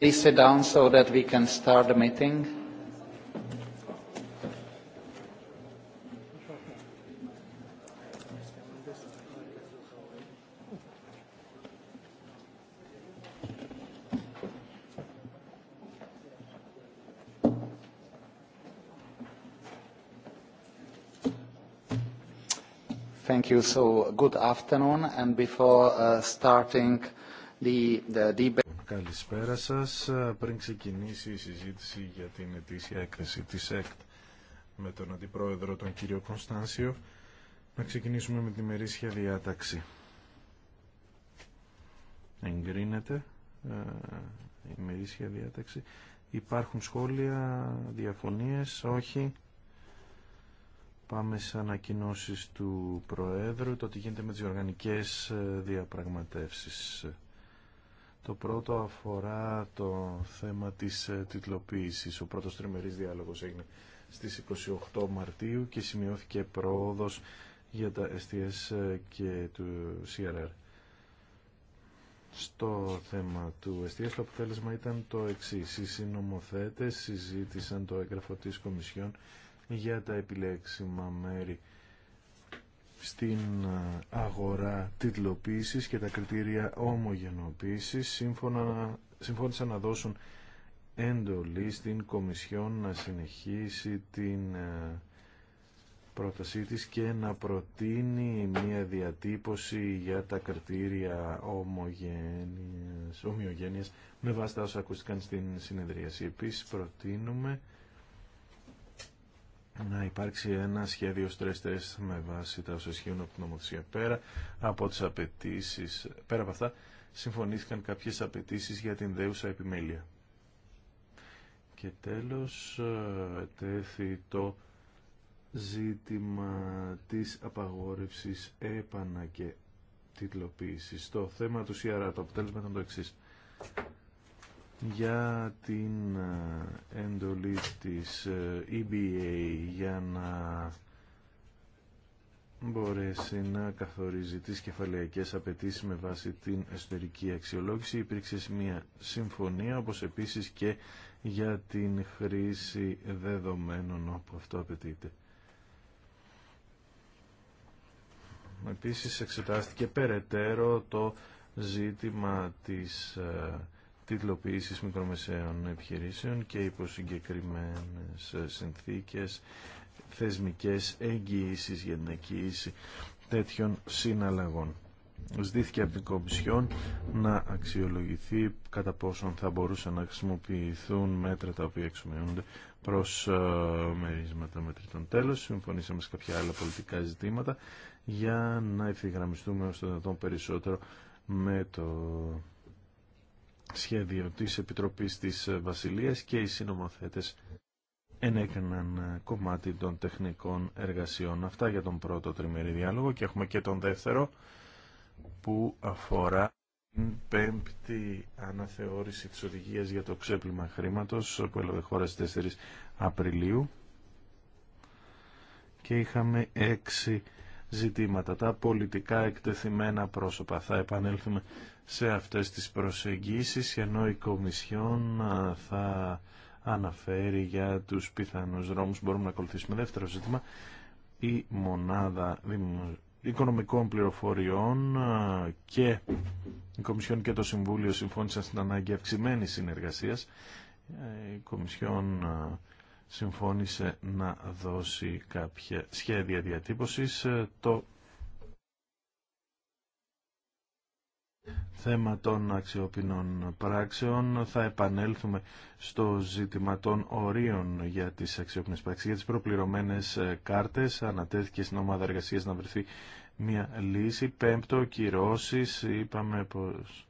Please sit down so that we can start the meeting. Thank you. So good afternoon, and before starting the debate καλησπέρα σας. Πριν ξεκινήσει η συζήτηση για την ετήσια έκθεση της ΕΚΤ με τον Αντιπρόεδρο τον κύριο Κωνστάνσιο, να ξεκινήσουμε με τη μερίσια διάταξη. Εγκρίνεται ε, η μερίσια διάταξη. Υπάρχουν σχόλια, διαφωνίες, όχι. Πάμε σε ανακοινώσει του Προέδρου, το τι γίνεται με τις οργανικές ε, διαπραγματεύσεις. Το πρώτο αφορά το θέμα της ε, τιτλοποίησης. Ο πρώτος τριμερής διάλογος έγινε στις 28 Μαρτίου και σημειώθηκε πρόοδος για τα STS ε, και του CRR. Στο θέμα του STS το αποτέλεσμα ήταν το εξής. Οι συνομοθέτες συζήτησαν το έγγραφο της Κομισιόν για τα επιλέξιμα μέρη στην ε, αγορά τίτλοποίησης και τα κριτήρια ομογενοποίησης σύμφωνα, σύμφωνησαν να δώσουν έντολη στην Κομισιόν να συνεχίσει την ε, πρότασή της και να προτείνει μια διατύπωση για τα κριτήρια ομογένειας, ομοιογένειας με βάση τα όσα ακούστηκαν στην συνεδρίαση. Επίσης προτείνουμε να υπάρξει ένα σχέδιο stress test με βάση τα όσα ισχύουν από την νομοθεσία. Πέρα από τις απαιτήσει, πέρα από αυτά, συμφωνήθηκαν κάποιες απαιτήσει για την δέουσα επιμέλεια. Και τέλος, ε, τέθη το ζήτημα της απαγόρευσης έπανα και τίτλοποίησης. Το θέμα του ΣΥΑΡΑ, το αποτέλεσμα ήταν το εξή για την ε, εντολή της ε, EBA για να μπορέσει να καθορίζει τις κεφαλαιακές απαιτήσεις με βάση την εσωτερική αξιολόγηση. Υπήρξε μια συμφωνία, όπως επίσης και για την χρήση δεδομένων όπου αυτό απαιτείται. Επίσης εξετάστηκε περαιτέρω το ζήτημα της ε, τίτλοποίηση μικρομεσαίων επιχειρήσεων και υπό συγκεκριμένε συνθήκες θεσμικές εγγυήσει για την εγγύηση τέτοιων συναλλαγών. Ζητήθηκε από την Κομισιόν να αξιολογηθεί κατά πόσον θα μπορούσαν να χρησιμοποιηθούν μέτρα τα οποία εξομοιώνονται προς ε, μερίσματα μετρητών. Τέλος, συμφωνήσαμε σε κάποια άλλα πολιτικά ζητήματα για να ευθυγραμμιστούμε όσο δυνατόν περισσότερο με το σχέδιο της Επιτροπής της Βασιλείας και οι συνομοθέτες ενέκαναν κομμάτι των τεχνικών εργασιών. Αυτά για τον πρώτο τριμερή διάλογο και έχουμε και τον δεύτερο που αφορά την πέμπτη αναθεώρηση της οδηγίας για το ξέπλυμα χρήματος που έλαβε χώρα στις 4 Απριλίου και είχαμε έξι ζητήματα. Τα πολιτικά εκτεθειμένα πρόσωπα. Θα επανέλθουμε σε αυτές τις προσεγγίσεις ενώ η Κομισιόν θα αναφέρει για τους πιθανούς δρόμους που μπορούμε να ακολουθήσουμε. Δεύτερο ζήτημα, η μονάδα οικονομικών πληροφοριών και η Κομισιόν και το Συμβούλιο συμφώνησαν στην ανάγκη αυξημένη συνεργασίας. Ε, η Κομισιόν συμφώνησε να δώσει κάποια σχέδια διατύπωσης. Ε, το θέμα των αξιοπινών πράξεων. Θα επανέλθουμε στο ζήτημα των ορίων για τις αξιοπινές πράξεις. Για τις προπληρωμένες ε, κάρτες ανατέθηκε στην ομάδα εργασίας να βρεθεί μια λύση. Πέμπτο, κυρώσεις. Είπαμε πως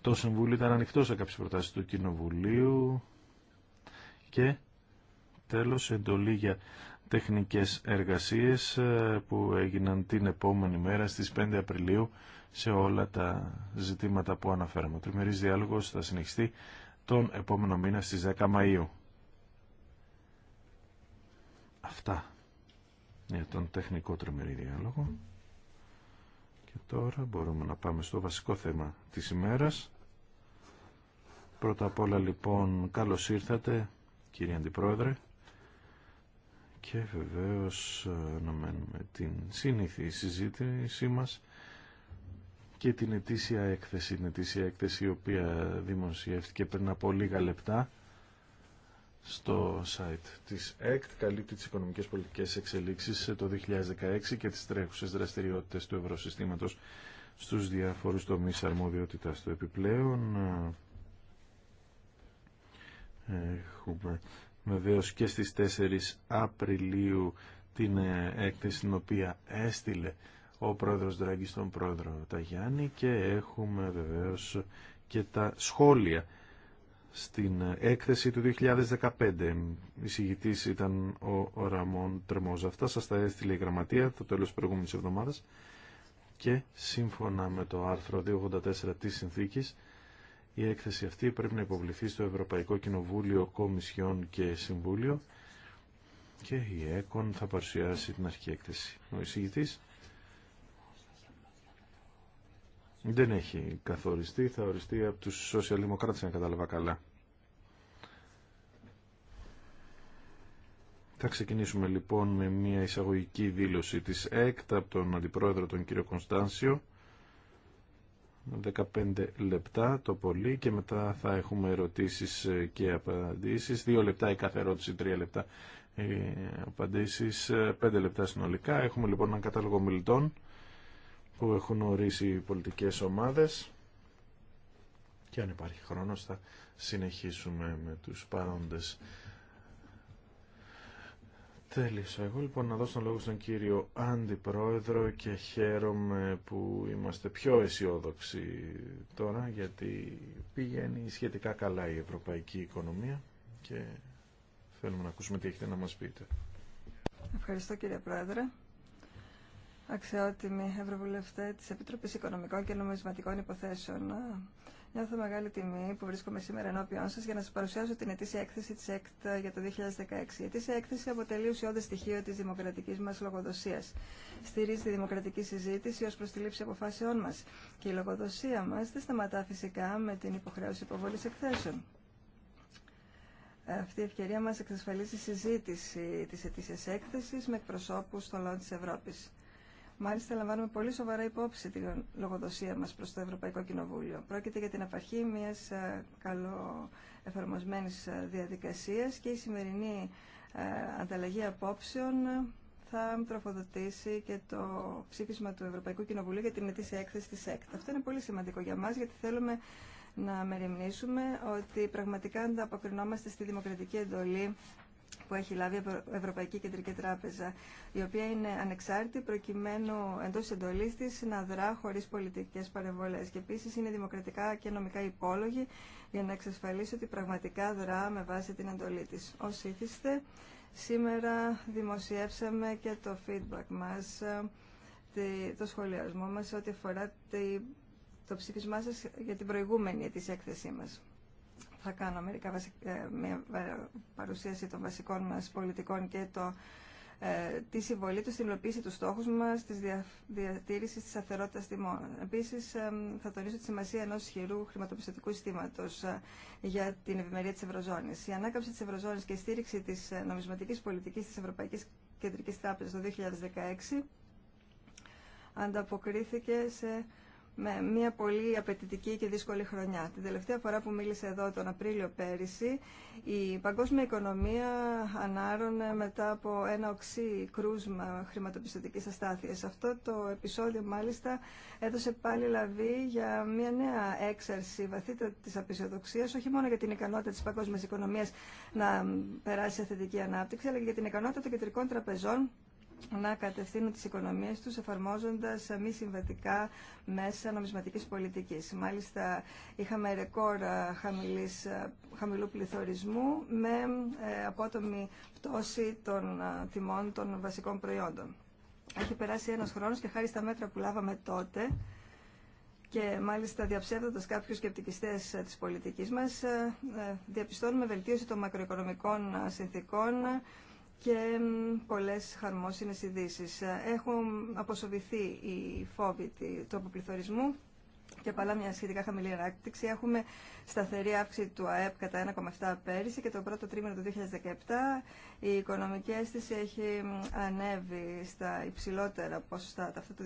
το Συμβούλιο ήταν ανοιχτό σε κάποιες προτάσεις του Κοινοβουλίου. Και τέλος, εντολή για τεχνικές εργασίες ε, που έγιναν την επόμενη μέρα στις 5 Απριλίου σε όλα τα ζητήματα που αναφέραμε. Ο τριμερής διάλογος θα συνεχιστεί τον επόμενο μήνα στις 10 Μαΐου. Αυτά για τον τεχνικό τριμερή διάλογο. Και τώρα μπορούμε να πάμε στο βασικό θέμα της ημέρας. Πρώτα απ' όλα λοιπόν καλώς ήρθατε κύριε Αντιπρόεδρε και βεβαίως ε, μενουμε την συνήθη συζήτησή μας και την ετήσια έκθεση, την ετήσια η οποία δημοσιεύτηκε πριν από λίγα λεπτά στο site της ΕΚΤ καλύπτει τις οικονομικές πολιτικές εξελίξεις το 2016 και τις τρέχουσες δραστηριότητες του ευρωσυστήματος στους διάφορους τομείς αρμοδιότητας του επιπλέον. Έχουμε βεβαίως και στις 4 Απριλίου την ε, έκθεση την οποία έστειλε ο πρόεδρος Δράγκη στον πρόεδρο Ταγιάννη και έχουμε βεβαίως και τα σχόλια στην έκθεση του 2015. συγητής ήταν ο Ραμόν Τρεμόζα. Αυτά σας τα έστειλε η γραμματεία το τέλος της προηγούμενης εβδομάδας και σύμφωνα με το άρθρο 284 της συνθήκης η έκθεση αυτή πρέπει να υποβληθεί στο Ευρωπαϊκό Κοινοβούλιο, Κομισιόν και Συμβούλιο και η ΕΚΟΝ θα παρουσιάσει την αρχή έκθεση. Ο εισηγητής Δεν έχει καθοριστεί, θα οριστεί από τους σοσιαλδημοκράτες, αν κατάλαβα καλά. Θα ξεκινήσουμε λοιπόν με μια εισαγωγική δήλωση της ΕΚΤ από τον Αντιπρόεδρο τον κύριο Κωνστάνσιο. 15 λεπτά το πολύ και μετά θα έχουμε ερωτήσεις και απαντήσεις. 2 λεπτά η κάθε ερώτηση, 3 λεπτά οι απαντήσεις, 5 λεπτά συνολικά. Έχουμε λοιπόν έναν κατάλογο μιλητών που έχουν ορίσει οι πολιτικές ομάδες και αν υπάρχει χρόνος θα συνεχίσουμε με τους παρόντες. Τέλειωσα εγώ λοιπόν να δώσω τον λόγο στον κύριο Αντιπρόεδρο και χαίρομαι που είμαστε πιο αισιόδοξοι τώρα γιατί πηγαίνει σχετικά καλά η ευρωπαϊκή οικονομία και θέλουμε να ακούσουμε τι έχετε να μας πείτε. Ευχαριστώ κύριε Πρόεδρε. Αξιότιμη Ευρωβουλευτέ της Επιτροπής Οικονομικών και Νομισματικών Υποθέσεων. Νιώθω μεγάλη τιμή που βρίσκομαι σήμερα ενώπιον σα για να σα παρουσιάσω την ετήσια έκθεση τη ΕΚΤ για το 2016. Η ετήσια έκθεση αποτελεί ουσιώδε στοιχείο τη δημοκρατική μα λογοδοσία. Στηρίζει τη δημοκρατική συζήτηση ω προ τη λήψη αποφάσεών μα. Και η λογοδοσία μα δεν σταματά φυσικά με την υποχρέωση υποβολή εκθέσεων. Αυτή η ευκαιρία μα εξασφαλίζει συζήτηση τη ετήσια έκθεση με εκπροσώπου των λαών τη Ευρώπη. Μάλιστα, λαμβάνουμε πολύ σοβαρά υπόψη την λογοδοσία μα προ το Ευρωπαϊκό Κοινοβούλιο. Πρόκειται για την απαρχή μια ε, καλό εφαρμοσμένη ε, διαδικασίας και η σημερινή ε, ανταλλαγή απόψεων θα τροφοδοτήσει και το ψήφισμα του Ευρωπαϊκού Κοινοβουλίου για την ετήσια έκθεση τη ΕΚΤ. Αυτό είναι πολύ σημαντικό για μα γιατί θέλουμε να μεριμνήσουμε ότι πραγματικά ανταποκρινόμαστε στη δημοκρατική εντολή που έχει λάβει η Ευρωπαϊκή Κεντρική Τράπεζα, η οποία είναι ανεξάρτητη προκειμένου εντό εντολή τη να δρά χωρί πολιτικέ παρεμβολέ. Και επίση είναι δημοκρατικά και νομικά υπόλογη για να εξασφαλίσει ότι πραγματικά δρά με βάση την εντολή τη. Ω ήθιστε, σήμερα δημοσιεύσαμε και το feedback μα, το σχολιασμό μα, ό,τι αφορά το ψήφισμά σα για την προηγούμενη ετήσια έκθεσή μας θα κάνω μερικά ε, μια παρουσίαση των βασικών μας πολιτικών και το, ε, τη συμβολή του στην υλοποίηση του στόχου μα, τη διατήρηση τη της αθερότητας τιμών. Επίση, θα τονίσω τη σημασία ενό ισχυρού χρηματοπιστωτικού συστήματο ε, για την ευημερία τη Ευρωζώνης. Η ανάκαμψη τη Ευρωζώνης και η στήριξη τη νομισματική πολιτική τη Ευρωπαϊκή Κεντρική Τράπεζα το 2016 ανταποκρίθηκε σε με μια πολύ απαιτητική και δύσκολη χρονιά. Την τελευταία φορά που μίλησε εδώ τον Απρίλιο πέρυσι, η παγκόσμια οικονομία ανάρωνε μετά από ένα οξύ κρούσμα χρηματοπιστωτικής αστάθειας. Αυτό το επεισόδιο μάλιστα έδωσε πάλι λαβή για μια νέα έξαρση βαθύτατη της απεισιοδοξίας, όχι μόνο για την ικανότητα της παγκόσμιας οικονομίας να περάσει σε θετική ανάπτυξη, αλλά και για την ικανότητα των κεντρικών τραπεζών να κατευθύνουν τις οικονομίες τους εφαρμόζοντας μη συμβατικά μέσα νομισματικής πολιτικής. Μάλιστα είχαμε ρεκόρ ε, χαμηλής, ε, χαμηλού πληθωρισμού με ε, απότομη πτώση των τιμών των βασικών προϊόντων. Έχει περάσει ένας χρόνος και χάρη στα μέτρα που λάβαμε τότε και μάλιστα διαψεύδοντας κάποιους σκεπτικιστές της πολιτικής μας, διαπιστώνουμε βελτίωση των μακροοικονομικών συνθήκων και πολλές χαρμόσυνες ειδήσει. Έχουν αποσοβηθεί οι φόβοι του αποπληθωρισμού και παλά μια σχετικά χαμηλή ανάπτυξη έχουμε σταθερή αύξηση του ΑΕΠ κατά 1,7 πέρυσι και το πρώτο τρίμηνο του 2017 η οικονομική αίσθηση έχει ανέβει στα υψηλότερα ποσοστά αυτά του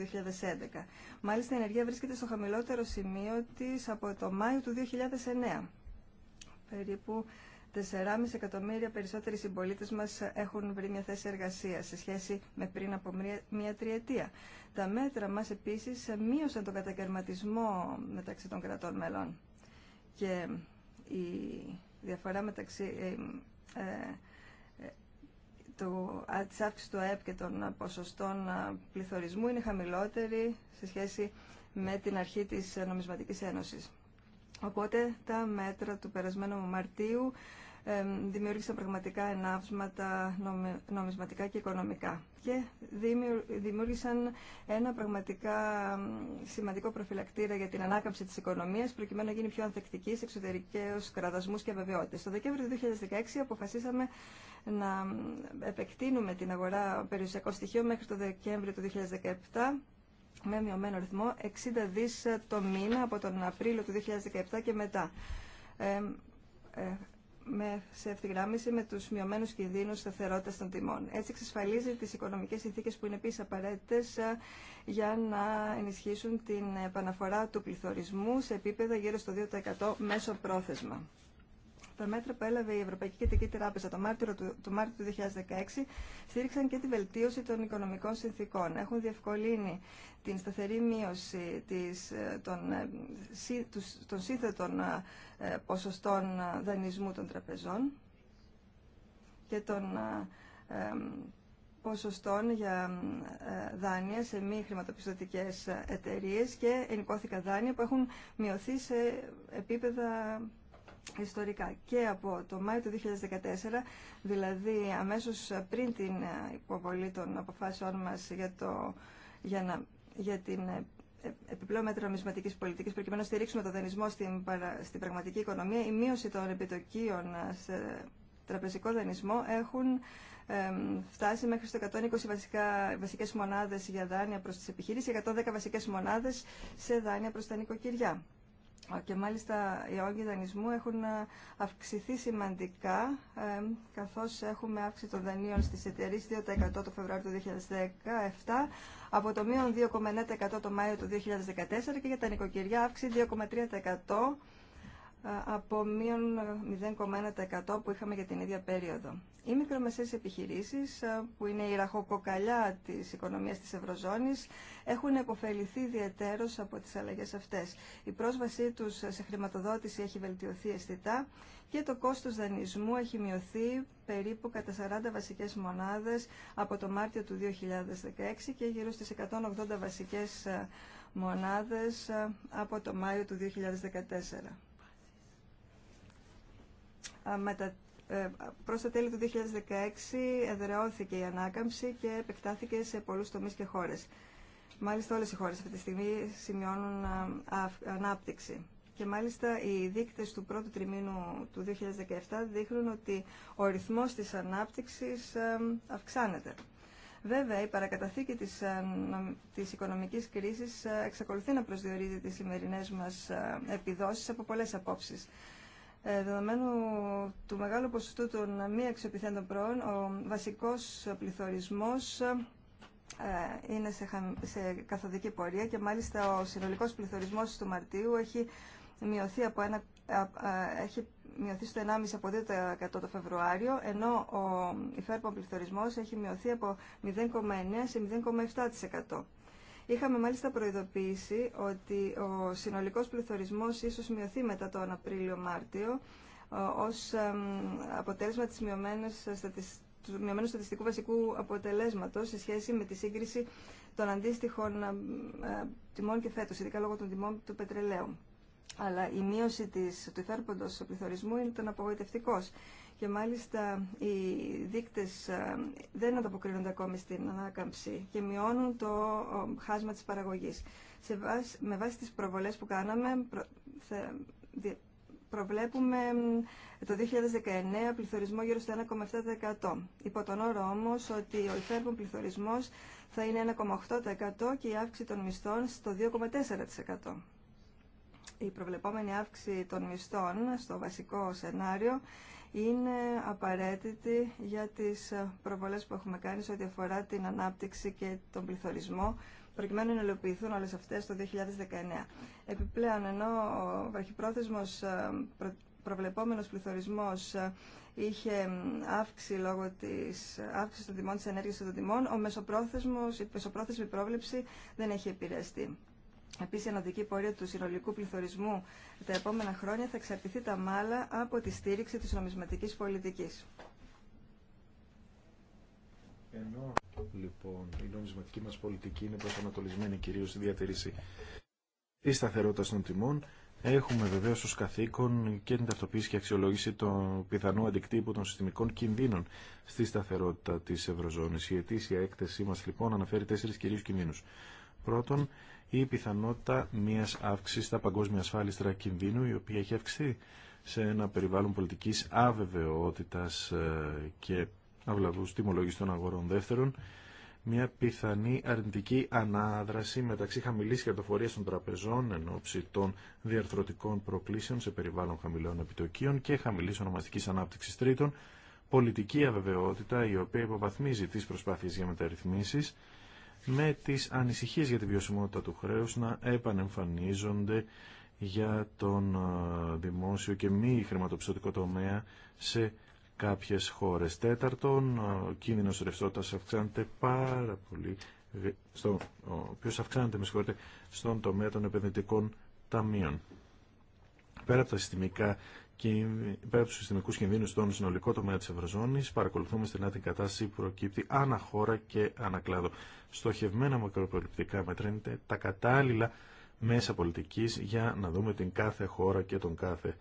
2011. Μάλιστα η ενεργεία βρίσκεται στο χαμηλότερο σημείο της από το Μάιο του 2009. Περίπου 4,5 εκατομμύρια περισσότεροι συμπολίτε μα έχουν βρει μια θέση εργασία σε σχέση με πριν από μια τριετία. Τα μέτρα μα επίση μείωσαν τον κατακαιρματισμό μεταξύ των κρατών μελών. Και η διαφορά μεταξύ ε, ε, του, της αύξησης του ΑΕΠ και των ποσοστών πληθωρισμού είναι χαμηλότερη σε σχέση με την αρχή της νομισματικής ένωσης. Οπότε τα μέτρα του περασμένου Μαρτίου δημιούργησαν πραγματικά ενάψματα νομισματικά και οικονομικά και δημιούργησαν ένα πραγματικά σημαντικό προφυλακτήρα για την ανάκαμψη της οικονομίας προκειμένου να γίνει πιο ανθεκτική σε εξωτερικές κραδασμούς και αβεβαιότητε. Το Δεκέμβριο του 2016 αποφασίσαμε να επεκτείνουμε την αγορά περιουσιακών στοιχείων μέχρι το Δεκέμβριο του 2017 με μειωμένο ρυθμό 60 δις ε, το μήνα από τον Απρίλιο του 2017 και μετά. Ε, ε, με, σε ευθυγράμμιση με τους μειωμένους κινδύνους σταθερότητα των τιμών. Έτσι εξασφαλίζει τις οικονομικές συνθήκες που είναι επίσης απαραίτητε ε, για να ενισχύσουν την επαναφορά του πληθωρισμού σε επίπεδα γύρω στο 2% μέσω πρόθεσμα. Τα μέτρα που έλαβε η Ευρωπαϊκή Κεντρική Τράπεζα το Μάρτιο του, το Μάρτιο του 2016 στήριξαν και τη βελτίωση των οικονομικών συνθήκων. Έχουν διευκολύνει την σταθερή μείωση της, ε, των, ε, των σύνθετων ε, ποσοστών δανεισμού των τραπεζών και των ποσοστών για δάνεια σε μη χρηματοπιστωτικές εταιρείες και ενικόθηκα δάνεια που έχουν μειωθεί σε επίπεδα ιστορικά και από το Μάιο του 2014, δηλαδή αμέσως πριν την υποβολή των αποφάσεων μας για, το, για, την ε, επιπλέον μέτρα νομισματικής πολιτικής προκειμένου να στηρίξουμε το δανεισμό στην, στην πραγματική οικονομία, η μείωση των επιτοκίων σε τραπεζικό δανεισμό έχουν φτάσει μέχρι στο 120 βασικά, βασικές μονάδες για δάνεια προς τις επιχειρήσεις, 110 βασικές μονάδες σε δάνεια προς τα νοικοκυριά και μάλιστα οι όγκοι δανεισμού έχουν ε, αυξηθεί σημαντικά ε, καθώς έχουμε αύξηση των δανείων στις εταιρείες 2% το Φεβρουάριο του 2017 από το μείον 2,9% το Μάιο του 2014 και για τα νοικοκυριά αύξηση 2,3% από μείον 0,1% ε, που είχαμε για την ίδια περίοδο. Οι μικρομεσαίες επιχειρήσεις, ε, που είναι η ραχοκοκαλιά της οικονομίας της Ευρωζώνης, έχουν επωφεληθεί ιδιαίτερως από τις αλλαγές αυτές. Η πρόσβασή τους σε χρηματοδότηση έχει βελτιωθεί αισθητά και το κόστος δανεισμού έχει μειωθεί περίπου κατά 40 βασικές μονάδες από το Μάρτιο του 2016 και γύρω στις 180 βασικές ε, μονάδες από το Μάιο του 2014 μετα... Ε, προς τα τέλη του 2016 εδραιώθηκε η ανάκαμψη και επεκτάθηκε σε πολλούς τομείς και χώρες. Μάλιστα όλες οι χώρες αυτή τη στιγμή σημειώνουν ανάπτυξη. Και μάλιστα οι δείκτες του πρώτου τριμήνου του 2017 δείχνουν ότι ο ρυθμός της ανάπτυξης αυξάνεται. Βέβαια, η παρακαταθήκη της, της οικονομικής κρίσης εξακολουθεί να προσδιορίζει τις σημερινές μας επιδόσεις από πολλές απόψεις. Ε, δεδομένου του μεγάλου ποσοστού των μη αξιοπιθέντων προών, ο βασικός πληθωρισμός ε, είναι σε καθοδική πορεία και μάλιστα ο συνολικός πληθωρισμός του Μαρτίου έχει μειωθεί, από ένα, έχει μειωθεί στο 1,5 από 2% το Φεβρουάριο, ενώ ο υφέρπον πληθωρισμός έχει μειωθεί από 0,9 σε 0,7%. Είχαμε μάλιστα προειδοποίηση ότι ο συνολικός πληθωρισμός ίσως μειωθεί μετά τον Απρίλιο-Μάρτιο ως αποτέλεσμα της μειωμένης του μειωμένου στατιστικού βασικού αποτελέσματος σε σχέση με τη σύγκριση των αντίστοιχων ε, τιμών και φέτος, ειδικά λόγω των τιμών του πετρελαίου. Αλλά η μείωση της, του υφέρποντος πληθωρισμού ήταν απογοητευτικό και μάλιστα οι δείκτες ε, δεν ανταποκρίνονται ακόμη στην ανάκαμψη και μειώνουν το χάσμα της παραγωγής. Σε βάση, με βάση τις προβολές που κάναμε, προβλέπουμε το 2019 πληθωρισμό γύρω στο 1,7%. Υπό τον όρο όμως ότι ο υφέρπων πληθωρισμός θα είναι 1,8% και η αύξηση των μισθών στο 2,4%. Η προβλεπόμενη αύξηση των μισθών στο βασικό σενάριο είναι απαραίτητη για τις προβολές που έχουμε κάνει σε ό,τι αφορά την ανάπτυξη και τον πληθωρισμό προκειμένου να υλοποιηθούν όλες αυτές το 2019. Επιπλέον, ενώ ο βραχυπρόθεσμος ε, προβλεπόμενος πληθωρισμός ε, είχε αύξηση λόγω της αύξησης των τιμών της ενέργειας των τιμών, ο μεσοπρόθεσμος, η μεσοπρόθεσμη πρόβλεψη δεν έχει επηρεαστεί. Επίσης, η αναδική πορεία του συνολικού πληθωρισμού τα επόμενα χρόνια θα εξαρτηθεί τα μάλα από τη στήριξη της νομισματικής πολιτικής. Ενώ, λοιπόν, η νομισματική μας πολιτική είναι προσανατολισμένη κυρίως στη διατηρήση της σταθερότητα των τιμών, Έχουμε βεβαίω ω καθήκον και την ταυτοποίηση και αξιολόγηση των πιθανού αντικτύπου των συστημικών κινδύνων στη σταθερότητα τη Ευρωζώνη. Η ετήσια έκθεσή μα λοιπόν αναφέρει τέσσερι κυρίου κινδύνου. Πρώτον, η πιθανότητα μια αύξηση στα παγκόσμια ασφάλιστρα κινδύνου η οποία έχει αυξηθεί σε ένα περιβάλλον πολιτική αβεβαιότητας ε, και αυλαβου τιμολόγηση των αγορών δεύτερων μια πιθανή αρνητική ανάδραση μεταξύ χαμηλή κερδοφορια των τραπεζών εν ώψη των διαρθρωτικών προκλήσεων σε περιβάλλον χαμηλών επιτοκίων και χαμηλή ονομαστικής ανάπτυξη τρίτων, πολιτική αβεβαιότητα η οποία υποβαθμίζει τι προσπάθειε για μεταρρυθμίσει, με τις ανησυχίες για τη βιωσιμότητα του χρέους να επανεμφανίζονται για τον δημόσιο και μη χρηματοπιστωτικό τομέα σε κάποιες χώρες. Τέταρτον, ο κίνδυνος ρευστότητας αυξάνεται πάρα πολύ, στο, ο οποίος αυξάνεται, με συγχωρείτε, στον τομέα των επενδυτικών ταμείων. Πέρα από τα συστημικά πέρα από του συστημικού κινδύνου στον συνολικό τομέα τη Ευρωζώνη, παρακολουθούμε στενά την κατάσταση που προκύπτει ανά χώρα και ανά κλάδο. Στοχευμένα μακροπροληπτικά μέτρα είναι τα κατάλληλα μέσα πολιτική για να δούμε την κάθε χώρα και τον κάθε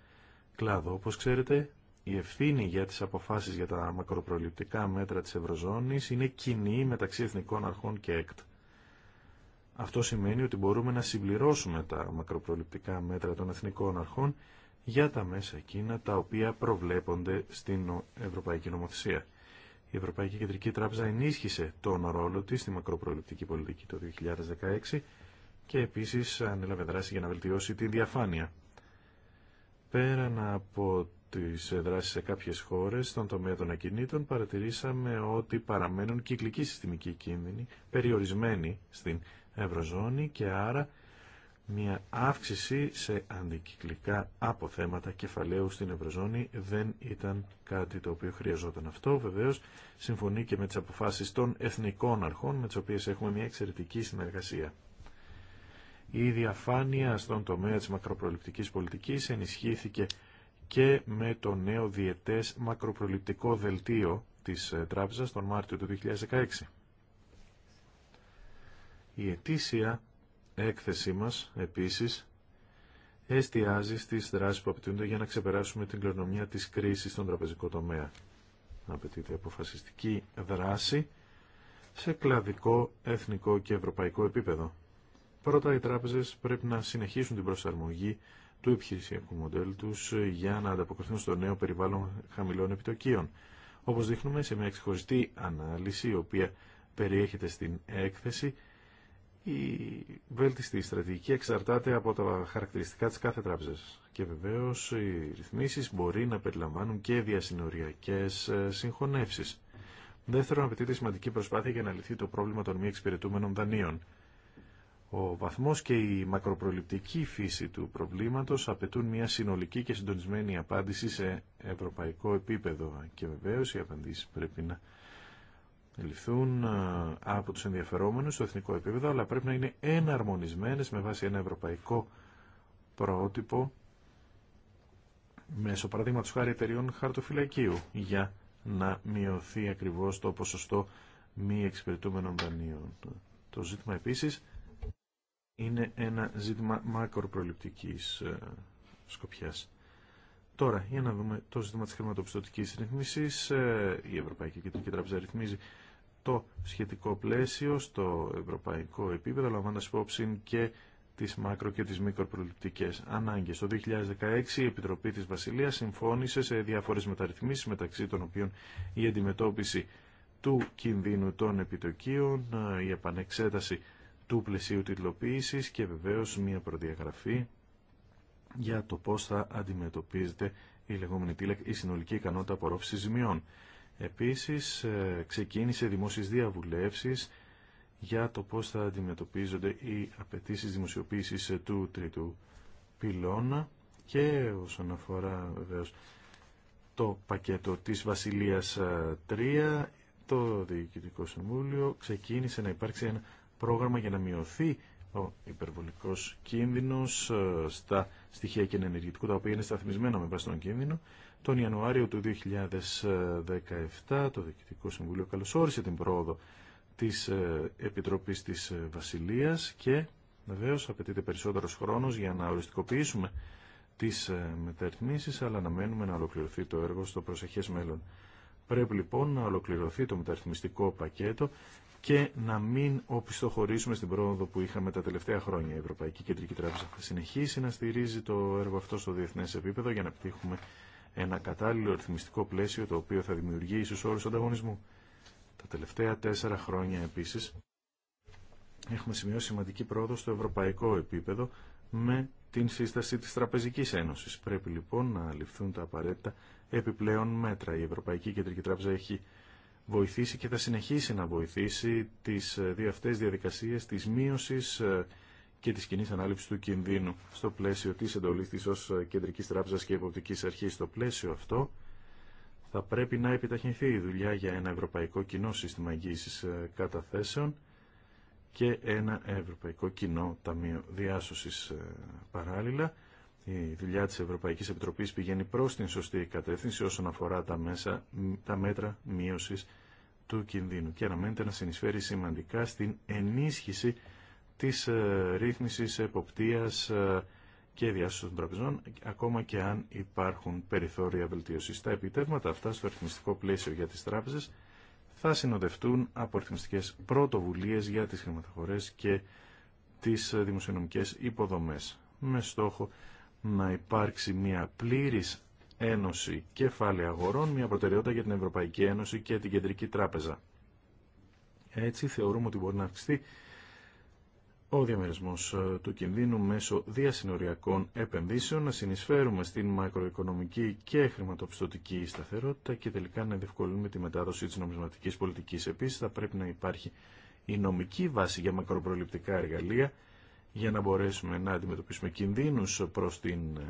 κλάδο. Όπω ξέρετε, η ευθύνη για τι αποφάσει για τα μακροπροληπτικά μέτρα τη Ευρωζώνη είναι κοινή μεταξύ εθνικών αρχών και ΕΚΤ. Αυτό σημαίνει ότι μπορούμε να συμπληρώσουμε τα μακροπροληπτικά μέτρα των εθνικών αρχών για τα μέσα εκείνα τα οποία προβλέπονται στην Ευρωπαϊκή Νομοθεσία. Η Ευρωπαϊκή Κεντρική Τράπεζα ενίσχυσε τον ρόλο της στη μακροπροληπτική πολιτική το 2016 και επίσης ανέλαβε δράση για να βελτιώσει τη διαφάνεια. Πέραν από τις δράσεις σε κάποιες χώρες στον τομέα των ακινήτων παρατηρήσαμε ότι παραμένουν κυκλικοί συστημικοί κίνδυνοι περιορισμένοι στην Ευρωζώνη και άρα μια αύξηση σε αντικυκλικά αποθέματα κεφαλαίου στην Ευρωζώνη δεν ήταν κάτι το οποίο χρειαζόταν αυτό. Βεβαίως συμφωνεί και με τις αποφάσεις των εθνικών αρχών με τις οποίες έχουμε μια εξαιρετική συνεργασία. Η διαφάνεια στον τομέα της μακροπροληπτικής πολιτικής ενισχύθηκε και με το νέο διετές μακροπροληπτικό δελτίο της ε, τράπεζας τον Μάρτιο του 2016. Η ετήσια έκθεσή μας, επίσης, εστιάζει στις δράσεις που απαιτούνται για να ξεπεράσουμε την κληρονομιά της κρίσης στον τραπεζικό τομέα. Απαιτείται αποφασιστική δράση σε κλαδικό, εθνικό και ευρωπαϊκό επίπεδο. Πρώτα, οι τράπεζες πρέπει να συνεχίσουν την προσαρμογή του επιχειρησιακού μοντέλου τους για να ανταποκριθούν στο νέο περιβάλλον χαμηλών επιτοκίων. Όπως δείχνουμε σε μια ξεχωριστή ανάλυση, η οποία περιέχεται στην έκθεση, η βέλτιστη στρατηγική εξαρτάται από τα χαρακτηριστικά της κάθε τράπεζας. Και βεβαίως οι ρυθμίσεις μπορεί να περιλαμβάνουν και διασυνοριακές ε, συγχωνεύσεις. Δεύτερον, απαιτείται σημαντική προσπάθεια για να λυθεί το πρόβλημα των μη εξυπηρετούμενων δανείων. Ο βαθμός και η μακροπροληπτική φύση του προβλήματος απαιτούν μια συνολική και συντονισμένη απάντηση σε ευρωπαϊκό επίπεδο και βεβαίως οι απαντήσεις πρέπει να ληφθούν ε, από τους ενδιαφερόμενους στο εθνικό επίπεδο, αλλά πρέπει να είναι εναρμονισμένες με βάση ένα ευρωπαϊκό πρότυπο μέσω παραδείγματος χάρη εταιριών χαρτοφυλακίου για να μειωθεί ακριβώς το ποσοστό μη εξυπηρετούμενων δανείων. Το ζήτημα επίσης είναι ένα ζήτημα μακροπροληπτικής ε, σκοπιάς. Τώρα, για να δούμε το ζήτημα της χρηματοπιστωτικής ρυθμίσης. Ε, η Ευρωπαϊκή Κεντρική Τράπεζα ρυθμίζει το σχετικό πλαίσιο στο ευρωπαϊκό επίπεδο, λαμβάνοντα υπόψη και τις μακρο και τις μικροπροληπτικές ανάγκες. Το 2016 η Επιτροπή της Βασιλείας συμφώνησε σε διάφορες μεταρρυθμίσεις μεταξύ των οποίων η αντιμετώπιση του κινδύνου των επιτοκίων, η επανεξέταση του πλαισίου τιτλοποίησης και βεβαίως μια προδιαγραφή για το πώς θα αντιμετωπίζεται η λεγόμενη τίλεκ, e η συνολική ικανότητα απορρόφησης ζημιών. Επίσης, ε, ξεκίνησε δημόσιες διαβουλεύσεις για το πώς θα αντιμετωπίζονται οι απαιτήσει δημοσιοποίησης ε, του τρίτου πυλώνα και όσον αφορά βεβαίως το πακέτο της Βασιλείας 3, ε, το Διοικητικό Συμβούλιο ξεκίνησε να υπάρξει ένα πρόγραμμα για να μειωθεί ο υπερβολικός κίνδυνος στα στοιχεία και ενεργητικού, τα οποία είναι σταθμισμένα με βάση τον κίνδυνο τον Ιανουάριο του 2017 το Διοικητικό Συμβουλίο καλωσόρισε την πρόοδο της ε, Επιτροπής της ε, Βασιλείας και βεβαίω απαιτείται περισσότερος χρόνος για να οριστικοποιήσουμε τις ε, μεταρρυθμίσεις αλλά αναμένουμε να ολοκληρωθεί το έργο στο προσεχές μέλλον. Πρέπει λοιπόν να ολοκληρωθεί το μεταρρυθμιστικό πακέτο και να μην οπισθοχωρήσουμε στην πρόοδο που είχαμε τα τελευταία χρόνια. Η Ευρωπαϊκή Κεντρική Τράπεζα θα συνεχίσει να στηρίζει το έργο αυτό στο διεθνές επίπεδο για να επιτύχουμε ένα κατάλληλο ρυθμιστικό πλαίσιο το οποίο θα δημιουργεί ίσως όρους ανταγωνισμού. Τα τελευταία τέσσερα χρόνια επίσης έχουμε σημειώσει σημαντική πρόοδο στο ευρωπαϊκό επίπεδο με την σύσταση της Τραπεζικής Ένωσης. Πρέπει λοιπόν να ληφθούν τα απαραίτητα επιπλέον μέτρα. Η Ευρωπαϊκή Κεντρική Τράπεζα έχει βοηθήσει και θα συνεχίσει να βοηθήσει τις ε, δύο αυτές διαδικασίες της μείωσης ε, και τη κοινή ανάληψη του κινδύνου στο πλαίσιο τη εντολή τη ω κεντρική τράπεζα και υποπτική αρχή Στο πλαίσιο αυτό θα πρέπει να επιταχυνθεί η δουλειά για ένα ευρωπαϊκό κοινό σύστημα εγγύησης ε, καταθέσεων και ένα ευρωπαϊκό κοινό ταμείο διάσωση ε, παράλληλα. Η δουλειά τη Ευρωπαϊκή Επιτροπής πηγαίνει προ την σωστή κατεύθυνση όσον αφορά τα, μέσα, τα μέτρα μείωση του κινδύνου και αναμένεται να συνεισφέρει σημαντικά στην ενίσχυση της ε, ρύθμισης εποπτείας ε, και διάσωσης των τραπεζών, ακόμα και αν υπάρχουν περιθώρια βελτίωσης. Τα επιτεύγματα αυτά στο ρυθμιστικό πλαίσιο για τις τράπεζες θα συνοδευτούν από ρυθμιστικές πρωτοβουλίες για τις χρηματοχωρές και τις ε, δημοσιονομικές υποδομές, με στόχο να υπάρξει μια πλήρης Ένωση Κεφάλαια Αγορών, μια προτεραιότητα για την Ευρωπαϊκή Ένωση και την Κεντρική Τράπεζα. Έτσι θεωρούμε ότι μπορεί να αυξηθεί ο διαμερισμός ε, του κινδύνου μέσω διασυνοριακών επενδύσεων, να συνεισφέρουμε στην μακροοικονομική και χρηματοπιστωτική σταθερότητα και τελικά να διευκολύνουμε τη μετάδοση της νομισματικής πολιτικής. Επίσης θα πρέπει να υπάρχει η νομική βάση για μακροπροληπτικά εργαλεία για να μπορέσουμε να αντιμετωπίσουμε κινδύνους προς την ε,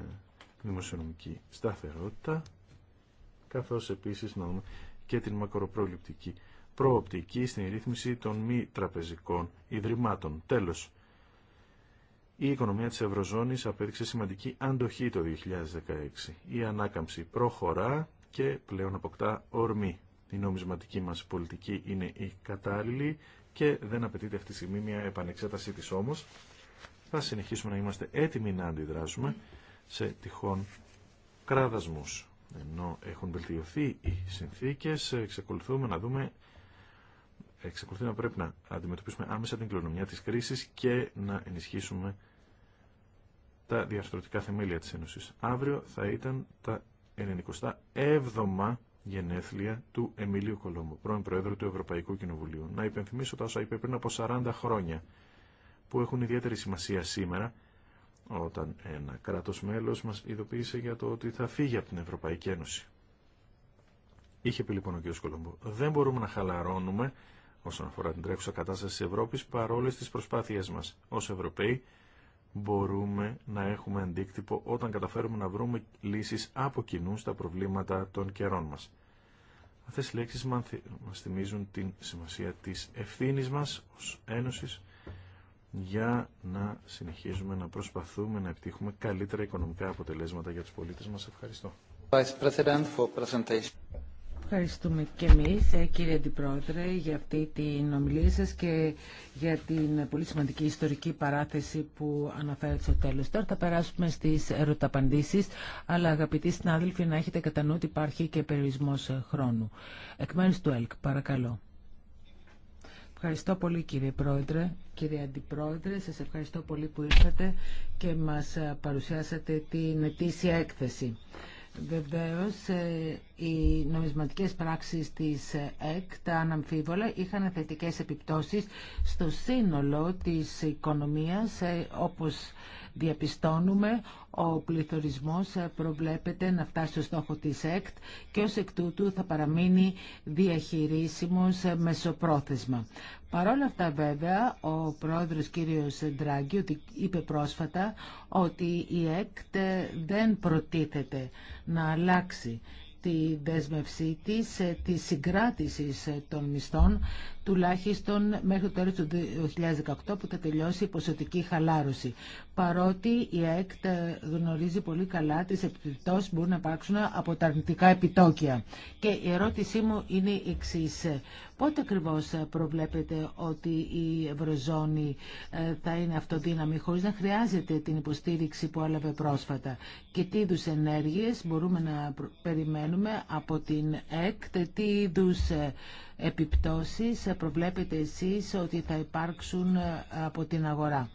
δημοσιονομική σταθερότητα καθώς επίσης να δούμε και την μακροπροληπτική προοπτική στην ρύθμιση των μη τραπεζικών ιδρυμάτων. Τέλος, η οικονομία της Ευρωζώνης απέδειξε σημαντική αντοχή το 2016. Η ανάκαμψη προχωρά και πλέον αποκτά ορμή. Η νομισματική μας πολιτική είναι η κατάλληλη και δεν απαιτείται αυτή τη στιγμή μια επανεξέτασή της όμως. Θα συνεχίσουμε να είμαστε έτοιμοι να αντιδράσουμε σε τυχόν κράδασμους. Ενώ έχουν βελτιωθεί οι συνθήκες, εξακολουθούμε να δούμε εξακολουθεί να πρέπει να αντιμετωπίσουμε άμεσα την κληρονομιά της κρίσης και να ενισχύσουμε τα διαρθρωτικά θεμέλια της Ένωσης. Αύριο θα ήταν τα 97 γενέθλια του Εμιλίου Κολόμου, πρώην Πρόεδρου του Ευρωπαϊκού Κοινοβουλίου. Να υπενθυμίσω τα όσα είπε πριν από 40 χρόνια, που έχουν ιδιαίτερη σημασία σήμερα, όταν ένα κράτος μέλος μας ειδοποίησε για το ότι θα φύγει από την Ευρωπαϊκή Ένωση. Είχε πει λοιπόν ο κ. Κολομπού, δεν μπορούμε να χαλαρώνουμε όσον αφορά την τρέχουσα κατάσταση της Ευρώπης παρόλες τις προσπάθειές μας. Ως Ευρωπαίοι μπορούμε να έχουμε αντίκτυπο όταν καταφέρουμε να βρούμε λύσεις από κοινού στα προβλήματα των καιρών μας. Αυτές οι λέξεις μας θυμίζουν την σημασία της ευθύνης μας ως Ένωσης για να συνεχίζουμε να προσπαθούμε να επιτύχουμε καλύτερα οικονομικά αποτελέσματα για τους πολίτες μας. Ευχαριστώ. Ευχαριστούμε και εμείς, ε, κύριε Αντιπρόεδρε, για αυτή την ομιλία σας και για την πολύ σημαντική ιστορική παράθεση που αναφέρετε στο τέλος. Τώρα θα περάσουμε στις ερωταπαντήσεις, αλλά αγαπητοί συνάδελφοι, να έχετε κατά νου ότι υπάρχει και περιορισμός χρόνου. Εκ μέρους του ΕΛΚ, παρακαλώ. Ευχαριστώ πολύ κύριε Πρόεδρε, κύριε Αντιπρόεδρε, σας ευχαριστώ πολύ που ήρθατε και μας παρουσιάσατε την ετήσια έκθεση. Βεβαίως, ε, οι νομισματικές πράξεις της ΕΚ, τα αναμφίβολα, είχαν θετικές επιπτώσεις στο σύνολο της οικονομίας, ε, όπως διαπιστώνουμε, ο πληθωρισμός ε, προβλέπεται να φτάσει στο στόχο της ΕΚΤ και ως εκ τούτου θα παραμείνει διαχειρίσιμος μεσοπρόθεσμα όλα αυτά βέβαια ο πρόεδρος κύριος Ντράγκη ότι είπε πρόσφατα ότι η ΕΚΤ δεν προτίθεται να αλλάξει τη δέσμευσή της, ε, τη συγκράτηση των μισθών τουλάχιστον μέχρι το τέλος του 2018 που θα τελειώσει η ποσοτική χαλάρωση. Παρότι η ΕΚΤ ε, γνωρίζει πολύ καλά τις επιπτώσεις που μπορούν να υπάρξουν από τα αρνητικά επιτόκια. Και η ερώτησή μου είναι η εξής. Πότε ακριβώ προβλέπετε ότι η Ευρωζώνη ε, θα είναι αυτοδύναμη χωρίς να χρειάζεται την υποστήριξη που έλαβε πρόσφατα και τι είδου ενέργειες μπορούμε να περιμένουμε από την ΕΚΤ, τι είδου ε, επιπτώσεις προβλέπετε εσείς ότι θα υπάρξουν ε, από την αγορά.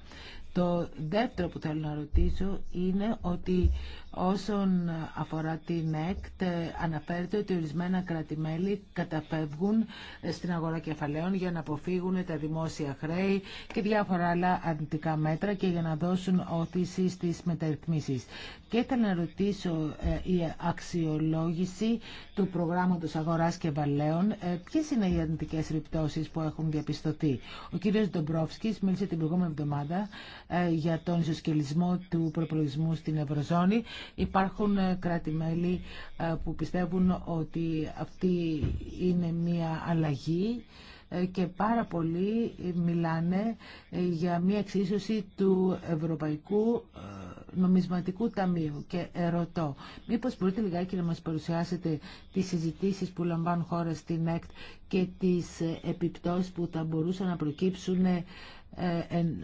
Το δεύτερο που θέλω να ρωτήσω είναι ότι Όσον αφορά την ΕΚΤ, αναφέρεται ότι ορισμένα κρατημέλη καταφεύγουν στην αγορά κεφαλαίων για να αποφύγουν τα δημόσια χρέη και διάφορα άλλα αρνητικά μέτρα και για να δώσουν όθηση στις μεταρρυθμίσεις. Και ήθελα να ρωτήσω ε, η αξιολόγηση του προγράμματος αγοράς κεφαλαίων, ε, ποιες είναι οι αρνητικές ρηπτώσεις που έχουν διαπιστωθεί. Ο κ. Ντομπρόφσκης μίλησε την προηγούμενη εβδομάδα ε, για τον ισοσκελισμό του προπολογισμού στην Ευρωζώνη Υπάρχουν ε, κράτη-μέλη ε, που πιστεύουν ότι αυτή είναι μια αλλαγή ε, και πάρα πολλοί μιλάνε για μια εξίσωση του Ευρωπαϊκού Νομισματικού Ταμείου και ερωτώ μήπως μπορείτε λιγάκι να μας παρουσιάσετε τις συζητήσεις που λαμβάνουν χώρα στην ΕΚΤ και τις επιπτώσεις που θα μπορούσαν να προκύψουν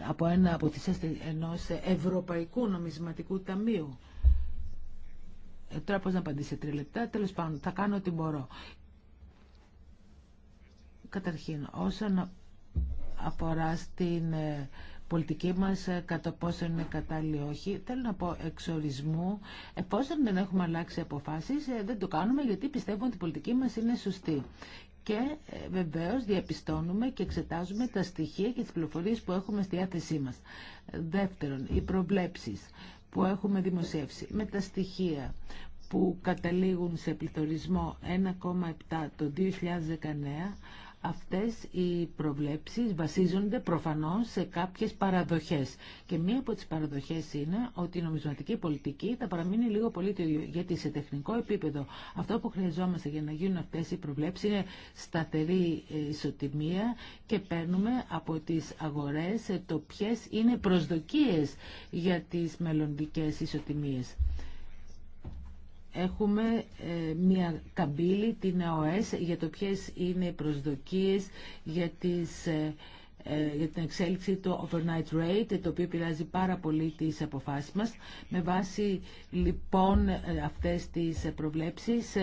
από ένα από τις ενός Ευρωπαϊκού Νομισματικού Ταμείου. Ε, τώρα πώς να απαντήσω τρία λεπτά. Τέλος πάντων, θα κάνω ό,τι μπορώ. Καταρχήν, όσον αφορά στην ε, πολιτική μας ε, κατά πόσο είναι κατάλληλη όχι. Θέλω να πω εξορισμού. Εφόσον δεν έχουμε αλλάξει αποφάσεις, δεν το κάνουμε γιατί πιστεύουμε ότι η πολιτική μας είναι σωστή. Και βεβαίως διαπιστώνουμε και εξετάζουμε τα στοιχεία και τις πληροφορίες που έχουμε στη διάθεσή μας. Δεύτερον, οι προβλέψεις που έχουμε δημοσιεύσει με τα στοιχεία που καταλήγουν σε πληθωρισμό 1,7 το 2019 Αυτές οι προβλέψεις βασίζονται προφανώς σε κάποιες παραδοχές. Και μία από τις παραδοχές είναι ότι η νομισματική πολιτική θα παραμείνει λίγο πολύ το Γιατί σε τεχνικό επίπεδο αυτό που χρειαζόμαστε για να γίνουν αυτές οι προβλέψεις είναι σταθερή ε, ισοτιμία και παίρνουμε από τις αγορές ε, το ποιε είναι προσδοκίες για τις μελλοντικές ισοτιμίες έχουμε ε, μια καμπύλη, την ΕΟΕΣ, για το ποιες είναι οι προσδοκίες για τις ε, ε, για την εξέλιξη του overnight rate, το οποίο πειράζει πάρα πολύ τις αποφάσεις μας. Με βάση λοιπόν αυτές τις προβλέψεις,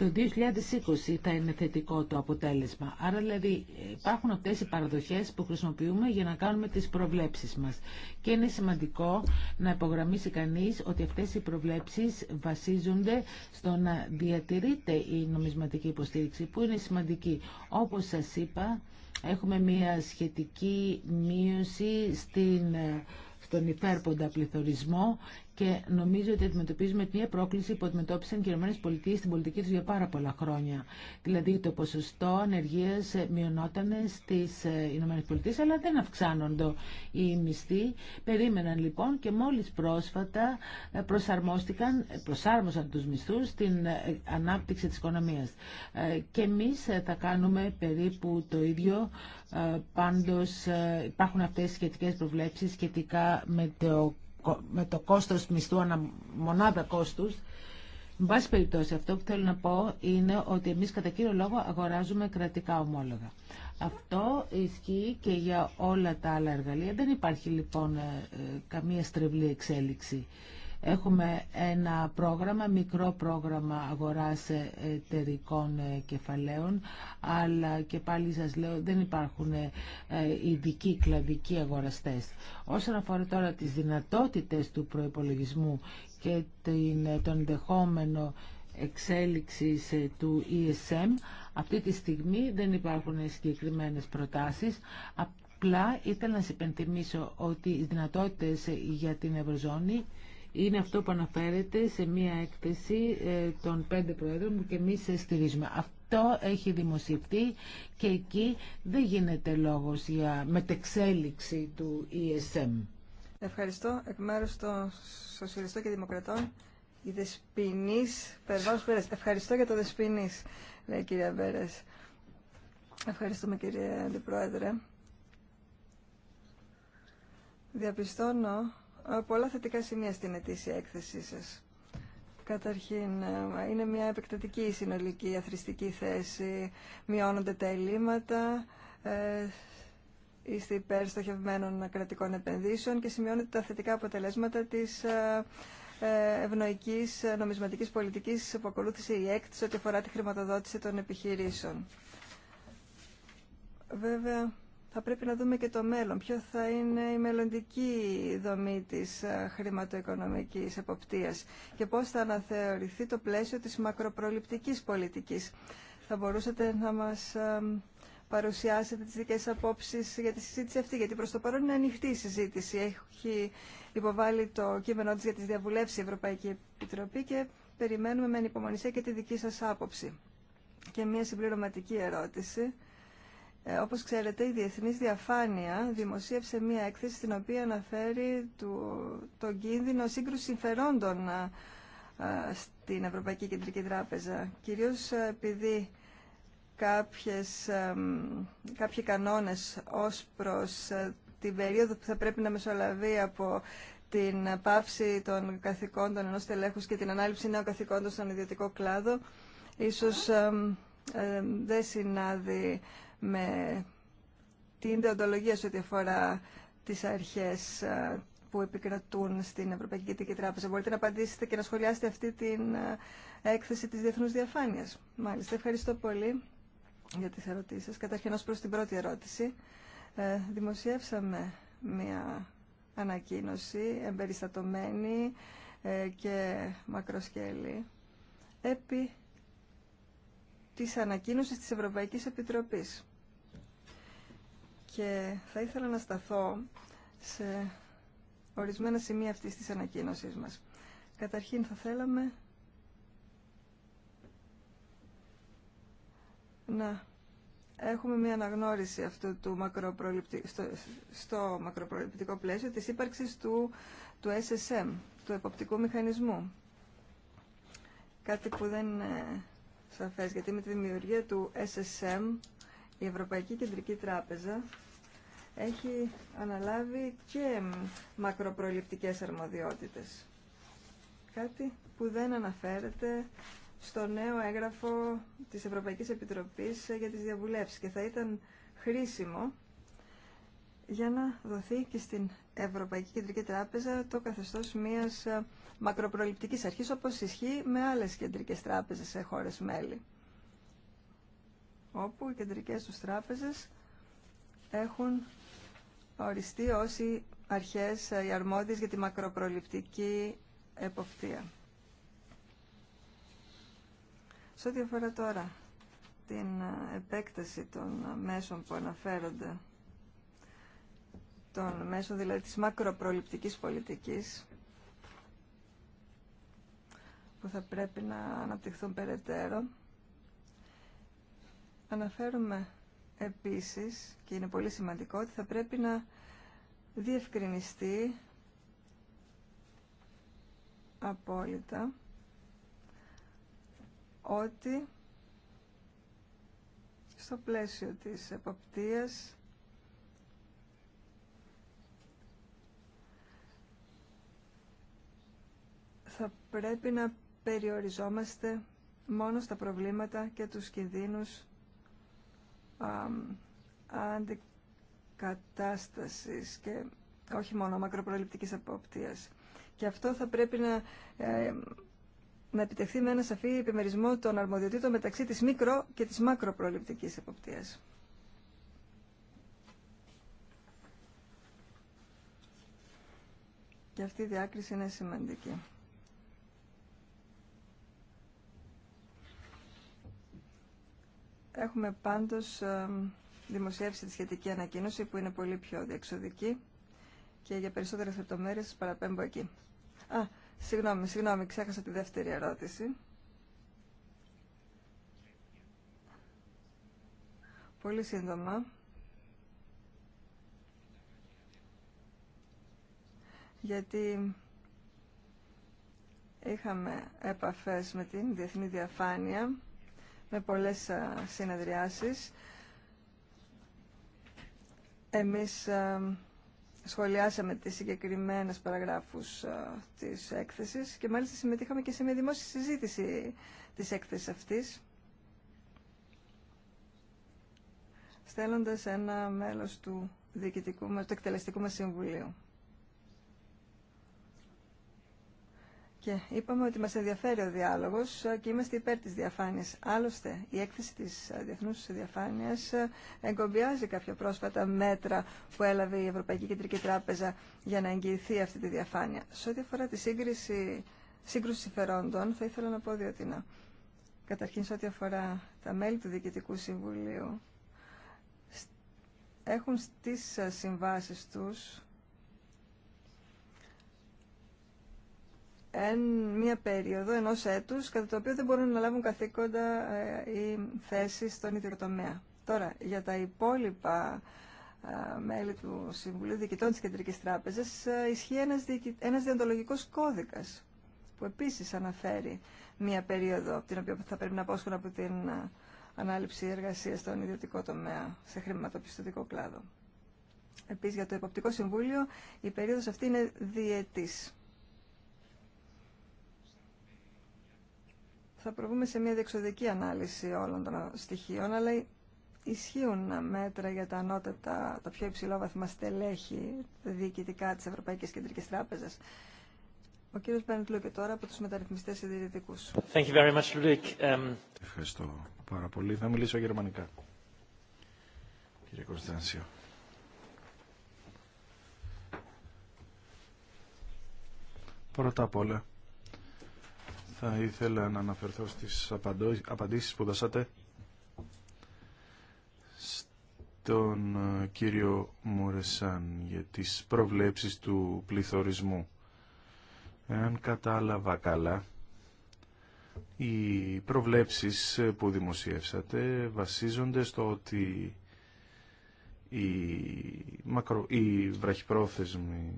το 2020 θα είναι θετικό το αποτέλεσμα. Άρα δηλαδή υπάρχουν αυτές οι παραδοχές που χρησιμοποιούμε για να κάνουμε τις προβλέψεις μας. Και είναι σημαντικό να υπογραμμίσει κανείς ότι αυτές οι προβλέψεις βασίζονται στο να διατηρείται η νομισματική υποστήριξη που είναι σημαντική. Όπως σας είπα έχουμε μια σχετική μείωση στην ε, στον υπέρποντα πληθωρισμό και νομίζω ότι αντιμετωπίζουμε μια πρόκληση που αντιμετώπισαν και οι ΗΠΑ στην πολιτική του για πάρα πολλά χρόνια. Δηλαδή το ποσοστό ανεργία μειωνόταν στι ε, ΗΠΑ, αλλά δεν αυξάνονται οι μισθοί. Περίμεναν λοιπόν και μόλι πρόσφατα ε, προσαρμόστηκαν, ε, προσάρμοσαν του μισθού στην ανάπτυξη τη οικονομία. Και εμεί θα κάνουμε περίπου το ίδιο. Πάντω υπάρχουν αυτέ οι σχετικέ προβλέψει σχετικά με το με το κόστος μισθού, μονάδα κόστους. Με πάση περιπτώσει, αυτό που θέλω να πω είναι ότι εμείς κατά κύριο λόγο αγοράζουμε κρατικά ομόλογα. Αυτό ισχύει και για όλα τα άλλα εργαλεία. Δεν υπάρχει λοιπόν ε, ε, καμία στρεβλή εξέλιξη. Έχουμε ένα πρόγραμμα, μικρό πρόγραμμα αγοράς εταιρικών κεφαλαίων, αλλά και πάλι σας λέω δεν υπάρχουν ε, ειδικοί κλαδικοί αγοραστές. Όσον αφορά τώρα τις δυνατότητες του προϋπολογισμού και τον ενδεχόμενο εξέλιξης ε, του ESM, αυτή τη στιγμή δεν υπάρχουν συγκεκριμένες προτάσεις. Απλά ήθελα να σας υπενθυμίσω ότι οι δυνατότητες για την Ευρωζώνη είναι αυτό που αναφέρεται σε μία έκθεση ε, των πέντε Προέδρων που και εμείς στηρίζουμε. Αυτό έχει δημοσιευτεί και εκεί δεν γίνεται λόγος για μετεξέλιξη του ESM. Ευχαριστώ. Εκ μέρους των Σοσιαλιστών και Δημοκρατών, η Δεσποινής Περβάνος Πέρας. Ευχαριστώ για το Δεσποινής, λέει η κυρία Πέρας. Ευχαριστούμε κύριε Αντιπρόεδρε. Διαπιστώνω ε, πολλά θετικά σημεία στην ετήσια έκθεσή σας. Καταρχήν, ε, είναι μια επεκτατική συνολική αθρηστική θέση. Μειώνονται τα ελλείμματα, ε, είστε υπέρ στοχευμένων κρατικών επενδύσεων και σημειώνεται τα θετικά αποτελέσματα της ε, ευνοϊκής νομισματικής πολιτικής που ακολούθησε η έκθεση ό,τι αφορά τη χρηματοδότηση των επιχειρήσεων. Βέβαια, θα πρέπει να δούμε και το μέλλον. Ποιο θα είναι η μελλοντική δομή της ε, χρηματοοικονομικής εποπτείας και πώς θα αναθεωρηθεί το πλαίσιο της μακροπροληπτικής πολιτικής. Θα μπορούσατε να μας ε, παρουσιάσετε τις δικές σας απόψεις για τη συζήτηση αυτή, γιατί προς το παρόν είναι ανοιχτή η συζήτηση. Έχει υποβάλει το κείμενό της για τις διαβουλεύσεις η Ευρωπαϊκή Επιτροπή και περιμένουμε με ανυπομονησία και τη δική σας άποψη. Και μια συμπληρωματική ερώτηση. Ε, όπως ξέρετε, η Διεθνής Διαφάνεια δημοσίευσε μία έκθεση στην οποία αναφέρει το τον κίνδυνο σύγκρουση συμφερόντων ε, στην Ευρωπαϊκή Κεντρική Τράπεζα, κυρίως ε, επειδή κάποιες, α, κάποιοι κανόνες ως προς α, ε, την περίοδο που θα πρέπει να μεσολαβεί από την πάυση των καθηκόντων ενός τελέχους και την ανάληψη νέων καθηκόντων στον ιδιωτικό κλάδο, ίσως δεν συνάδει με την διοντολογία σε ό,τι αφορά τις αρχές ε, που επικρατούν στην Ευρωπαϊκή Κεντρική Τράπεζα. Μπορείτε να απαντήσετε και να σχολιάσετε αυτή την ε, έκθεση της διεθνούς διαφάνειας. Μάλιστα, ευχαριστώ πολύ για τις ερωτήσεις Καταρχήν ως προς την πρώτη ερώτηση, ε, δημοσιεύσαμε μια ανακοίνωση εμπεριστατωμένη και μακροσκέλη επί της ανακοίνωσης της Ευρωπαϊκής Επιτροπής και θα ήθελα να σταθώ σε ορισμένα σημεία αυτής της ανακοίνωσής μας. Καταρχήν θα θέλαμε να έχουμε μια αναγνώριση αυτού του στο, μακροπροληπτικό πλαίσιο της ύπαρξης του, του SSM, του εποπτικού μηχανισμού. Κάτι που δεν είναι σαφές, γιατί με τη δημιουργία του SSM η Ευρωπαϊκή Κεντρική Τράπεζα έχει αναλάβει και μακροπροληπτικές αρμοδιότητες. Κάτι που δεν αναφέρεται στο νέο έγγραφο της Ευρωπαϊκής Επιτροπής για τις διαβουλεύσεις και θα ήταν χρήσιμο για να δοθεί και στην Ευρωπαϊκή Κεντρική Τράπεζα το καθεστώς μιας μακροπροληπτικής αρχής όπως ισχύει με άλλες κεντρικές τράπεζες σε χώρες μέλη όπου οι κεντρικές τους τράπεζες έχουν οριστεί ως οι αρχές ε, οι αρμόδιες για τη μακροπροληπτική εποπτεία. Σε ό,τι αφορά τώρα την ε, επέκταση των ε, μέσων που αναφέρονται, των μέσων δηλαδή της μακροπροληπτικής πολιτικής, που θα πρέπει να αναπτυχθούν περαιτέρω, Αναφέρουμε επίσης, και είναι πολύ σημαντικό, ότι θα πρέπει να διευκρινιστεί απόλυτα ότι στο πλαίσιο της εποπτείας θα πρέπει να περιοριζόμαστε μόνο στα προβλήματα και τους κινδύνους αντικατάστασης και όχι μόνο μακροπροληπτικής αποπτίας. Και αυτό θα πρέπει να, ε, να επιτευχθεί με ένα σαφή επιμερισμό των αρμοδιοτήτων μεταξύ της μικρο- και της μακροπροληπτικής εποπτείας. Και αυτή η διάκριση είναι σημαντική. Έχουμε πάντως δημοσιεύσει τη σχετική ανακοίνωση που είναι πολύ πιο διεξοδική και για περισσότερες λεπτομέρειες σας παραπέμπω εκεί. Α, συγγνώμη, συγγνώμη, ξέχασα τη δεύτερη ερώτηση. Πολύ σύντομα. Γιατί είχαμε επαφές με την διεθνή διαφάνεια με πολλές ε, συνεδριάσεις. Εμείς ε, σχολιάσαμε τις συγκεκριμένες παραγράφους ε, της έκθεσης και μάλιστα συμμετείχαμε και σε μια δημόσια συζήτηση της έκθεσης αυτής στέλνοντας ένα μέλος του, διοικητικού, του εκτελεστικού μας συμβουλίου. Και είπαμε ότι μας ενδιαφέρει ο διάλογος και είμαστε υπέρ της διαφάνειας. Άλλωστε, η έκθεση της διεθνούς διαφάνειας ε, εγκομπιάζει κάποια πρόσφατα μέτρα που έλαβε η Ευρωπαϊκή Κεντρική Τράπεζα για να εγγυηθεί αυτή τη διαφάνεια. Σε ό,τι αφορά τη σύγκριση, σύγκρουση συμφερόντων, θα ήθελα να πω δύο τινά. Καταρχήν, σε ό,τι αφορά τα μέλη του Διοικητικού Συμβουλίου, έχουν στις ε, συμβάσεις τους εν, μια περίοδο ενό έτου κατά το οποίο δεν μπορούν να λάβουν καθήκοντα ή ε, θέσει στον ίδιο τομέα. Τώρα, για τα υπόλοιπα ε, μέλη του Συμβουλίου Διοικητών τη Κεντρική Τράπεζα, ε, ισχύει ένα ένας κώδικα που επίση αναφέρει μία περίοδο από την οποία θα πρέπει να απόσχουν από την ανάληψη εργασία στον ιδιωτικό τομέα σε χρηματοπιστωτικό κλάδο. Επίσης για το Εποπτικό Συμβούλιο η περίοδος αυτή είναι διετής. θα προβούμε σε μια διεξοδική ανάλυση όλων των στοιχείων, αλλά ισχύουν μέτρα για τα ανώτατα, τα πιο υψηλόβαθμα στελέχη διοικητικά της Ευρωπαϊκής Κεντρικής Τράπεζας. Ο κύριος Μπένιτ και τώρα από τους μεταρρυθμιστές συντηρητικούς. Um, Ευχαριστώ πάρα πολύ. Θα μιλήσω γερμανικά. Κύριε Κωνστανσιο. Πρώτα απ' όλα θα ήθελα να αναφερθώ στις απαντήσεις που δώσατε στον ε, κύριο Μουρεσάν για τις προβλέψεις του πληθωρισμού. Εάν κατάλαβα καλά, οι προβλέψεις που δημοσιεύσατε βασίζονται στο ότι η μακρο, η βραχυπρόθεσμοι,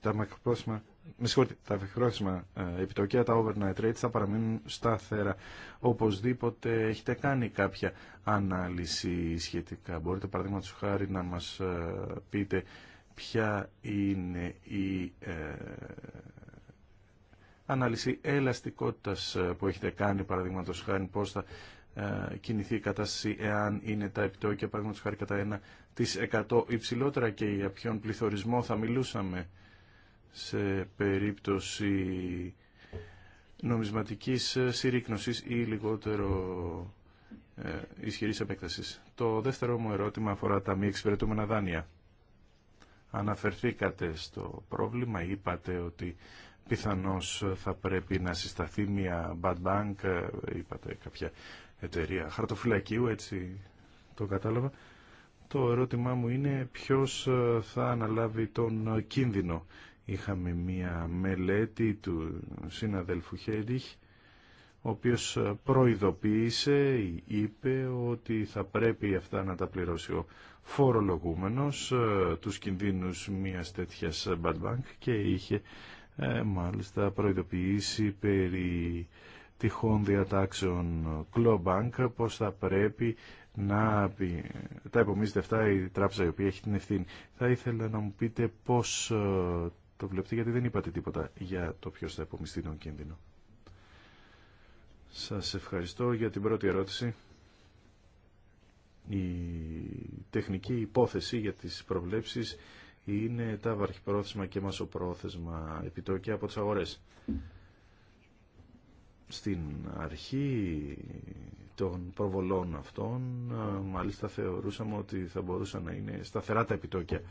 τα μακροπρόθεσμα με συγχωρείτε, τα ε, επιτοκία, τα overnight rates θα παραμείνουν σταθερά. Οπωσδήποτε έχετε κάνει κάποια ανάλυση σχετικά. Μπορείτε παραδείγματο χάρη να μας ε, πείτε ποια είναι η ε, ανάλυση ελαστικότητας ε, που έχετε κάνει παραδείγματο χάρη πώς θα ε, κινηθεί η κατάσταση εάν είναι τα επιτόκια παραδείγματο χάρη κατά 1% υψηλότερα και για ποιον πληθωρισμό θα μιλούσαμε σε περίπτωση νομισματικής συρρήκνωσης ή λιγότερο ε, ισχυρής επέκτασης. Το δεύτερο μου ερώτημα αφορά τα μη εξυπηρετούμενα δάνεια. Αναφερθήκατε στο πρόβλημα, είπατε ότι πιθανώς θα πρέπει να συσταθεί μια bad bank, ε, είπατε κάποια εταιρεία χαρτοφυλακίου, έτσι το κατάλαβα. Το ερώτημά μου είναι ποιος ε, θα αναλάβει τον κίνδυνο είχαμε μία μελέτη του συναδέλφου Χέριχ ο οποίος προειδοποίησε, είπε ότι θα πρέπει αυτά να τα πληρώσει ο φορολογούμενος ε, τους κινδύνους μιας τέτοιας bad bank και είχε ε, μάλιστα προειδοποιήσει περί τυχόν διατάξεων bank πως θα πρέπει να πει, τα επομίζεται αυτά η τράπεζα η οποία έχει την ευθύνη. Θα ήθελα να μου πείτε πώς ε, το βλέπετε γιατί δεν είπατε τίποτα για το ποιος θα υπομειστεί τον κίνδυνο. Σας ευχαριστώ για την πρώτη ερώτηση. Η τεχνική υπόθεση για τις προβλέψεις είναι τα βαρχιπρόθεσμα και μασοπρόθεσμα επιτόκια από τις αγορές. Στην αρχή των προβολών αυτών, μάλιστα θεωρούσαμε ότι θα μπορούσαν να είναι σταθερά τα επιτόκια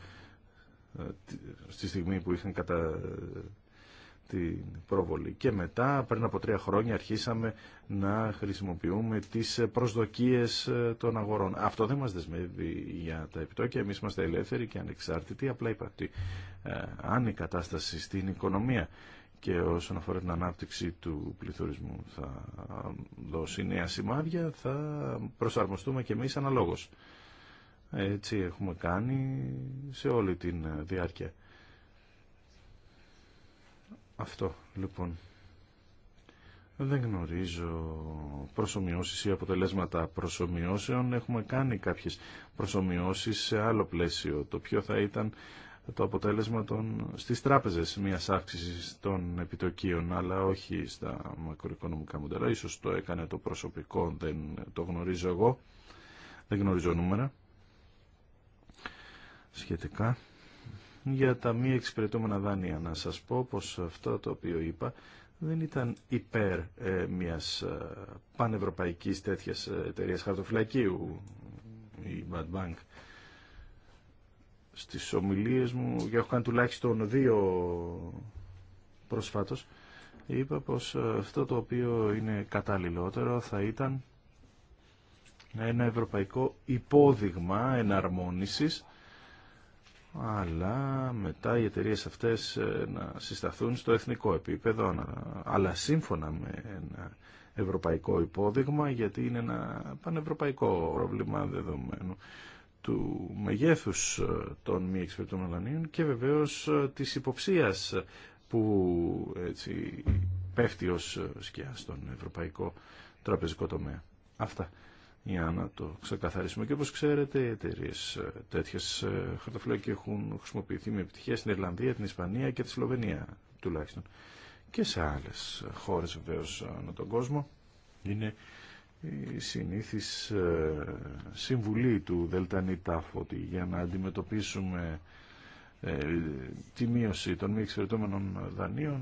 στη ε, στιγμή που είχαν κατά την προβολή. Και μετά, πριν από τρία χρόνια, αρχίσαμε να χρησιμοποιούμε τις προσδοκίες ε, των αγορών. Αυτό δεν μας δεσμεύει για τα επιτόκια. Εμείς είμαστε ελεύθεροι και ανεξάρτητοι. Απλά είπα ότι ε, αν η κατάσταση στην οικονομία και όσον αφορά την ανάπτυξη του πληθωρισμού θα δώσει νέα σημάδια, θα προσαρμοστούμε και εμείς αναλόγως. Έτσι έχουμε κάνει σε όλη την ε, διάρκεια. Αυτό λοιπόν. Δεν γνωρίζω προσωμιώσεις ή αποτελέσματα προσωμιώσεων. Έχουμε κάνει κάποιες προσωμιώσεις σε άλλο πλαίσιο. Το ποιο θα ήταν το αποτέλεσμα των, στις τράπεζες μια αύξησης των επιτοκίων, αλλά όχι στα μακροοικονομικά μοντέλα. Ίσως το έκανε το προσωπικό, δεν το γνωρίζω εγώ. Δεν γνωρίζω νούμερα σχετικά. Για τα μη εξυπηρετούμενα δάνεια να σας πω πως αυτό το οποίο είπα δεν ήταν υπέρ ε, μιας ε, πανευρωπαϊκής τέτοιας ε, εταιρείας χαρτοφυλακίου η Bad Bank. Στις ομιλίες μου, και έχω κάνει τουλάχιστον δύο προσφάτως, είπα πως ε, αυτό το οποίο είναι κατάλληλότερο θα ήταν ένα ευρωπαϊκό υπόδειγμα εναρμόνισης αλλά μετά οι εταιρείε αυτές ε, να συσταθούν στο εθνικό επίπεδο, αλλά σύμφωνα με ένα ευρωπαϊκό υπόδειγμα, γιατί είναι ένα πανευρωπαϊκό πρόβλημα δεδομένου του μεγέθους ε, των μη εξυπηρετούμενων δανείων και βεβαίως ε, της υποψίας που έτσι, πέφτει ως σκιά στον ευρωπαϊκό τραπεζικό τομέα. Αυτά για να το ξεκαθαρίσουμε. Και όπως ξέρετε, οι εταιρείε ε, τέτοιες ε, χαρτοφυλάκια έχουν χρησιμοποιηθεί με επιτυχία στην Ιρλανδία, την Ισπανία και τη Σλοβενία τουλάχιστον. Και σε άλλες χώρες βεβαίω ε, ανά τον κόσμο. Είναι η συνήθις συμβουλή του Δελτανή Τάφο ότι για να αντιμετωπίσουμε τη μείωση των μη εξυπηρετώμενων δανείων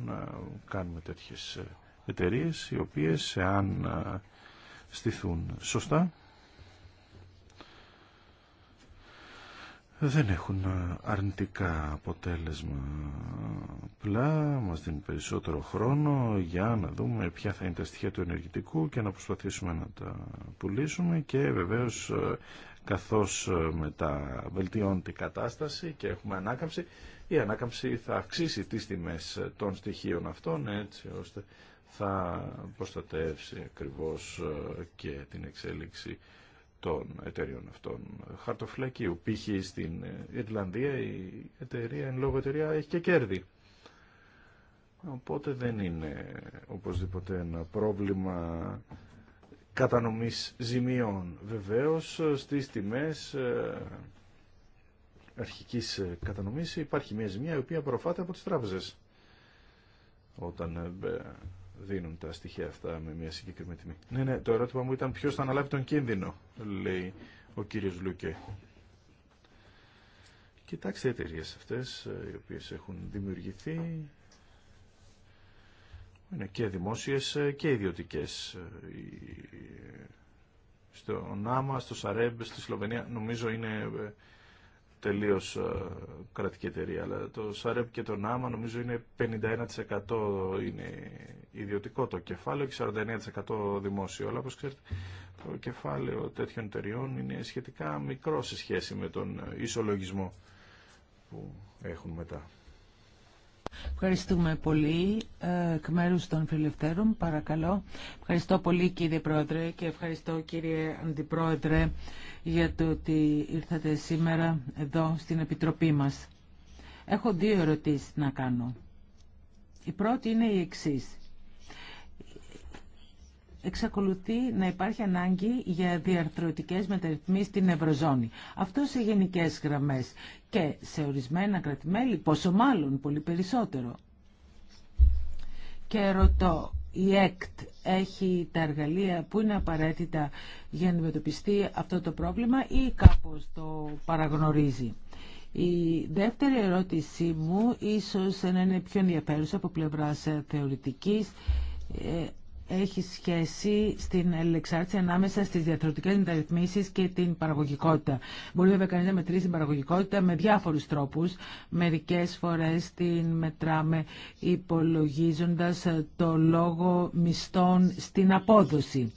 κάνουμε τέτοιες εταιρείε οι οποίες εάν στηθούν σωστά δεν έχουν ε, αρνητικά αποτέλεσμα απλά μας δίνει περισσότερο χρόνο για να δούμε ποια θα είναι τα στοιχεία του ενεργητικού και να προσπαθήσουμε να τα πουλήσουμε και βεβαίως ε, καθώς ε, μετά βελτιώνεται η κατάσταση και έχουμε ανάκαμψη η ανάκαμψη θα αυξήσει τις τιμές των στοιχείων αυτών έτσι ώστε θα προστατεύσει ακριβώς ε, και την εξέλιξη των εταιριών αυτών. Χαρτοφυλακίου, π.χ. στην ε, Ιρλανδία η εταιρεία, εν λόγω εταιρεία, έχει και κέρδη. Οπότε δεν είναι οπωσδήποτε ένα πρόβλημα κατανομής ζημιών. Βεβαίως στις τιμές ε, αρχικής κατανομής υπάρχει μια ζημιά η οποία προφάται από τις τράπεζες όταν δίνουν τα στοιχεία αυτά με μια συγκεκριμένη τιμή. Ναι, ναι, το ερώτημα μου ήταν ποιο θα αναλάβει τον κίνδυνο, λέει ο κύριος Λούκε. Κοιτάξτε εταιρείε αυτές ε, οι οποίες έχουν δημιουργηθεί είναι και δημόσιε ε, και ιδιωτικέ. Ε, στο ΝΑΜΑ, στο ΣΑΡΕΜ, στη Σλοβενία νομίζω είναι τελείως ε, κρατική εταιρεία, αλλά το ΣΑΡΕΠ και το ΝΑΜΑ νομίζω είναι 51% είναι ιδιωτικό το κεφάλαιο και 49% δημόσιο. Αλλά όπω ξέρετε το κεφάλαιο τέτοιων εταιρεών είναι σχετικά μικρό σε σχέση με τον ισολογισμό που έχουν μετά. Ευχαριστούμε πολύ. Ε, εκ μέρου των φιλευτέρων, παρακαλώ. Ευχαριστώ πολύ κύριε Πρόεδρε και ευχαριστώ κύριε Αντιπρόεδρε για το ότι ήρθατε σήμερα εδώ στην Επιτροπή μας. Έχω δύο ερωτήσεις να κάνω. Η πρώτη είναι η εξής εξακολουθεί να υπάρχει ανάγκη για διαρθρωτικές μεταρρυθμίσεις στην Ευρωζώνη. Αυτό σε γενικές γραμμές και σε ορισμένα κρατημέλη, πόσο μάλλον, πολύ περισσότερο. Και ρωτώ, η ΕΚΤ έχει τα εργαλεία που είναι απαραίτητα για να αντιμετωπιστεί αυτό το πρόβλημα ή κάπως το παραγνωρίζει. Η δεύτερη ερώτησή μου ίσως να είναι πιο ενδιαφέρουσα από πλευράς θεωρητικής. Ε, έχει σχέση στην ελεξάρτηση ανάμεσα στις διατροτικές μεταρρυθμίσεις και την παραγωγικότητα. Μπορεί βέβαια κανείς να μετρήσει την παραγωγικότητα με διάφορους τρόπους. Μερικές φορές την μετράμε υπολογίζοντας το λόγο μισθών στην απόδοση.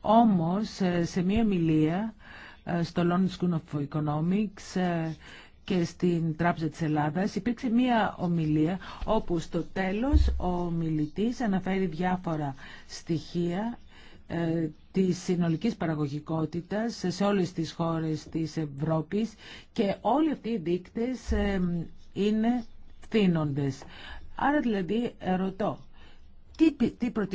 Όμως σε μία μιλία ε, στο London School of Economics ε, και στην Τράπεζα της Ελλάδας υπήρξε μία ομιλία όπου στο τέλος ο μιλητής αναφέρει διάφορα στοιχεία ε, της συνολικής παραγωγικότητας σε όλες τις χώρες της Ευρώπης και όλοι αυτοί οι δείκτες ε, είναι φθήνοντες. Άρα δηλαδή ρωτώ, τι,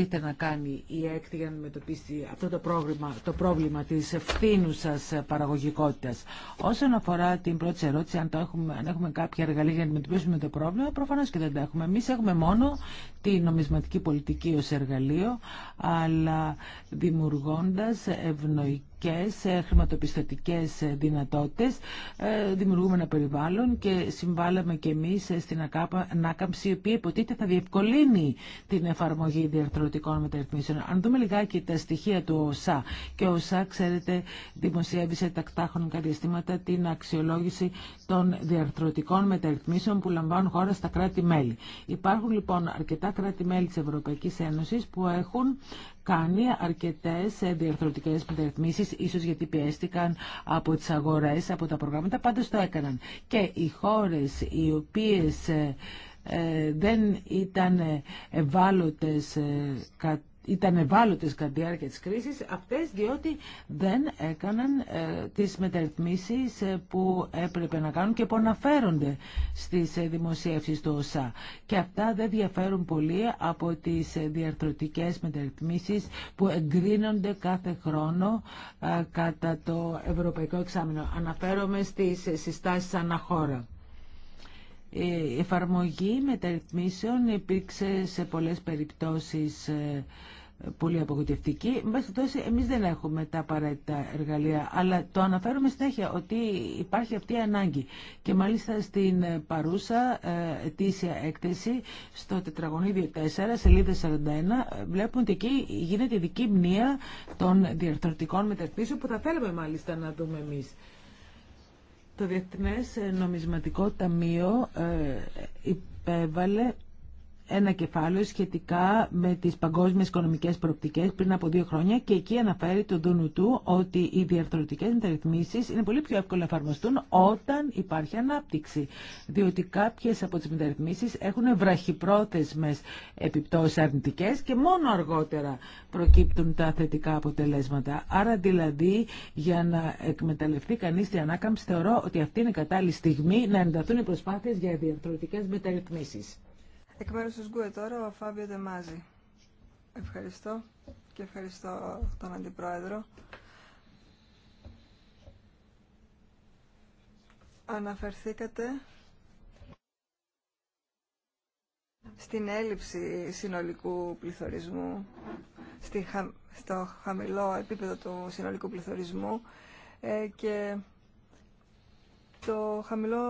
τι να κάνει η ΕΚΤ για να αντιμετωπίσει αυτό το πρόβλημα, το πρόβλημα της ευθύνουσας παραγωγικότητας. Όσον αφορά την πρώτη ερώτηση, αν, έχουμε, αν έχουμε κάποια εργαλεία για να αντιμετωπίσουμε το πρόβλημα, προφανώς και δεν τα έχουμε. Εμείς έχουμε μόνο τη νομισματική πολιτική ως εργαλείο, αλλά δημιουργώντας ευνοϊκή οικονομικές, ε, χρηματοπιστωτικές ε, δυνατότητες. Ε, δημιουργούμε ένα περιβάλλον και συμβάλαμε και εμείς στην ανάκαμψη, η οποία υποτίθεται θα διευκολύνει την εφαρμογή διαρθρωτικών μεταρρυθμίσεων. Αν δούμε λιγάκι τα στοιχεία του ΟΣΑ, και ο ΟΣΑ, ξέρετε, δημοσιεύει σε τακτά χρονικά διαστήματα την αξιολόγηση των διαρθρωτικών μεταρρυθμίσεων που λαμβάνουν χώρα στα κράτη-μέλη. Υπάρχουν λοιπόν αρκετά κράτη-μέλη της Ευρωπαϊκής Ένωσης που έχουν κάνει αρκετές διαρθρωτικές μεταρρυθμίσεις, ίσως γιατί πιέστηκαν από τις αγορές, από τα προγράμματα, πάντως το έκαναν. Και οι χώρες οι οποίες ε, ε, δεν ήταν ευάλωτες ε, κατά ήταν ευάλωτες κατά τη διάρκεια της κρίσης, αυτές διότι δεν έκαναν ε, τις μεταρρυθμίσεις ε, που έπρεπε να κάνουν και που αναφέρονται στις ε, δημοσίευσεις του ΩΣΑ. Και αυτά δεν διαφέρουν πολύ από τις ε, διαρθρωτικές μεταρρυθμίσεις που εγκρίνονται κάθε χρόνο ε, κατά το Ευρωπαϊκό Εξάμεινο. Αναφέρομαι στις ε, συστάσεις αναχώρα. Η εφαρμογή μεταρρυθμίσεων υπήρξε σε πολλές περιπτώσεις πολύ απογοητευτική. Μέσα τόσο εμείς δεν έχουμε τα απαραίτητα εργαλεία, αλλά το αναφέρουμε συνέχεια ότι υπάρχει αυτή η ανάγκη. Και μάλιστα στην παρούσα ε, ετήσια έκθεση, στο τετραγωνίδιο 4, σελίδα 41, βλέπουν ότι εκεί γίνεται δική μνήα των διαρθρωτικών μεταρρυθμίσεων που θα θέλαμε μάλιστα να δούμε εμείς. Το Διεθνές Νομισματικό Ταμείο ε, υπέβαλε ένα κεφάλαιο σχετικά με τις παγκόσμιες οικονομικές προοπτικές πριν από δύο χρόνια και εκεί αναφέρει τον Δούνου του ότι οι διαρθρωτικές μεταρρυθμίσεις είναι πολύ πιο εύκολο να εφαρμοστούν όταν υπάρχει ανάπτυξη. Διότι κάποιες από τις μεταρρυθμίσεις έχουν βραχυπρόθεσμες επιπτώσεις αρνητικές και μόνο αργότερα προκύπτουν τα θετικά αποτελέσματα. Άρα δηλαδή για να εκμεταλλευτεί κανείς την ανάκαμψη θεωρώ ότι αυτή είναι η κατάλληλη στιγμή να ενταθούν οι προσπάθειες για διαρθρωτικές μεταρρυθμίσεις. Εκ μέρους του ΣΚΟΕ τώρα ο Φάβιο Δεμάζη. Ευχαριστώ και ευχαριστώ τον Αντιπρόεδρο. Αναφερθήκατε στην έλλειψη συνολικού πληθωρισμού, στο χαμηλό επίπεδο του συνολικού πληθωρισμού ε, και το χαμηλό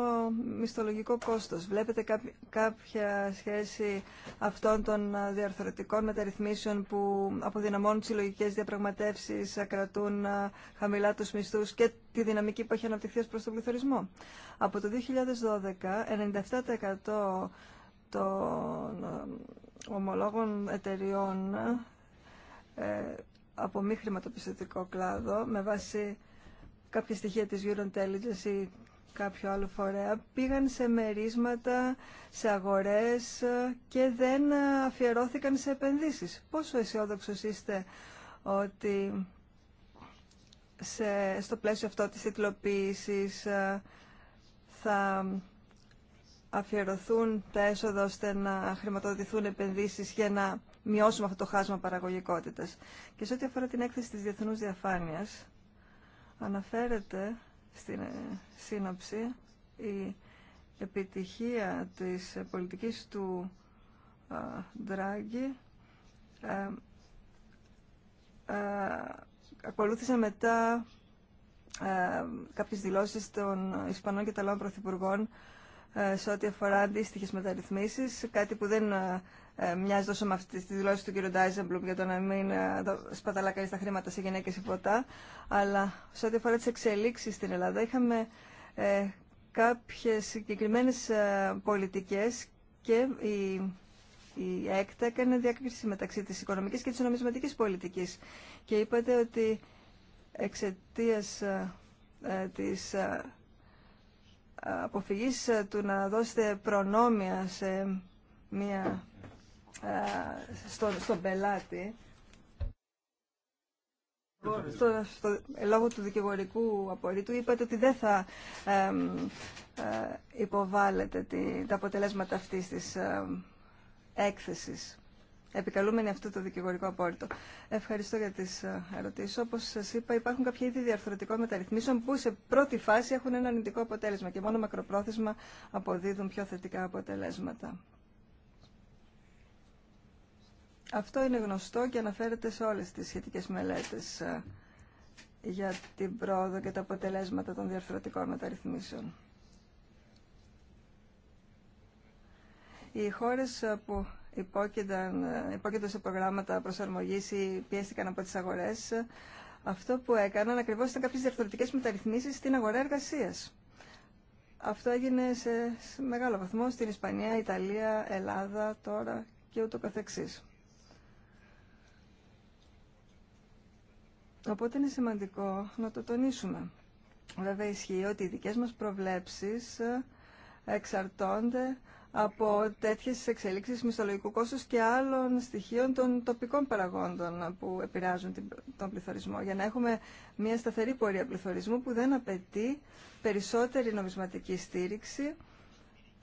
μισθολογικό κόστος. Βλέπετε κάποια σχέση αυτών των διαρθρωτικών μεταρρυθμίσεων που αποδυναμώνουν τις συλλογικές διαπραγματεύσεις, κρατούν ε, χαμηλά τους μισθούς και τη δυναμική που έχει αναπτυχθεί ως προς τον πληθωρισμό. Από το 2012, 97% των ε, ομολόγων εταιριών ε, από μη χρηματοπιστωτικό κλάδο με βάση κάποια στοιχεία της Euro Intelligence ή κάποιο άλλο φορέα πήγαν σε μερίσματα, σε αγορές ε, και δεν ε, αφιερώθηκαν σε επενδύσεις. Πόσο αισιόδοξο είστε ότι στο πλαίσιο αυτό της τιτλοποίησης ε, θα αφιερωθούν τα έσοδα ώστε να χρηματοδοτηθούν επενδύσεις για να μειώσουμε αυτό το χάσμα παραγωγικότητας. Και σε ό,τι αφορά την έκθεση της διεθνούς διαφάνειας, αναφέρεται στην ε, σύνοψη, η επιτυχία της πολιτικής του ε, Ντράγκη ε, ακολούθησε μετά κάποιες δηλώσεις των Ισπανών και Ιταλών Πρωθυπουργών σε ό,τι αφορά αντίστοιχε μεταρρυθμίσεις, κάτι που δεν ε, μοιάζει τόσο με αυτή τη δηλώση του κ. Ντάιζεμπλουμ για το να μην ε, σπαταλά κανεί τα χρήματα σε γυναίκε ή ποτά. Αλλά σε ό,τι αφορά τι εξελίξει στην Ελλάδα, είχαμε ε, κάποιε συγκεκριμένε ε, πολιτικέ και η, η ΕΚΤΑ έκανε διάκριση μεταξύ τη οικονομική και τη νομισματική πολιτική. Και είπατε ότι εξαιτία ε, της ε, αποφυγής του να δώσετε προνόμια σε μια ε, στο, στον πελάτη στο, στο, ε, λόγω του δικηγορικού απορρίτου είπατε ότι δεν θα ε, υποβάλλετε τη, τα αποτελέσματα αυτής της ε, έκθεσης επικαλούμενη αυτό το δικηγορικό απόρριτο. Ευχαριστώ για τις ε, ερωτήσεις. Όπως σας είπα υπάρχουν κάποια είδη διαρθρωτικών μεταρρυθμίσεων που σε πρώτη φάση έχουν ένα αρνητικό αποτέλεσμα και μόνο μακροπρόθεσμα αποδίδουν πιο θετικά αποτελέσματα. Αυτό είναι γνωστό και αναφέρεται σε όλες τις σχετικές μελέτες ε, για την πρόοδο και τα αποτελέσματα των διαρθρωτικών μεταρρυθμίσεων. Οι χώρες ε, που υπόκεινταν, ε, σε προγράμματα προσαρμογής ή πιέστηκαν από τις αγορές, αυτό που έκαναν ακριβώς ήταν κάποιες διαρθρωτικές μεταρρυθμίσεις στην αγορά εργασίας. Αυτό έγινε σε μεγάλο βαθμό στην Ισπανία, Ιταλία, Ελλάδα τώρα και ούτω καθεξής. Οπότε είναι σημαντικό να το τονίσουμε. Βέβαια ισχύει ότι οι δικές μας προβλέψεις ε, εξαρτώνται από τέτοιες εξελίξεις μισθολογικού κόστος και άλλων στοιχείων των τοπικών παραγόντων που επηρεάζουν τον πληθωρισμό. Για να έχουμε μια σταθερή πορεία πληθωρισμού που δεν απαιτεί περισσότερη νομισματική στήριξη,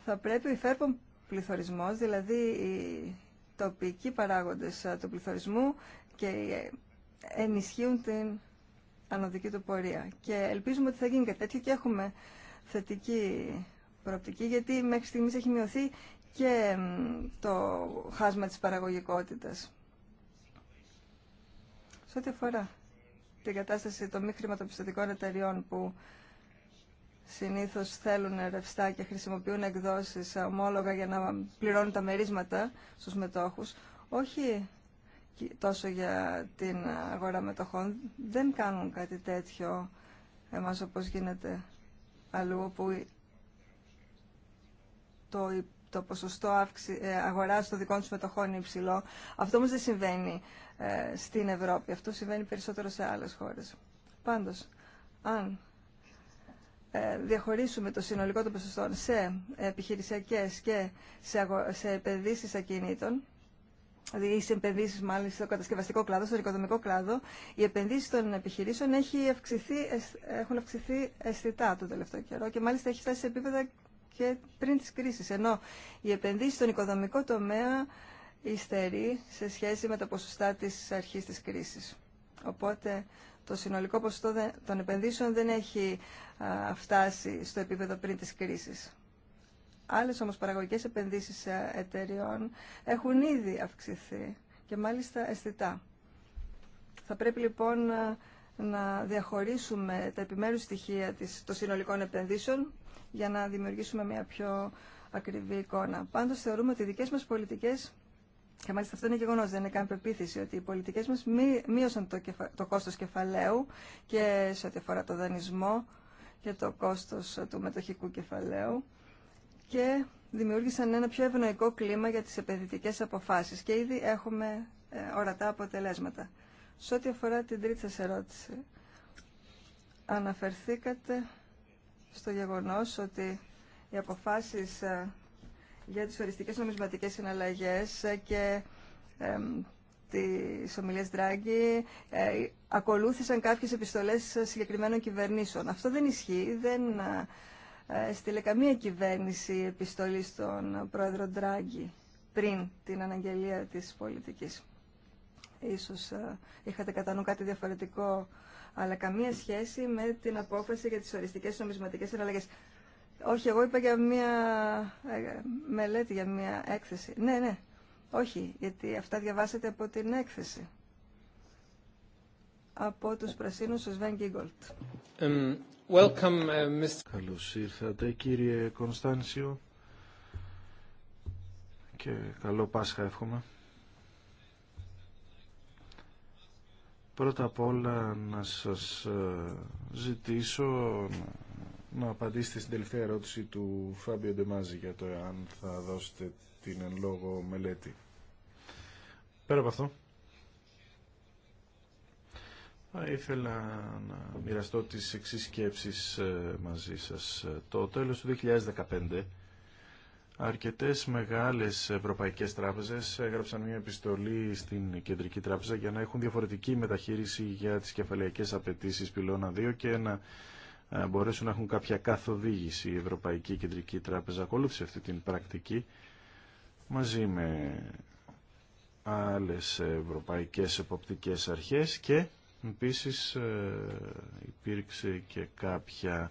θα πρέπει ο υφέρπον πληθωρισμός, δηλαδή οι τοπικοί παράγοντες ε, του πληθωρισμού και ενισχύουν την ανωδική του πορεία. Και ελπίζουμε ότι θα γίνει κάτι τέτοιο και έχουμε θετική προοπτική, γιατί μέχρι στιγμής έχει μειωθεί και το χάσμα της παραγωγικότητας. Σε ό,τι αφορά την κατάσταση των μη χρηματοπιστωτικών εταιριών που συνήθως θέλουν ρευστά και χρησιμοποιούν εκδόσεις ομόλογα για να πληρώνουν τα μερίσματα στους μετόχους, όχι τόσο για την αγορά μετοχών. Δεν κάνουν κάτι τέτοιο εμάς όπως γίνεται αλλού, όπου το, το ποσοστό αύξη, ε, αγοράς των δικών τους μετοχών είναι υψηλό. Αυτό όμως δεν συμβαίνει ε, στην Ευρώπη. Αυτό συμβαίνει περισσότερο σε άλλες χώρες. Πάντως, αν ε, διαχωρίσουμε το συνολικό των ποσοστών σε επιχειρησιακές και σε, σε επενδύσεις ακινήτων, δηλαδή οι επενδύσει μάλιστα στο κατασκευαστικό κλάδο, στο οικοδομικό κλάδο, οι επενδύσει των επιχειρήσεων έχει αυξηθεί, έχουν αυξηθεί αισθητά το τελευταίο καιρό και μάλιστα έχει φτάσει σε επίπεδα και πριν τη κρίση. Ενώ οι επενδύσει στον οικοδομικό τομέα υστερεί σε σχέση με τα ποσοστά τη αρχή τη κρίση. Οπότε το συνολικό ποσοστό των επενδύσεων δεν έχει φτάσει στο επίπεδο πριν τη κρίση. Άλλες όμως παραγωγικές επενδύσεις εταιριών έχουν ήδη αυξηθεί και μάλιστα αισθητά. Θα πρέπει λοιπόν ε, να διαχωρίσουμε τα επιμέρους στοιχεία της, των συνολικών επενδύσεων για να δημιουργήσουμε μια πιο ακριβή εικόνα. Πάντως θεωρούμε ότι οι δικές μας πολιτικές και μάλιστα αυτό είναι γεγονό, δεν είναι καν πεποίθηση ότι οι πολιτικέ μα μείωσαν το, το κόστο κεφαλαίου και σε ό,τι αφορά το δανεισμό και το κόστο του μετοχικού κεφαλαίου και δημιούργησαν ένα πιο ευνοϊκό κλίμα για τις επενδυτικές αποφάσεις και ήδη έχουμε ε, ορατά αποτελέσματα. Σε ό,τι αφορά την τρίτη σας ερώτηση, αναφερθήκατε στο γεγονός ότι οι αποφάσεις ε, για τις οριστικές νομισματικές συναλλαγές ε, και τη ομιλίες Ντράγκη ακολούθησαν κάποιες επιστολές συγκεκριμένων κυβερνήσεων. Αυτό δεν ισχύει, δεν ε, στείλε καμία κυβέρνηση επιστολή στον πρόεδρο Ντράγκη πριν την αναγγελία της πολιτικής. Ίσως ε, είχατε κατά νου κάτι διαφορετικό, αλλά καμία σχέση με την απόφαση για τις οριστικές νομισματικές συναλλαγές. Όχι, εγώ είπα για μια ε, μελέτη, για μια έκθεση. Ναι, ναι, όχι, γιατί αυτά διαβάσατε από την έκθεση. Από τους πρασίνους, ο Σβέν Welcome, uh, Καλώς ήρθατε κύριε Κωνστάνσιο και καλό Πάσχα εύχομαι. Πρώτα απ' όλα να σας ε, ζητήσω να απαντήσετε στην τελευταία ερώτηση του Φάμπιο Ντεμάζη για το εάν θα δώσετε την εν λόγω μελέτη. Πέρα από αυτό, θα ήθελα να μοιραστώ τις εξής σκέψεις ε, μαζί σας. Το τέλος του 2015 αρκετές μεγάλες ευρωπαϊκές τράπεζες έγραψαν μια επιστολή στην Κεντρική Τράπεζα για να έχουν διαφορετική μεταχείριση για τις κεφαλαϊκές απαιτήσεις πυλώνα 2 και να ε, μπορέσουν να έχουν κάποια καθοδήγηση. Η Ευρωπαϊκή Κεντρική Τράπεζα ακολούθησε αυτή την πρακτική μαζί με άλλες ευρωπαϊκές εποπτικές αρχές και Επίσης ε, υπήρξε και κάποια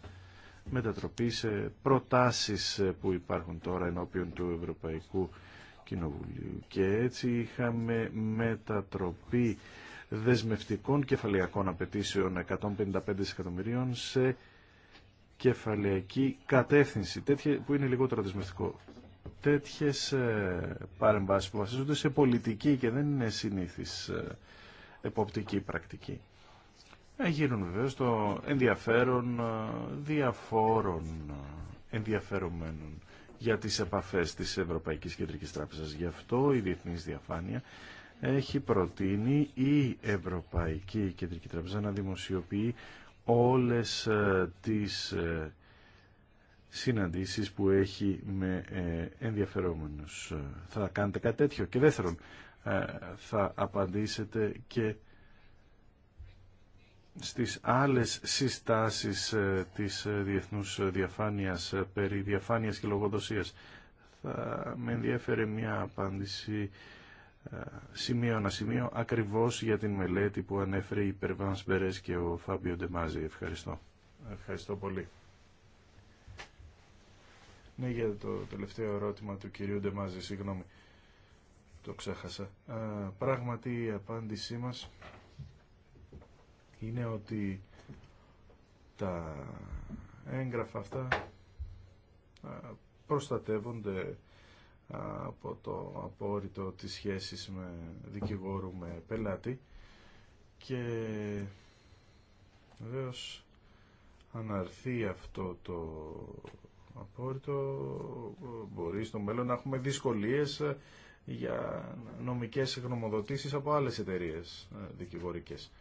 μετατροπή σε προτάσεις ε, που υπάρχουν τώρα ενώπιον του Ευρωπαϊκού Κοινοβουλίου. Και έτσι είχαμε μετατροπή δεσμευτικών κεφαλαιακών απαιτήσεων 155 εκατομμυρίων σε κεφαλαιακή κατεύθυνση, τέτοια που είναι λιγότερο δεσμευτικό. Τέτοιες ε, παρεμβάσεις που βασίζονται σε πολιτική και δεν είναι συνήθις εποπτική πρακτική. Ε, γίνουν βεβαίω το ενδιαφέρον ε, διαφόρων ε, ενδιαφερομένων για τις επαφές της Ευρωπαϊκής Κεντρικής Τράπεζας. Γι' αυτό η Διεθνής Διαφάνεια έχει προτείνει η Ευρωπαϊκή Κεντρική Τράπεζα να δημοσιοποιεί όλες τις συναντήσεις που έχει με ενδιαφερόμενους. Θα κάνετε κάτι τέτοιο. Και δεύτερον, ε, θα απαντήσετε και στις άλλες συστάσεις ε, της ε, διεθνούς διαφάνειας περί διαφάνειας και λογοδοσίας. Θα με ενδιαφέρει μια απάντηση σημείο να σημείο ακριβώς για την μελέτη που ανέφερε η Περβάνς Μπερές και ο Φάμπιο Ντεμάζη. Ευχαριστώ. Ευχαριστώ πολύ. Ναι, για το τελευταίο ερώτημα του κυρίου Ντεμάζη, συγγνώμη το ξέχασα. Πράγματι η απάντησή μας είναι ότι τα έγγραφα αυτά προστατεύονται από το απόρριτο της σχέσης με δικηγόρου με πελάτη και βεβαίω αρθεί αυτό το απόρριτο μπορεί στο μέλλον να έχουμε δυσκολίες για νομικές γνωμοδοτήσεις από άλλες εταιρείες ε, δικηγορικές.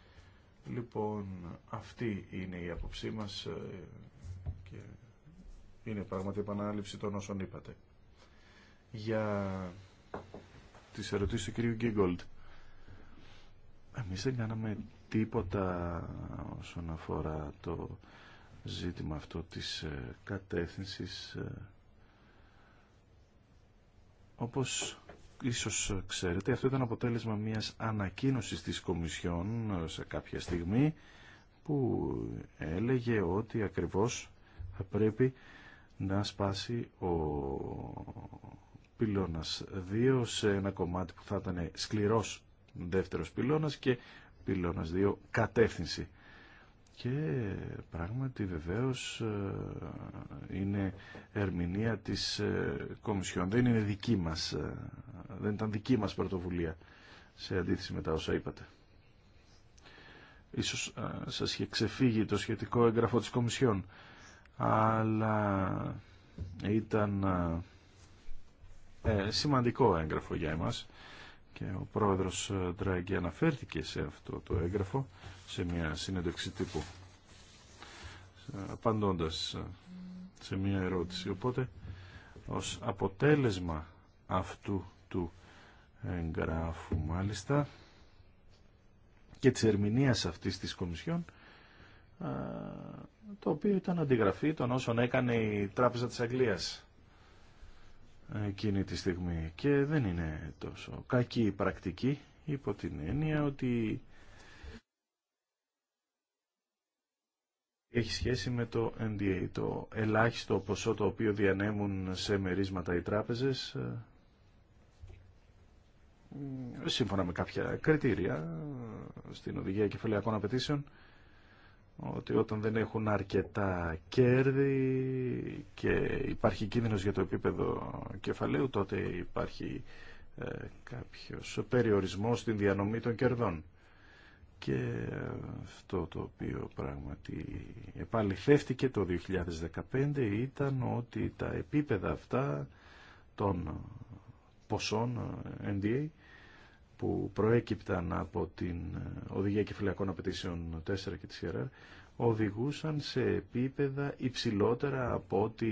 Λοιπόν, αυτή είναι η άποψή μας ε, και είναι πράγματι επανάληψη των όσων είπατε. Για τις ερωτήσεις του κυρίου Γκίγκολτ. Εμείς δεν κάναμε τίποτα όσον αφορά το ζήτημα αυτό της ε, κατεύθυνσης όπως ίσως ξέρετε, αυτό ήταν αποτέλεσμα μιας ανακοίνωσης της Κομισιόν ε, σε κάποια στιγμή που έλεγε ότι ακριβώς θα πρέπει να σπάσει ο πυλώνας 2 σε ένα κομμάτι που θα ήταν σκληρός δεύτερος πυλώνας και πυλώνας 2 κατεύθυνση και πράγματι βεβαίως ε, είναι ερμηνεία της ε, Κομισιόν. Δεν είναι δική μας, ε, δεν ήταν δική μας πρωτοβουλία σε αντίθεση με τα όσα είπατε. Ίσως σας είχε ξεφύγει το σχετικό έγγραφο της Κομισιόν, αλλά ήταν σημαντικό έγγραφο για εμάς και ο πρόεδρος Τράγκη αναφέρθηκε σε αυτό το έγγραφο σε μια συνέντευξη τύπου απαντώντας σε μια ερώτηση. Οπότε, ως αποτέλεσμα αυτού του εγγράφου μάλιστα και της ερμηνείας αυτής της Κομισιόν το οποίο ήταν αντιγραφή των όσων έκανε η Τράπεζα της Αγγλίας εκείνη τη στιγμή και δεν είναι τόσο κακή η πρακτική υπό την έννοια ότι έχει σχέση με το NDA, το ελάχιστο ποσό το οποίο διανέμουν σε μερίσματα οι τράπεζες ε, σύμφωνα με κάποια κριτήρια ε, στην οδηγία κεφαλαιακών απαιτήσεων ότι όταν δεν έχουν αρκετά κέρδη και υπάρχει κίνδυνος για το επίπεδο κεφαλαίου τότε υπάρχει ε, κάποιος περιορισμός στην διανομή των κερδών και αυτό το οποίο πράγματι επαληθεύτηκε το 2015 ήταν ότι τα επίπεδα αυτά των ποσών NDA ε, που προέκυπταν από την Οδηγία Κεφαλαιακών Απαιτήσεων 4 και τη ΣΥΡΑ οδηγούσαν σε επίπεδα υψηλότερα από ό,τι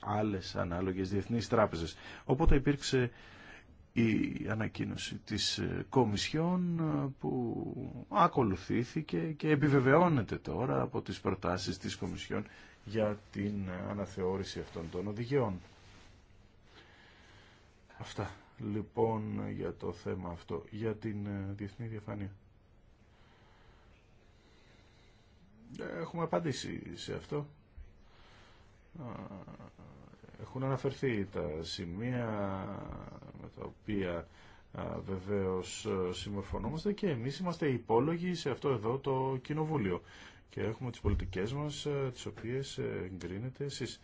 άλλες ανάλογες διεθνείς τράπεζες. Οπότε υπήρξε η ανακοίνωση της ε, Κομισιόν ε, που ακολουθήθηκε και επιβεβαιώνεται τώρα από τις προτάσεις της Κομισιόν για την αναθεώρηση αυτών των οδηγιών. Αυτά λοιπόν για το θέμα αυτό, για την ε, διεθνή διαφάνεια. Έχουμε απαντήσει σε αυτό έχουν αναφερθεί τα σημεία με τα οποία βεβαίως συμμορφωνόμαστε και εμείς είμαστε υπόλογοι σε αυτό εδώ το κοινοβούλιο και έχουμε τις πολιτικές μας τις οποίες ε, εγκρίνετε εσείς.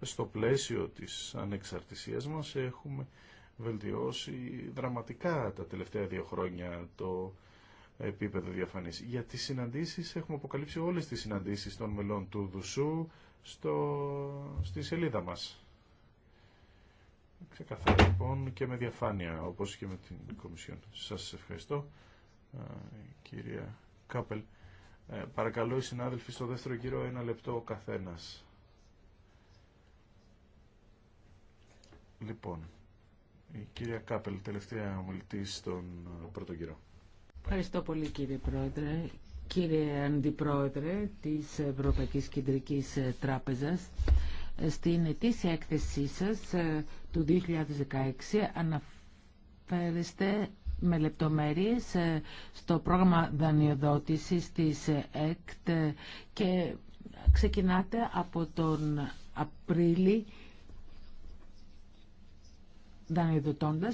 Στο πλαίσιο της ανεξαρτησίας μας έχουμε βελτιώσει δραματικά τα τελευταία δύο χρόνια το επίπεδο διαφανής. Για τις συναντήσεις έχουμε αποκαλύψει όλες τις συναντήσεις των μελών του Δουσού στο, στη σελίδα μας ξεκαθαρά λοιπόν και με διαφάνεια όπως και με την Κομισιόν. Σας ευχαριστώ κυρία Κάπελ. Ε, παρακαλώ οι συνάδελφοι στο δεύτερο γύρο ένα λεπτό ο καθένας. Λοιπόν, η κυρία Κάπελ, τελευταία ομιλητή στον πρώτο γύρο. Ευχαριστώ πολύ κύριε Πρόεδρε. Κύριε Αντιπρόεδρε της Ευρωπαϊκής Κεντρικής Τράπεζας, στην ετήσια έκθεσή σας ε, του 2016 αναφέρεστε με λεπτομέρειες ε, στο πρόγραμμα δανειοδότησης της ΕΚΤ ε, και ξεκινάτε από τον Απρίλη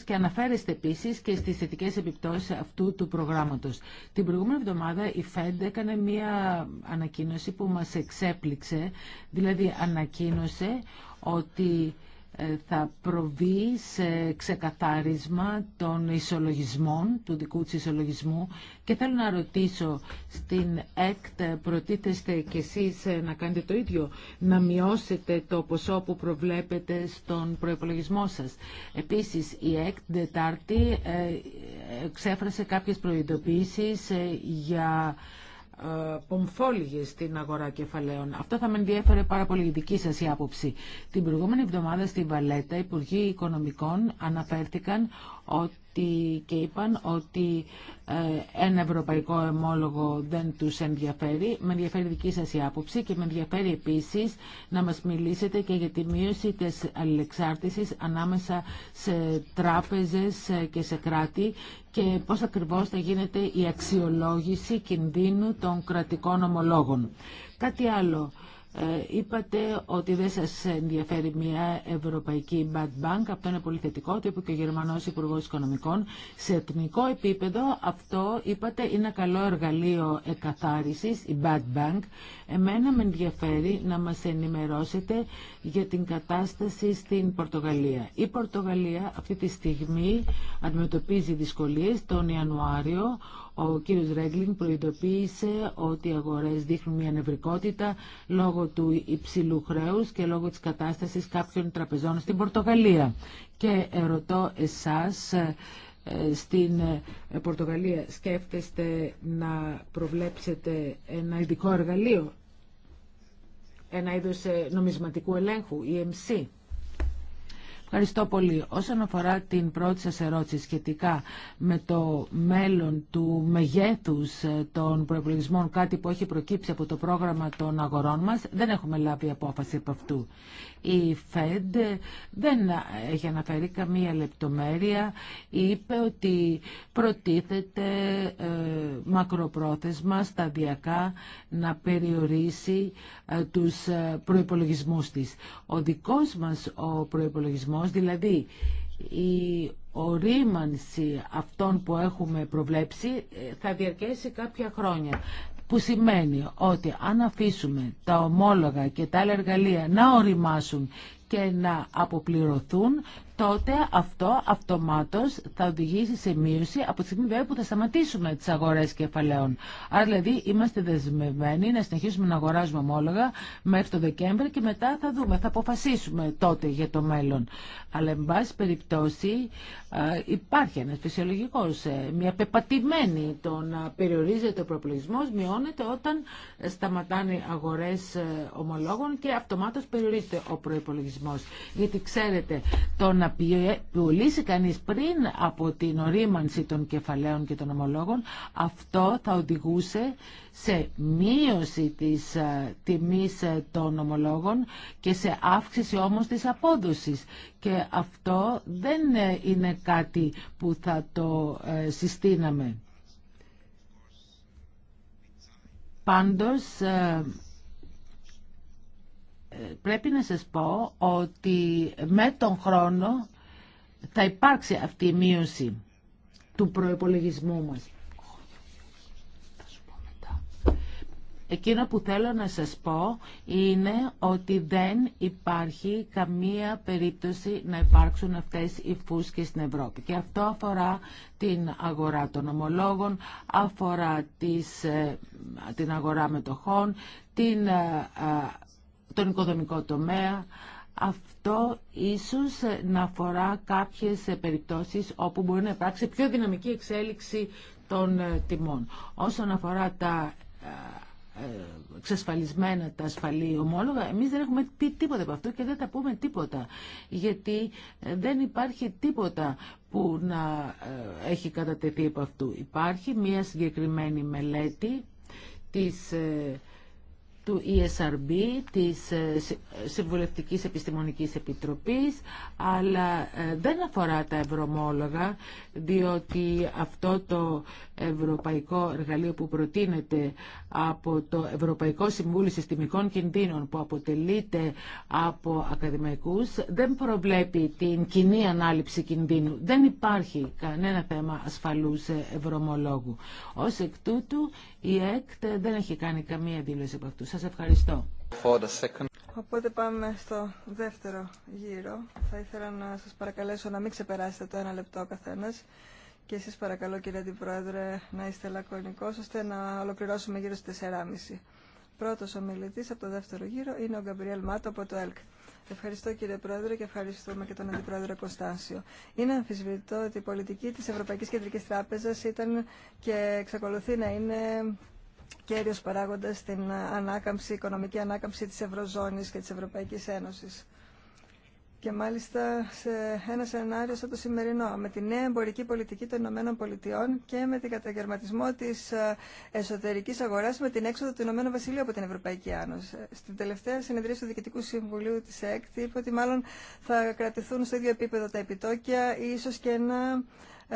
και αναφέρεστε επίσης και στις θετικέ επιπτώσεις αυτού του προγράμματος. Την προηγούμενη εβδομάδα η ΦΕΔ έκανε μία ανακοίνωση που μας εξέπληξε, δηλαδή ανακοίνωσε ότι ε, θα προβεί σε ξεκαθάρισμα των ισολογισμών, του δικού της ισολογισμού και θέλω να ρωτήσω στην ΕΚΤ προτίθεστε κι εσείς ε, να κάνετε το ίδιο, να μειώσετε το ποσό που προβλέπετε στον προϋπολογισμό σας. Επίσης η ΕΚΤ Δετάρτη ε, ξέφρασε κάποιες προειδοποίησεις για ε, πομφόλιγε στην αγορά κεφαλαίων. Αυτό θα με ενδιέφερε πάρα πολύ η δική σας άποψη. Την προηγούμενη εβδομάδα στη Βαλέτα, οι Υπουργοί Οικονομικών αναφέρθηκαν ότι ότι και είπαν ότι ε, ένα ευρωπαϊκό εμόλογο δεν τους ενδιαφέρει. Με ενδιαφέρει δική σας η άποψη και με ενδιαφέρει επίσης να μας μιλήσετε και για τη μείωση της αλληλεξάρτησης ανάμεσα σε τράπεζες ε, και σε κράτη και πώς ακριβώς θα γίνεται η αξιολόγηση κινδύνου των κρατικών ομολόγων. Κάτι άλλο. Ε, είπατε ότι δεν σας ενδιαφέρει μια ευρωπαϊκή bad bank. Αυτό είναι πολύ θετικό. Το είπε και ο Γερμανός Υπουργό Οικονομικών. Σε εθνικό επίπεδο αυτό, είπατε, είναι ένα καλό εργαλείο εκαθάρισης, η bad bank. Εμένα με ενδιαφέρει να μας ενημερώσετε για την κατάσταση στην Πορτογαλία. Η Πορτογαλία αυτή τη στιγμή αντιμετωπίζει δυσκολίες τον Ιανουάριο ο κύριος Ρέγκλινγκ προειδοποίησε ότι οι αγορές δείχνουν μια νευρικότητα λόγω του υψηλού χρέου και λόγω της κατάστασης κάποιων τραπεζών στην Πορτογαλία. Και ερωτώ εσάς, ε, στην ε, Πορτογαλία σκέφτεστε να προβλέψετε ένα ειδικό εργαλείο, ένα είδος ε, νομισματικού ελέγχου, EMC. Ευχαριστώ πολύ. Όσον αφορά την πρώτη σας ερώτηση σχετικά με το μέλλον του μεγέθους ε, των προεπολογισμών, κάτι που έχει προκύψει από το πρόγραμμα των αγορών μας, δεν έχουμε λάβει απόφαση από αυτού. Η ΦΕΔ δεν έχει αναφέρει καμία λεπτομέρεια. Είπε ότι προτίθεται ε, μακροπρόθεσμα σταδιακά να περιορίσει ε, τους προϋπολογισμούς της. Ο δικός μας ο προϋπολογισμός δηλαδή η ορίμανση αυτών που έχουμε προβλέψει ε, θα διαρκέσει κάποια χρόνια που σημαίνει ότι αν αφήσουμε τα ομόλογα και τα άλλα εργαλεία να οριμάσουν και να αποπληρωθούν, τότε αυτό αυτομάτως θα οδηγήσει σε μείωση από τη στιγμή που θα σταματήσουμε τις αγορές κεφαλαίων. Άρα δηλαδή είμαστε δεσμευμένοι να συνεχίσουμε να αγοράζουμε ομόλογα μέχρι το Δεκέμβρη και μετά θα δούμε, θα αποφασίσουμε τότε για το μέλλον. Αλλά εν πάση περιπτώσει υπάρχει ένας φυσιολογικός, ε, μια πεπατημένη το να περιορίζεται ο προπολογισμός μειώνεται όταν σταματάνε αγορές ε, ομολόγων και αυτομάτως περιορίζεται ο προπολογισμό. Γιατί ξέρετε, το να πουλήσει κανείς πριν από την ορίμανση των κεφαλαίων και των ομολόγων, αυτό θα οδηγούσε σε μείωση της ε, τιμής ε, των ομολόγων και σε αύξηση όμως της απόδοσης. Και αυτό δεν ε, είναι κάτι που θα το συστήναμε. Πάντως πρέπει να σας πω ότι με τον χρόνο θα υπάρξει αυτή η μείωση του προϋπολογισμού μας. Εκείνο που θέλω να σας πω είναι ότι δεν υπάρχει καμία περίπτωση να υπάρξουν αυτές οι φούσκες στην Ευρώπη. Και αυτό αφορά την αγορά των ομολόγων, αφορά τις, ε, την αγορά μετοχών, την ε, ε, τον οικοδομικό τομέα. Αυτό ίσως να αφορά κάποιες περιπτώσεις όπου μπορεί να υπάρξει πιο δυναμική εξέλιξη των ε, τιμών. Όσον αφορά τα ε, ε, εξασφαλισμένα τα ασφαλή ομόλογα, εμείς δεν έχουμε πει τίποτα από αυτό και δεν τα πούμε τίποτα. Γιατί δεν υπάρχει τίποτα που να έχει κατατεθεί από αυτού. Υπάρχει μια συγκεκριμένη μελέτη της του ESRB, της ε, ε, Συμβουλευτικής Επιστημονικής Επιτροπής, αλλά ε, δεν αφορά τα ευρωμόλογα, διότι αυτό το ευρωπαϊκό εργαλείο που προτείνεται από το Ευρωπαϊκό Συμβούλιο Συστημικών Κινδύνων, που αποτελείται από ακαδημαϊκούς, δεν προβλέπει την κοινή ανάληψη κινδύνου. Δεν υπάρχει κανένα θέμα ασφαλούς ευρωμολόγου. Ως εκ τούτου, η ΕΚΤ δεν έχει κάνει καμία δήλωση από αυτού. Σας ευχαριστώ. Οπότε πάμε στο δεύτερο γύρο. Θα ήθελα να σας παρακαλέσω να μην ξεπεράσετε το ένα λεπτό ο καθένας. Και εσείς παρακαλώ κύριε Αντιπρόεδρε να είστε λακωνικό, ώστε να ολοκληρώσουμε γύρω στις 4.30. Πρώτος ομιλητή από το δεύτερο γύρο είναι ο Γκαμπριέλ Μάτο από το ΕΛΚ. Ευχαριστώ κύριε Πρόεδρε και ευχαριστούμε και τον Αντιπρόεδρο Κωνστάσιο. Είναι αμφισβητό ότι η πολιτική της Ευρωπαϊκής Κεντρικής Τράπεζας ήταν και εξακολουθεί να είναι κέριος παράγοντας στην ανάκαμψη, οικονομική ανάκαμψη της Ευρωζώνης και της Ευρωπαϊκής Ένωσης και μάλιστα σε ένα σενάριο σαν το σημερινό, με τη νέα εμπορική πολιτική των Ηνωμένων Πολιτειών και με την καταγερματισμό τη ε, εσωτερική αγορά με την έξοδο του Ηνωμένου Βασιλείου από την Ευρωπαϊκή Άνωση. Στην τελευταία συνεδρία του Διοικητικού Συμβουλίου τη ΕΚΤ είπε ότι μάλλον θα κρατηθούν στο ίδιο επίπεδο τα επιτόκια ή ίσω και να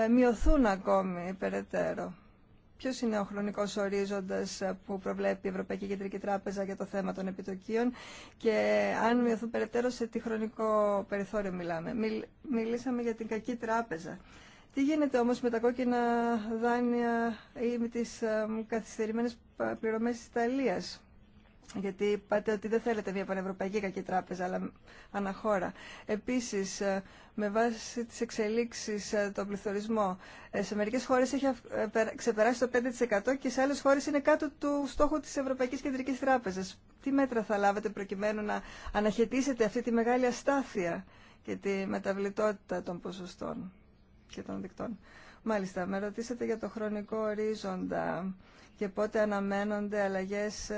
ε, μειωθούν ακόμη περαιτέρω. Ποιο είναι ο χρονικό ορίζοντα ε, που προβλέπει η Ευρωπαϊκή Κεντρική Τράπεζα για το θέμα των επιτοκίων και αν μειωθούν περαιτέρω σε τι χρονικό περιθώριο μιλάμε. Μιλήσαμε για την κακή τράπεζα. Τι γίνεται όμως με τα κόκκινα δάνεια ή με τις ε, καθυστερημένε πληρωμές τη Ιταλίας γιατί είπατε ότι δεν θέλετε μια πανευρωπαϊκή κακή τράπεζα, αλλά αναχώρα. Επίσης, ε, με βάση τις εξελίξεις, ε, τον πληθωρισμό, ε, σε μερικές χώρες έχει ξεπεράσει το 5% και σε άλλες χώρες είναι κάτω του στόχου της Ευρωπαϊκής Κεντρικής Τράπεζας. Τι μέτρα θα λάβετε προκειμένου να αναχαιτήσετε αυτή τη μεγάλη αστάθεια και τη μεταβλητότητα των ποσοστών και των δικτών. Μάλιστα, με ρωτήσατε για το χρονικό ορίζοντα και πότε αναμένονται αλλαγές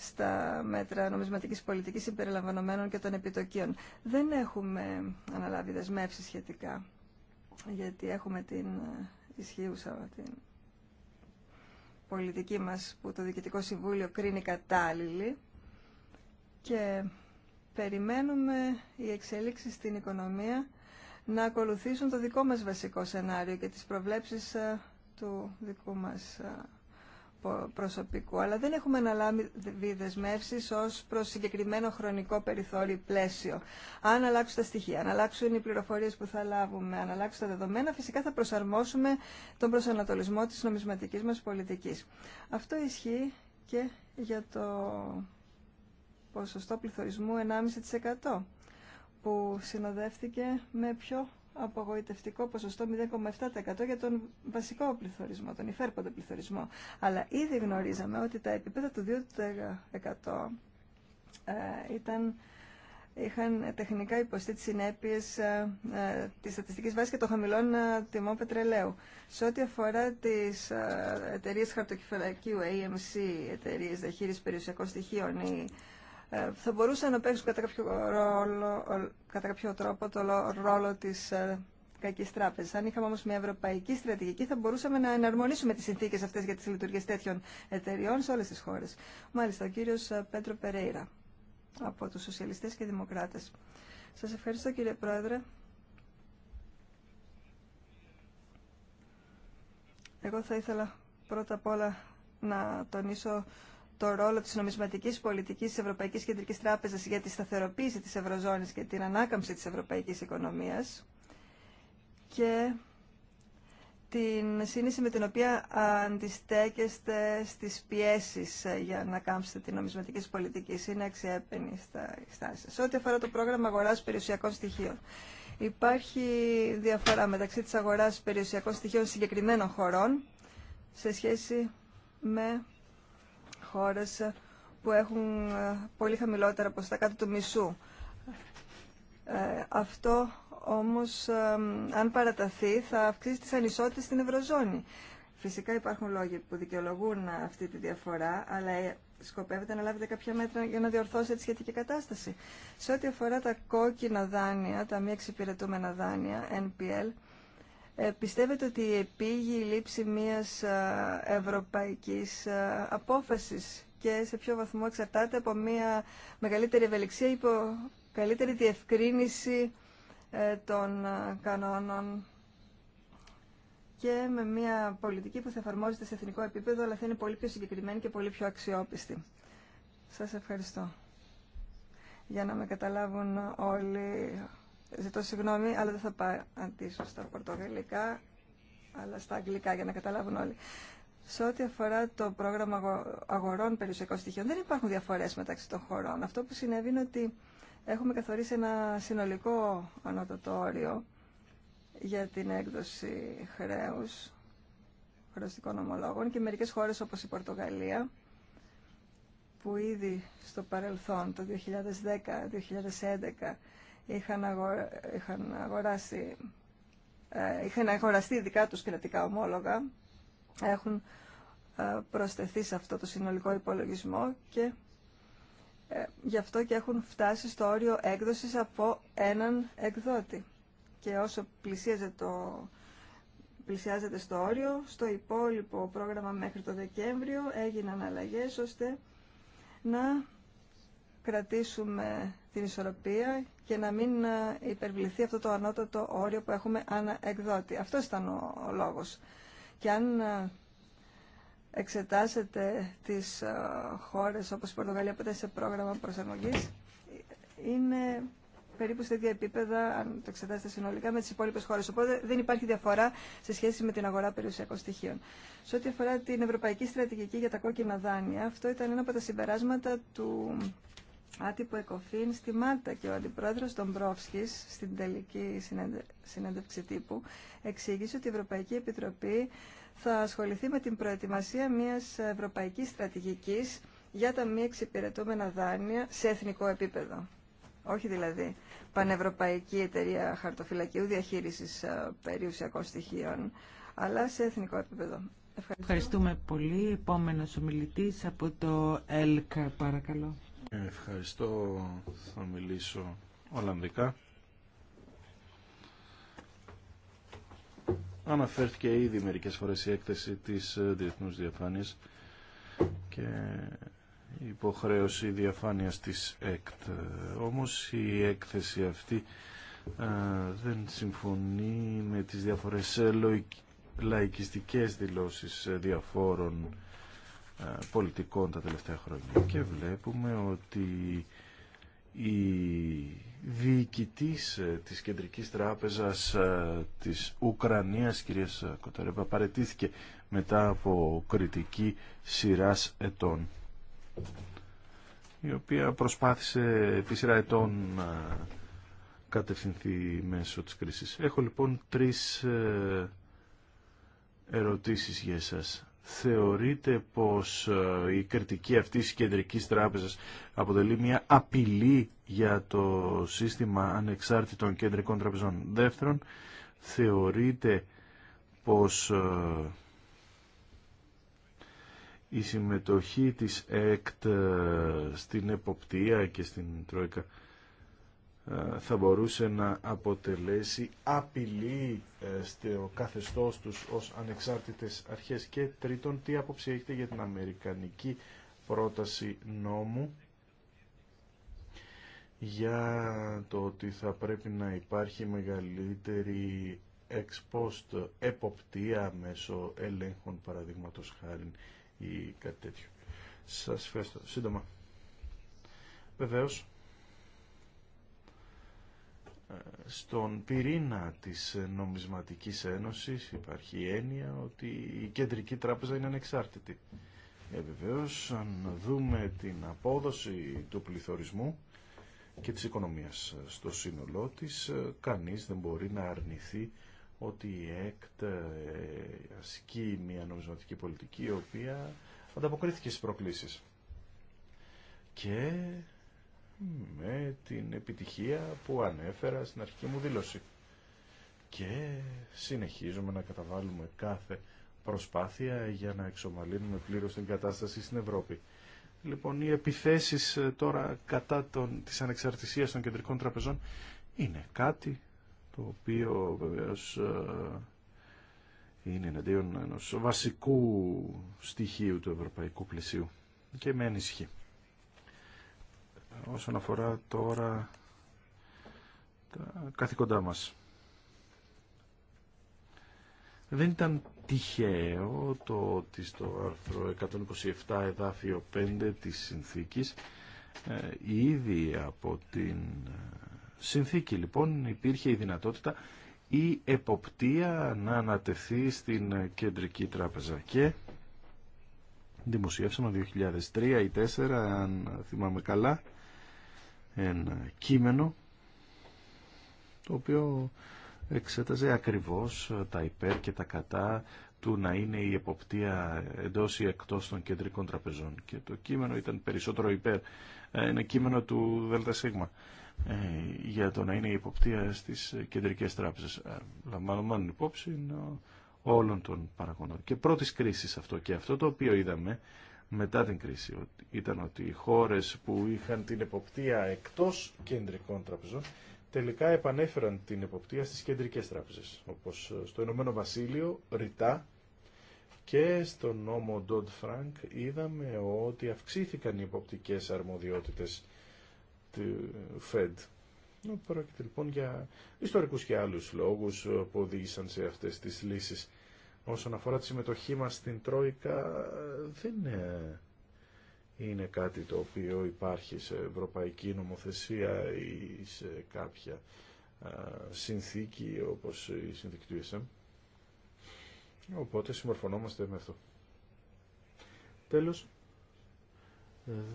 στα μέτρα νομισματικής πολιτικής συμπεριλαμβανομένων και των επιτοκίων. Δεν έχουμε αναλάβει δεσμεύσει σχετικά, γιατί έχουμε την ε, ισχύουσα την πολιτική μας που το Διοικητικό Συμβούλιο κρίνει κατάλληλη και περιμένουμε οι εξέλιξεις στην οικονομία να ακολουθήσουν το δικό μας βασικό σενάριο και τις προβλέψεις ε, του δικού μας ε, προσωπικού, αλλά δεν έχουμε αναλάβει δεσμεύσει ω προ συγκεκριμένο χρονικό περιθώριο πλαίσιο. Αν αλλάξουν τα στοιχεία, αν αλλάξουν οι πληροφορίε που θα λάβουμε, αν αλλάξουν τα δεδομένα, φυσικά θα προσαρμόσουμε τον προσανατολισμό τη νομισματική μα πολιτική. Αυτό ισχύει και για το ποσοστό πληθωρισμού 1,5% που συνοδεύτηκε με πιο απογοητευτικό ποσοστό 0,7% για τον βασικό πληθωρισμό, τον υφέρποντο πληθωρισμό. Αλλά ήδη γνωρίζαμε ότι τα επίπεδα του 2% ε, είχαν τεχνικά υποστεί τις συνέπειες ε, ε, της στατιστικής βάσης και των χαμηλών τιμών πετρελαίου. Σε ό,τι αφορά τις εταιρείε χαρτοκεφαλακίου AMC, εταιρείε διαχείρισης περιουσιακών στοιχείων ή ε, θα μπορούσαν να παίξουν κατά κάποιο, ρόλο, κατά κάποιο τρόπο το ρόλο της ε, κακής τράπεζας. Αν είχαμε όμως μια ευρωπαϊκή στρατηγική θα μπορούσαμε να εναρμονίσουμε τις συνθήκες αυτές για τις λειτουργίες τέτοιων εταιριών σε όλες τις χώρες. Μάλιστα, ο κύριος ε, Πέτρο Περέιρα από τους Σοσιαλιστές και Δημοκράτες. Σας ευχαριστώ κύριε Πρόεδρε. Εγώ θα ήθελα πρώτα απ' όλα να τονίσω το ρόλο της νομισματικής πολιτικής της Ευρωπαϊκής Κεντρικής Τράπεζας για τη σταθεροποίηση της Ευρωζώνης και την ανάκαμψη της ευρωπαϊκής οικονομίας και την σύνηση με την οποία αντιστέκεστε στις πιέσεις ε, για να κάμψετε την νομισματική πολιτική. Είναι αξιέπαινη στα στάση Σε Ό,τι αφορά το πρόγραμμα αγοράς περιουσιακών στοιχείων. Υπάρχει διαφορά μεταξύ της αγοράς περιουσιακών στοιχείων συγκεκριμένων χωρών σε σχέση με χώρες ε, που έχουν ε, πολύ χαμηλότερα ποσοστά, κάτω του μισού. Ε, αυτό όμως, αν παραταθεί, θα αυξήσει τις ανισότητες στην Ευρωζώνη. Φυσικά υπάρχουν λόγοι που δικαιολογούν αυτή τη διαφορά, αλλά σκοπεύετε να λάβετε κάποια μέτρα για να διορθώσετε τη σχετική κατάσταση. Σε ό,τι αφορά τα κόκκινα δάνεια, τα μη εξυπηρετούμενα δάνεια, NPL, ε, πιστεύετε ότι επήγει η λήψη μιας ευρωπαϊκής απόφασης και σε ποιο βαθμό εξαρτάται από μια μεγαλύτερη ευελιξία ή καλύτερη διευκρίνηση ε, των κανόνων και με μια πολιτική που θα εφαρμόζεται σε εθνικό επίπεδο αλλά θα είναι πολύ πιο συγκεκριμένη και πολύ πιο αξιόπιστη. Σας ευχαριστώ. Για να με καταλάβουν όλοι Ζητώ συγγνώμη, αλλά δεν θα πάω αντίσω στα πορτογαλικά, αλλά στα αγγλικά για να καταλάβουν όλοι. Σε ό,τι αφορά το πρόγραμμα αγορών περιουσιακών στοιχείων, δεν υπάρχουν διαφορέ μεταξύ των χωρών. Αυτό που συνέβη είναι ότι έχουμε καθορίσει ένα συνολικό ανώτατο όριο για την έκδοση χρέου, χρεωστικών ομολόγων και μερικέ χώρε όπω η Πορτογαλία που ήδη στο παρελθόν, το 2010-2011, είχαν, αγοράσει ε, είχαν αγοραστεί δικά τους κρατικά ομόλογα έχουν ε, προσθεθεί σε αυτό το συνολικό υπολογισμό και ε, γι' αυτό και έχουν φτάσει στο όριο έκδοσης από έναν εκδότη. Και όσο πλησίαζε το, πλησιάζεται στο όριο, στο υπόλοιπο πρόγραμμα μέχρι το Δεκέμβριο έγιναν αλλαγές ώστε να κρατήσουμε την ισορροπία και να μην ε, υπερβληθεί αυτό το ανώτατο όριο που έχουμε ανά εκδότη. Αυτός ήταν ο λόγος. Και αν ε, εξετάσετε τις ε, χώρες όπως η Πορτογαλία που σε πρόγραμμα προσαρμογής, είναι περίπου στα ίδια επίπεδα, αν το εξετάσετε συνολικά, με τις υπόλοιπε χώρες. Οπότε δεν υπάρχει διαφορά σε σχέση με την αγορά περιουσιακών στοιχείων. Σε ό,τι αφορά την Ευρωπαϊκή Στρατηγική για τα κόκκινα δάνεια, αυτό ήταν ένα από τα συμπεράσματα του άτυπο εκοφήν στη Μάλτα και ο αντιπρόεδρος Ντομπρόφσκης στην τελική συνέντευξη τύπου εξήγησε ότι η Ευρωπαϊκή Επιτροπή θα ασχοληθεί με την προετοιμασία μιας ευρωπαϊκής στρατηγικής για τα μη εξυπηρετούμενα δάνεια σε εθνικό επίπεδο. Όχι δηλαδή πανευρωπαϊκή εταιρεία χαρτοφυλακίου διαχείρισης ε, περιουσιακών στοιχείων, αλλά σε εθνικό επίπεδο. Ευχαριστούμε, πολύ. Επόμενος ομιλητής από το ΕΛΚ, παρακαλώ. Ευχαριστώ. Θα μιλήσω Ολλανδικά. Αναφέρθηκε ήδη μερικές φορές η έκθεση της ε, Διεθνούς Διαφάνειας και η υποχρέωση διαφάνειας της ΕΚΤ. Όμως η έκθεση αυτή ε, δεν συμφωνεί με τις διαφορές ε, λαϊκιστικές δηλώσεις διαφόρων ε, πολιτικών τα τελευταία χρόνια και βλέπουμε ότι η διοικητής ε, της Κεντρικής Τράπεζας ε, της Ουκρανίας, κυρία κοτερεπα παρετήθηκε μετά από κριτική σειράς ετών η οποία προσπάθησε επί σειρά ετών να κατευθυνθεί μέσω της κρίσης. Έχω λοιπόν τρεις ερωτήσεις για εσάς θεωρείτε πως ε, η κριτική αυτής της κεντρικής τράπεζας αποτελεί μια απειλή για το σύστημα ανεξάρτητων κεντρικών τραπεζών. Δεύτερον, θεωρείτε πως ε, η συμμετοχή της ΕΚΤ ε, στην εποπτεία και στην Τρόικα ε, θα μπορούσε να αποτελέσει απειλή ε, στο καθεστώς τους ως ανεξάρτητες αρχές και τρίτον τι άποψη έχετε για την Αμερικανική πρόταση νόμου για το ότι θα πρέπει να υπάρχει μεγαλύτερη εξπόστ εποπτεία μέσω ελέγχων παραδείγματος χάρη ή κάτι τέτοιο. Σας ευχαριστώ. Σύντομα. Βεβαίως στον πυρήνα της νομισματικής ένωσης υπάρχει έννοια ότι η κεντρική τράπεζα είναι ανεξάρτητη. Ε, αν δούμε την απόδοση του πληθωρισμού και της οικονομίας στο σύνολό της, ε, κανείς δεν μπορεί να αρνηθεί ότι η ΕΚΤ ε, ασκεί μια νομισματική πολιτική η οποία ανταποκρίθηκε στις προκλήσεις. Και με την επιτυχία που ανέφερα στην αρχική μου δήλωση. Και συνεχίζουμε να καταβάλουμε κάθε προσπάθεια για να εξομαλύνουμε πλήρως την κατάσταση στην Ευρώπη. Λοιπόν, οι επιθέσεις ε, τώρα κατά των, της ανεξαρτησίας των κεντρικών τραπεζών είναι κάτι το οποίο βεβαίως ε, είναι εναντίον ενός βασικού στοιχείου του ευρωπαϊκού πλαισίου και με ανησυχεί όσον αφορά τώρα τα καθήκοντά μας. Δεν ήταν τυχαίο το ότι στο άρθρο 127 εδάφιο 5 της συνθήκης ε, ήδη από την ε, συνθήκη λοιπόν υπήρχε η δυνατότητα η εποπτεία να ανατεθεί στην κεντρική τράπεζα και δημοσιεύσαμε 2003 ή 2004 αν θυμάμαι καλά ένα κείμενο το οποίο εξέταζε ακριβώς τα υπέρ και τα κατά του να είναι η εποπτεία εντός ή εκτός των κεντρικών τραπεζών. Και το κείμενο ήταν περισσότερο υπέρ. Ε, ένα κείμενο του ΔΣ ε, για το να είναι η εποπτεία στις κεντρικές τράπεζες. Ε, μάλλον υπόψη όλων των παραγωνών. Και πρώτης κρίσης αυτό. Και αυτό το οποίο είδαμε μετά την κρίση ήταν ότι οι χώρες που είχαν την εποπτεία εκτός κεντρικών τραπεζών τελικά επανέφεραν την εποπτεία στις κεντρικές τράπεζες όπως ε, στο Ηνωμένο Βασίλειο, Ρητά και στον νόμο Dodd Φρανκ είδαμε ότι αυξήθηκαν οι εποπτικές αρμοδιότητες του Fed. Πρόκειται λοιπόν για ιστορικούς και άλλους λόγους ε, που οδήγησαν σε αυτές τις λύσεις όσον αφορά τη συμμετοχή μας στην Τρόικα δεν ε, είναι κάτι το οποίο υπάρχει σε ευρωπαϊκή νομοθεσία ή σε κάποια συνθήκη όπως η συνθήκη του ESM. Οπότε συμμορφωνόμαστε με αυτό. Τέλος,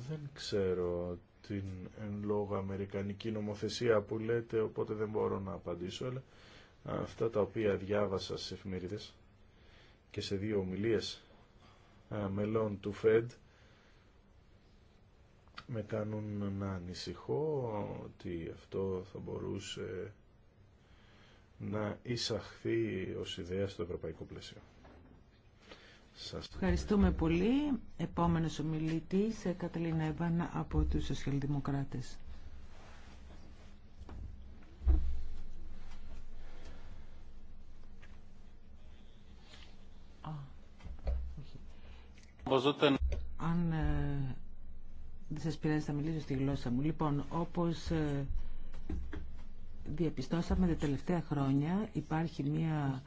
δεν ξέρω την εν λόγω αμερικανική νομοθεσία που λέτε, οπότε δεν μπορώ να απαντήσω, αλλά αυτά τα οποία διάβασα στις εφημερίδες και σε δύο ομιλίες ε, μελών του ΦΕΔ με κάνουν να ανησυχώ ότι αυτό θα μπορούσε να εισαχθεί ως ιδέα στο ευρωπαϊκό πλαίσιο. ευχαριστούμε πολύ. Επόμενος ομιλητής, Κατλίνα Εβάνα από τους Σοσιαλδημοκράτες. Αν ε, δεν σας πειράζει θα μιλήσω στη γλώσσα μου. Λοιπόν, όπως ε, διαπιστώσαμε τα τελευταία χρόνια υπάρχει μια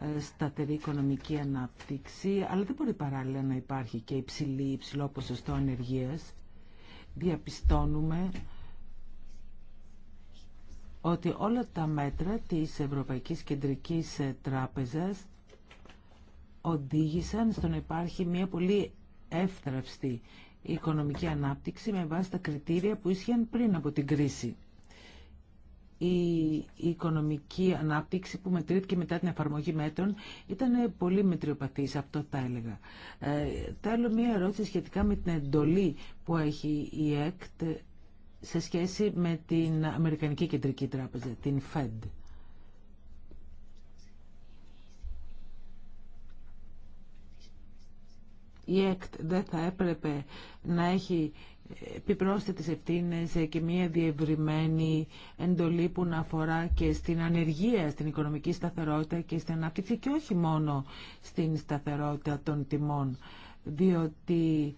ε, σταθερή οικονομική ανάπτυξη, αλλά δεν μπορεί παράλληλα να υπάρχει και υψηλή, υψηλό ποσοστό ανεργίας. Διαπιστώνουμε ότι όλα τα μέτρα της Ευρωπαϊκής Κεντρικής Τράπεζας οδήγησαν στο να υπάρχει μια πολύ εύθραυστη οικονομική ανάπτυξη με βάση τα κριτήρια που ίσχυαν πριν από την κρίση. Η οικονομική ανάπτυξη που μετρήθηκε μετά την εφαρμογή μέτρων ήταν πολύ μετριοπαθής, αυτό τα έλεγα. Ε, μία ερώτηση σχετικά με την εντολή που έχει η ΕΚΤ σε σχέση με την Αμερικανική Κεντρική Τράπεζα, την ΦΕΔ. η ΕΚΤ δεν θα έπρεπε να έχει επιπρόσθετες ευθύνες και μια διευρυμένη εντολή που να αφορά και στην ανεργία, στην οικονομική σταθερότητα και στην ανάπτυξη και όχι μόνο στην σταθερότητα των τιμών. Διότι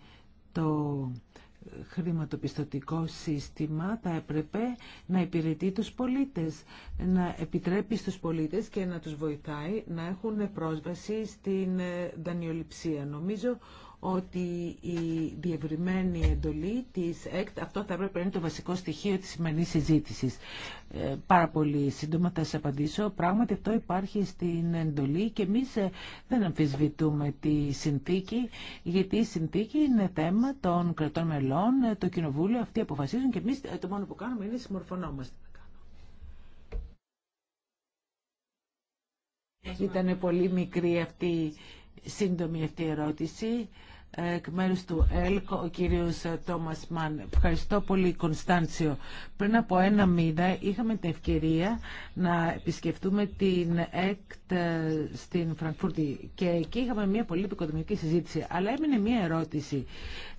το χρηματοπιστωτικό σύστημα θα έπρεπε να υπηρετεί τους πολίτες, να επιτρέπει στους πολίτες και να τους βοηθάει να έχουν πρόσβαση στην ε, δανειοληψία. Νομίζω ότι η διευρυμένη εντολή της ΕΚΤ, αυτό θα έπρεπε να είναι το βασικό στοιχείο της σημερινής συζήτησης. Ε, πάρα πολύ σύντομα θα σας απαντήσω. Πράγματι αυτό υπάρχει στην εντολή και εμείς ε, δεν αμφισβητούμε τη συνθήκη, γιατί η συνθήκη είναι θέμα των κρατών μελών, ε, το κοινοβούλιο, αυτοί αποφασίζουν και εμείς το μόνο που κάνουμε είναι συμμορφωνόμαστε. Ήταν πολύ μικρή αυτή σύντομη αυτή η ερώτηση εκ μέρους του ΕΛΚ ο κύριος ε, Τόμας Μαν. Ευχαριστώ πολύ Κωνσταντσιο. Πριν από ένα μήνα είχαμε την ευκαιρία να επισκεφτούμε την ΕΚΤ ε, στην Φραγκφούρτη και εκεί είχαμε μια πολύ επικοδομική συζήτηση. Αλλά έμεινε μια ερώτηση.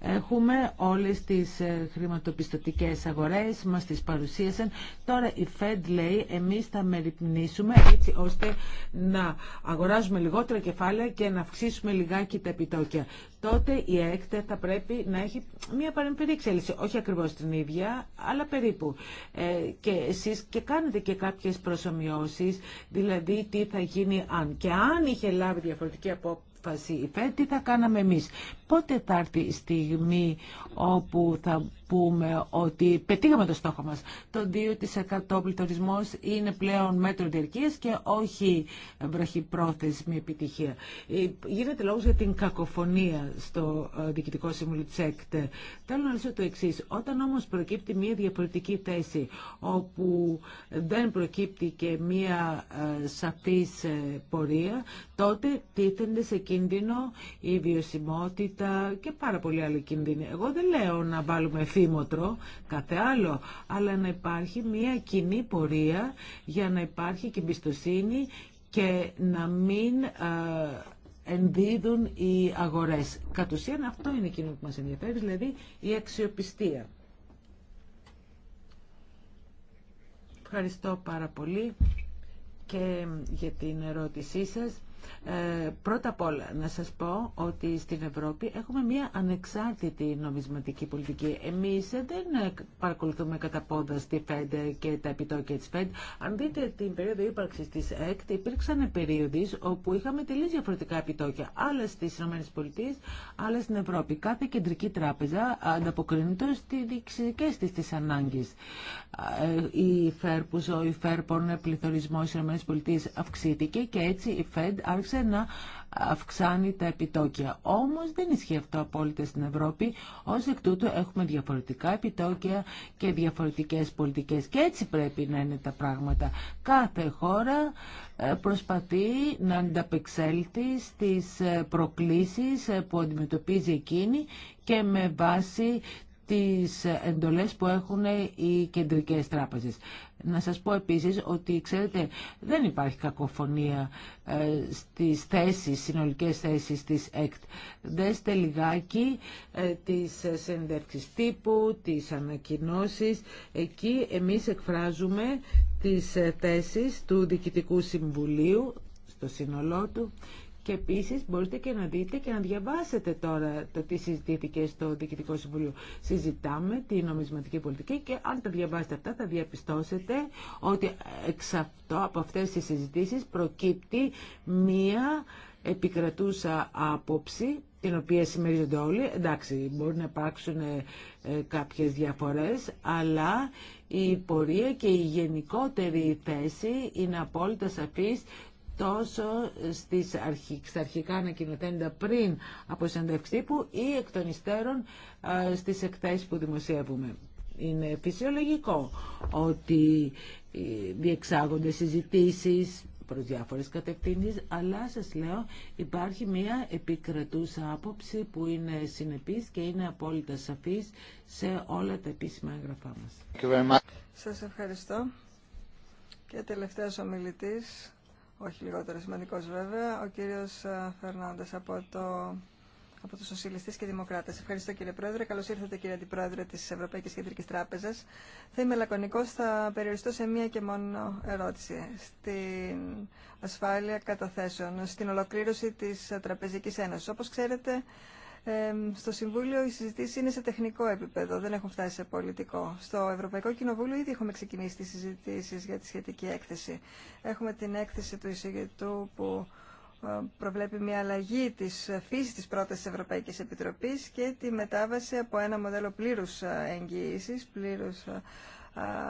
Έχουμε όλες τις ε, χρηματοπιστωτικές αγορές, μας τις παρουσίασαν. Τώρα η ΦΕΔ λέει εμείς θα μεριμνήσουμε έτσι ώστε να αγοράζουμε λιγότερα κεφάλαια και να αυξήσουμε λιγάκι τα επιτόκια τότε η ΕΚΤΕ θα πρέπει να έχει μια παρεμφερή εξέλιξη. Όχι ακριβώ την ίδια, αλλά περίπου. Ε, και εσεί και κάνετε και κάποιε προσωμιώσει, δηλαδή τι θα γίνει αν. Και αν είχε λάβει διαφορετική απόφαση η ΦΕΤ, τι θα κάναμε εμεί. Πότε θα έρθει η στιγμή όπου θα πούμε ότι πετύχαμε το στόχο μας. Το 2% πληθωρισμός είναι πλέον μέτρο διαρκείας και όχι βραχυπρόθεσμη επιτυχία. Ε, γίνεται λόγος για την κακοφωνία στο ε, Διοικητικό Σύμβουλο της ΕΚΤ. Θέλω να ρωτήσω το εξή. Όταν όμως προκύπτει μια διαφορετική θέση όπου δεν προκύπτει και μια ε, σαφής πορεία, τότε τίθενται σε κίνδυνο η βιωσιμότητα και πάρα πολύ άλλοι κίνδυνοι. Εγώ δεν λέω να βάλουμε φήμοτρο, κάθε άλλο, αλλά να υπάρχει μια κοινή πορεία για να υπάρχει και εμπιστοσύνη και να μην ε, ενδίδουν οι αγορές. Κατ' ουσίαν αυτό είναι εκείνο που μας ενδιαφέρει, δηλαδή η αξιοπιστία. Ευχαριστώ πάρα πολύ και για την ερώτησή σας. Ε, πρώτα απ' όλα να σας πω ότι στην Ευρώπη έχουμε μια ανεξάρτητη νομισματική πολιτική. Εμείς δεν ε, παρακολουθούμε κατά πόδα στη ΦΕΔ και τα επιτόκια της ΦΕΔ. Αν δείτε την περίοδο ύπαρξης της ΕΚΤ υπήρξαν περίοδοι όπου είχαμε τελείως διαφορετικά επιτόκια. Άλλα στις ΗΠΑ, άλλα στην Ευρώπη. Κάθε κεντρική τράπεζα ανταποκρίνεται στις δικές της τις ανάγκες. Ε, η ΦΕΡΠΟΣ, ο ΦΕΡΠΟΝ, πληθωρισμός στις ΗΠΑ αυξήθηκε και έτσι η ΦΕΔ άρχισε να αυξάνει τα επιτόκια. Όμως δεν ισχύει αυτό απόλυτα στην Ευρώπη. Ως εκ τούτου έχουμε διαφορετικά επιτόκια και διαφορετικές πολιτικές. Και έτσι πρέπει να είναι τα πράγματα. Κάθε χώρα ε, προσπαθεί να ανταπεξέλθει στις ε, προκλήσεις ε, που αντιμετωπίζει εκείνη και με βάση τις εντολές που έχουν οι κεντρικές τράπεζες. Να σας πω επίσης ότι, ξέρετε, δεν υπάρχει κακοφωνία ε, στις θέσεις, συνολικές θέσεις της ΕΚΤ. Δέστε λιγάκι ε, τις συνδεύξεις τύπου, τις ανακοινώσεις. Εκεί εμείς εκφράζουμε τις θέσεις του Διοικητικού Συμβουλίου, στο σύνολό του και επίση μπορείτε και να δείτε και να διαβάσετε τώρα το τι συζητήθηκε στο Διοικητικό Συμβουλίο. Συζητάμε τη νομισματική πολιτική και αν τα διαβάσετε αυτά θα διαπιστώσετε ότι εξ από αυτές τις συζητήσεις προκύπτει μία επικρατούσα άποψη την οποία συμμερίζονται όλοι. Εντάξει, μπορεί να υπάρξουν ε, ε, κάποιες διαφορές, αλλά η πορεία και η γενικότερη θέση είναι απόλυτα σαφής τόσο στις αρχι... στα αρχικά ανακοινωθέντα πριν από συνέντευξη τύπου ή εκ των υστέρων στις εκθέσεις που δημοσιεύουμε. Είναι φυσιολογικό ότι ε, διεξάγονται συζητήσεις προς διάφορες κατευθύνσεις, αλλά σας λέω υπάρχει μια επικρατούσα άποψη που είναι συνεπής και είναι απόλυτα σαφής σε όλα τα επίσημα έγγραφά μας. Σας ευχαριστώ. Και τελευταίος ομιλητής, όχι λιγότερο σημαντικό, βέβαια, ο κύριος ε, Φερνάντε από το από και Δημοκράτε. Ευχαριστώ κύριε Πρόεδρε. Καλώς ήρθατε κύριε Αντιπρόεδρε της Ευρωπαϊκής Κεντρικής Τράπεζας. Θα είμαι λακωνικός, θα περιοριστώ σε μία και μόνο ερώτηση. Στην ασφάλεια καταθέσεων, στην ολοκλήρωση της Τραπεζική Ένωση. Όπω ξέρετε, στο Συμβούλιο οι συζητήσει είναι σε τεχνικό επίπεδο, δεν έχουν φτάσει σε πολιτικό. Στο Ευρωπαϊκό Κοινοβούλιο ήδη έχουμε ξεκινήσει τις συζητήσεις για τη σχετική έκθεση. Έχουμε την έκθεση του εισηγητού που ε, προβλέπει μια αλλαγή τη φύση της πρόταση τη Ευρωπαϊκής Επιτροπής και τη μετάβαση από ένα μοντέλο πλήρου ε, εγγυήσει, πλήρου ε,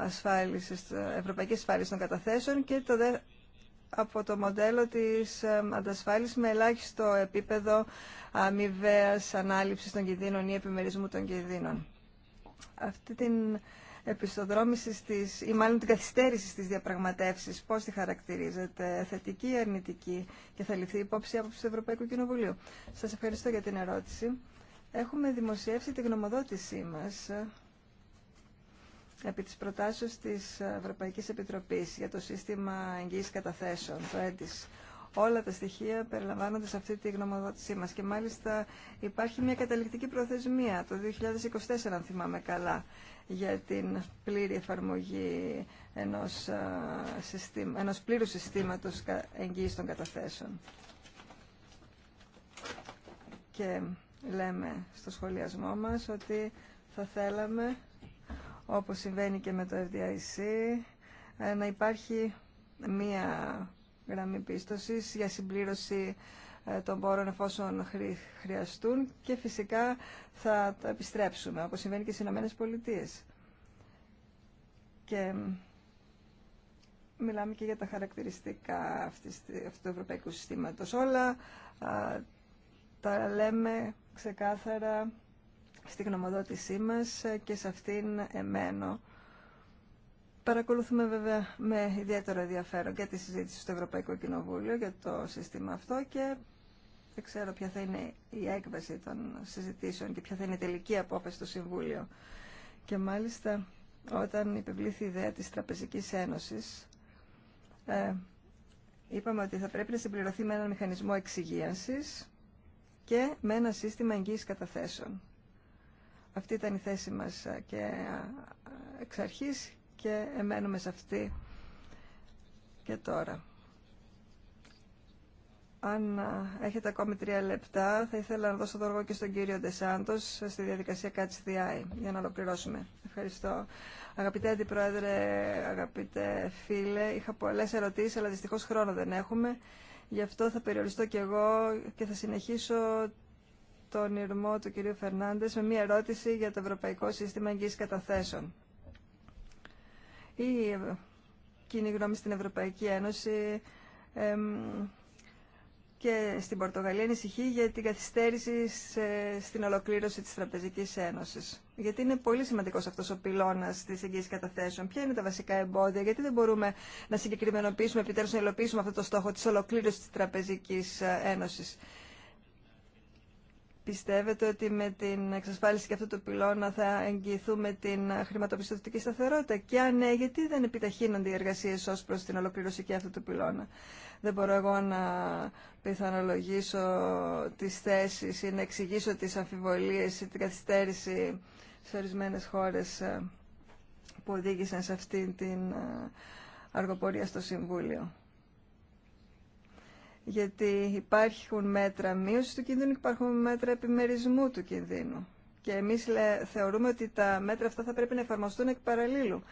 ασφάλισης, ευρωπαϊκής των καταθέσεων και το, από το μοντέλο της αντασφάλισης με ελάχιστο επίπεδο αμοιβαίας ανάληψης των κινδύνων ή επιμερισμού των κινδύνων. Αυτή την επιστοδρόμηση στις, ή μάλλον την καθυστέρηση στις διαπραγματεύσεις, πώς τη χαρακτηρίζετε, θετική ή αρνητική και θα ληφθεί υπόψη από του Ευρωπαϊκού Κοινοβουλίου. Σας ευχαριστώ για την ερώτηση. Έχουμε δημοσιεύσει τη γνωμοδότησή μας επί της προτάσεως της Ευρωπαϊκής Επιτροπής για το σύστημα εγγύης καταθέσεων, το ΕΝΤΙΣ. Όλα τα στοιχεία περιλαμβάνονται σε αυτή τη γνωμοδότησή μας και μάλιστα υπάρχει μια καταληκτική προθεσμία το 2024 αν θυμάμαι καλά για την πλήρη εφαρμογή ενός, συστήμα, ενός πλήρου συστήματος εγγύης των καταθέσεων. Και λέμε στο σχολιασμό μας ότι θα θέλαμε όπως συμβαίνει και με το FDIC, ε, να υπάρχει μία γραμμή πίστοσης για συμπλήρωση ε, των πόρων εφόσον χρειαστούν και φυσικά θα τα επιστρέψουμε, όπως συμβαίνει και στις Ηνωμένες Πολιτείες. Και μιλάμε και για τα χαρακτηριστικά αυτού του ευρωπαϊκού συστήματος. Όλα τα λέμε ξεκάθαρα στη γνωμοδότησή μας και σε αυτήν εμένω. Παρακολουθούμε βέβαια με ιδιαίτερο ενδιαφέρον και τη συζήτηση στο Ευρωπαϊκό Κοινοβούλιο για το σύστημα αυτό και δεν ξέρω ποια θα είναι η έκβαση των συζητήσεων και ποια θα είναι η τελική απόφαση στο Συμβούλιο. Και μάλιστα όταν υπευλήθη η ιδέα της Τραπεζικής Ένωσης ε, είπαμε ότι θα πρέπει να συμπληρωθεί με έναν μηχανισμό εξυγίανσης και με ένα σύστημα εγγύης καταθέσεων. Αυτή ήταν η θέση μας ε, και ε, εξ αρχής και εμένουμε σε αυτή και τώρα. Αν ε, έχετε ακόμη τρία λεπτά, θα ήθελα να δώσω το λόγο και στον κύριο Ντεσάντο στη διαδικασία Catch the Eye για να ολοκληρώσουμε. Ευχαριστώ. Αγαπητέ Αντιπρόεδρε, αγαπητέ φίλε, είχα πολλέ ερωτήσει, αλλά δυστυχώ χρόνο δεν έχουμε. Γι' αυτό θα περιοριστώ κι εγώ και θα συνεχίσω τον ηρμό του κυρίου Φερνάντε με μία ερώτηση για το Ευρωπαϊκό Σύστημα Εγγύηση Καταθέσεων. Η κοινή γνώμη στην Ευρωπαϊκή Ένωση και στην Πορτογαλία ανησυχεί για την καθυστέρηση σε, στην ολοκλήρωση της Τραπεζικής Ένωσης. Γιατί είναι πολύ σημαντικός αυτός ο πυλώνας της Εγγύηση καταθέσεων. Ποια είναι τα βασικά εμπόδια, γιατί δεν μπορούμε να συγκεκριμενοποιήσουμε, επιτέλους να υλοποιήσουμε αυτό το στόχο τη ολοκλήρωση τη Τραπεζική Ένωση. Πιστεύετε ότι με την εξασφάλιση και αυτού του πυλώνα θα εγγυηθούμε την χρηματοπιστωτική σταθερότητα και αν ναι, γιατί δεν επιταχύνονται οι εργασίες ως προς την ολοκλήρωση και αυτού του πυλώνα. Δεν μπορώ εγώ να πιθανολογήσω τις θέσεις ή να εξηγήσω τις αμφιβολίες ή την καθυστέρηση σε ορισμένε χώρες ε, που οδήγησαν σε αυτή την ε, αργοπορία στο Συμβούλιο γιατί υπάρχουν μέτρα μείωσης του κινδύνου και υπάρχουν μέτρα επιμερισμού του κινδύνου. Και εμείς θεωρούμε ότι τα μέτρα αυτά θα πρέπει να εφαρμοστούν εκ παραλλήλου.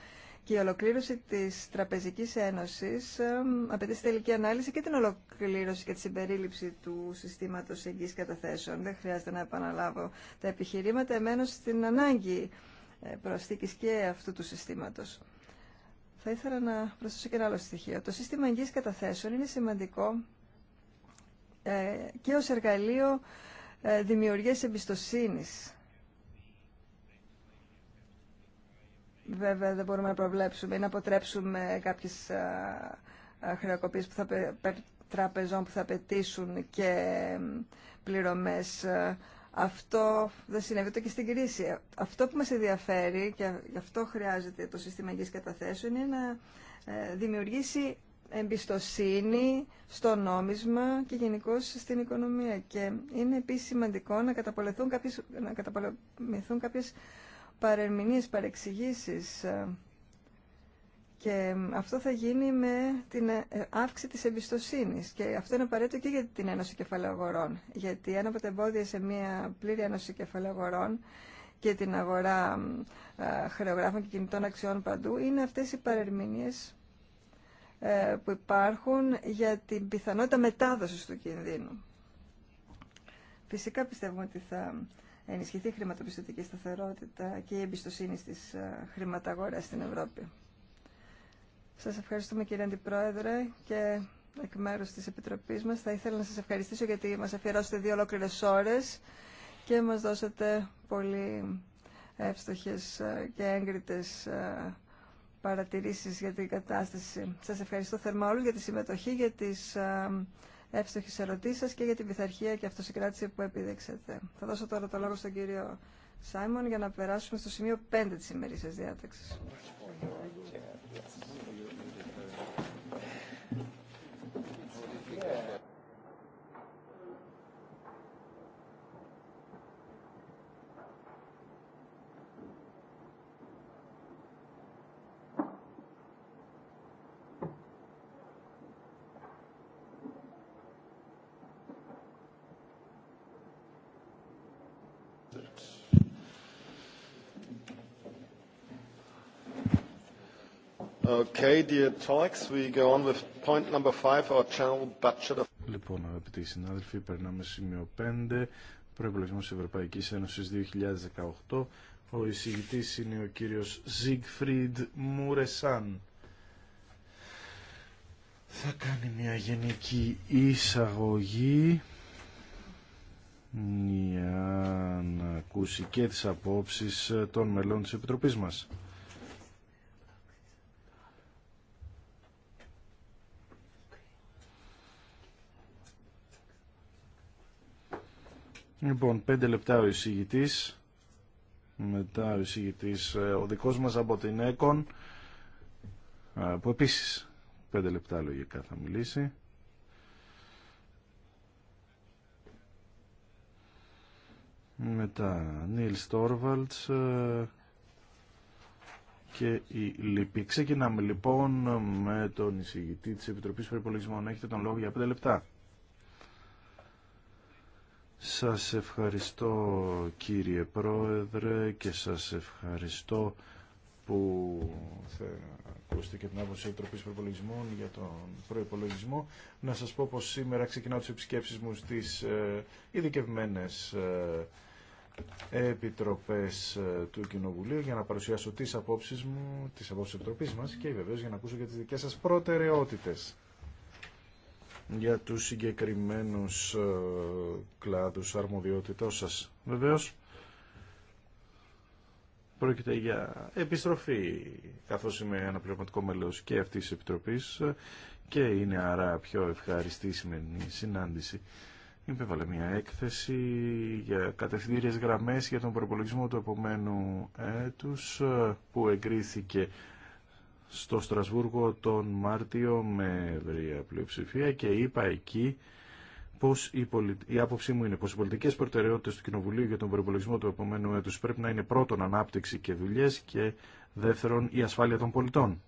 Και η ολοκλήρωση της Τραπεζικής Ένωσης απαιτεί στη τελική ανάλυση και την ολοκλήρωση και τη συμπερίληψη του συστήματος εγγύης καταθέσεων. Δεν χρειάζεται να επαναλάβω τα επιχειρήματα, εμένω στην ανάγκη ε, προσθήκης και αυτού του συστήματος. Θα ήθελα να προσθέσω και ένα άλλο στοιχείο. Το σύστημα εγγύης καταθέσεων είναι σημαντικό ε, και ως εργαλείο ε, δημιουργίας εμπιστοσύνης. Βέβαια δεν μπορούμε να προβλέψουμε ή να αποτρέψουμε κάποιες ε, χρεοκοπίες που θα τραπεζών που θα πετήσουν και πληρωμές. Αυτό δεν συνέβη το και στην κρίση. Αυτό που μας ενδιαφέρει και γι' αυτό χρειάζεται το σύστημα υγιής καταθέσεων είναι να δημιουργήσει εμπιστοσύνη στο νόμισμα και γενικώ στην οικονομία. Και είναι επίση σημαντικό να καταπολεμηθούν κάποιες, να καταπολεμηθούν κάποιες παρεξηγήσεις. Και αυτό θα γίνει με την ε, αύξηση της εμπιστοσύνης. Και αυτό είναι απαραίτητο και για την Ένωση Αγορών Γιατί ένα από τα εμπόδια σε μια πλήρη Ένωση Αγορών και την αγορά ε, χρεογράφων και κινητών αξιών παντού είναι αυτές οι παρερμηνίες ε, που υπάρχουν για την πιθανότητα μετάδοσης του κινδύνου. Φυσικά πιστεύουμε ότι θα ενισχυθεί η χρηματοπιστωτική σταθερότητα και η εμπιστοσύνη στις ε, χρηματαγορές στην Ευρώπη. Σας ευχαριστούμε κύριε Αντιπρόεδρε και εκ μέρους της Επιτροπής μας θα ήθελα να σας ευχαριστήσω γιατί μας αφιερώσετε δύο ολόκληρες ώρες και μας δώσατε πολύ εύστοχες ε, και έγκριτες παρατηρήσεις για την κατάσταση. Σας ευχαριστώ θερμά όλους για τη συμμετοχή, για τις εύστοχες ερωτήσεις σας και για την πειθαρχία και αυτοσυγκράτηση που επίδεξετε. Θα δώσω τώρα το λόγο στον κύριο Σάιμον για να περάσουμε στο σημείο 5 της σημερινής διάταξης. Okay, dear talks, we go on with point number five, our channel budget of... Λοιπόν, αγαπητοί συνάδελφοι, περνάμε σημείο 5, προεπλογισμός της Ευρωπαϊκής Ένωσης 2018. Ο εισηγητής είναι ο κύριος Ζίγκφριντ Μουρεσάν. Θα κάνει μια γενική εισαγωγή για να ακούσει και τις απόψεις των μελών της Επιτροπής μας. Λοιπόν, πέντε λεπτά ο εισηγητή. μετά ο εισηγητή, ε, ο δικό μα από την ΕΚΟΝ, ε, που επίση πέντε λεπτά λογικά θα μιλήσει. Μετά Νίλ Στόρβαλτ ε, και η Λυπή. Ξεκινάμε λοιπόν με τον εισηγητή τη Επιτροπή Περιπολογισμών. Έχετε τον λόγο για πέντε λεπτά. Σας ευχαριστώ κύριε Πρόεδρε και σας ευχαριστώ που θα ακούσετε και την άποψη Επιτροπής Προπολογισμών για τον προϋπολογισμό. Να σας πω πως σήμερα ξεκινάω τις επισκέψεις μου στις ε, ειδικευμένε ε, επιτροπές ε, του Κοινοβουλίου για να παρουσιάσω τις απόψεις μου, τις απόψεις της Επιτροπής μας και βεβαίως για να ακούσω και τις δικές σας προτεραιότητες για τους συγκεκριμένους ε, κλάδους αρμοδιότητός σας. Βεβαίως, πρόκειται για επιστροφή, καθώς είμαι αναπληρωματικό μέλος και αυτής της Επιτροπής ε, και είναι άρα πιο ευχαριστή η σημερινή συνάντηση. Υπέβαλε μια έκθεση για κατευθυντήριες γραμμές για τον προπολογισμό του επομένου έτους ε, που εγκρίθηκε στο Στρασβούργο τον Μάρτιο με ευρία πλειοψηφία και είπα εκεί πως η, η άποψή μου είναι πως οι πολιτικές προτεραιότητες του Κοινοβουλίου για τον προπολογισμό του επόμενου έτους πρέπει να είναι πρώτον ανάπτυξη και δουλειές και δεύτερον η ασφάλεια των πολιτών.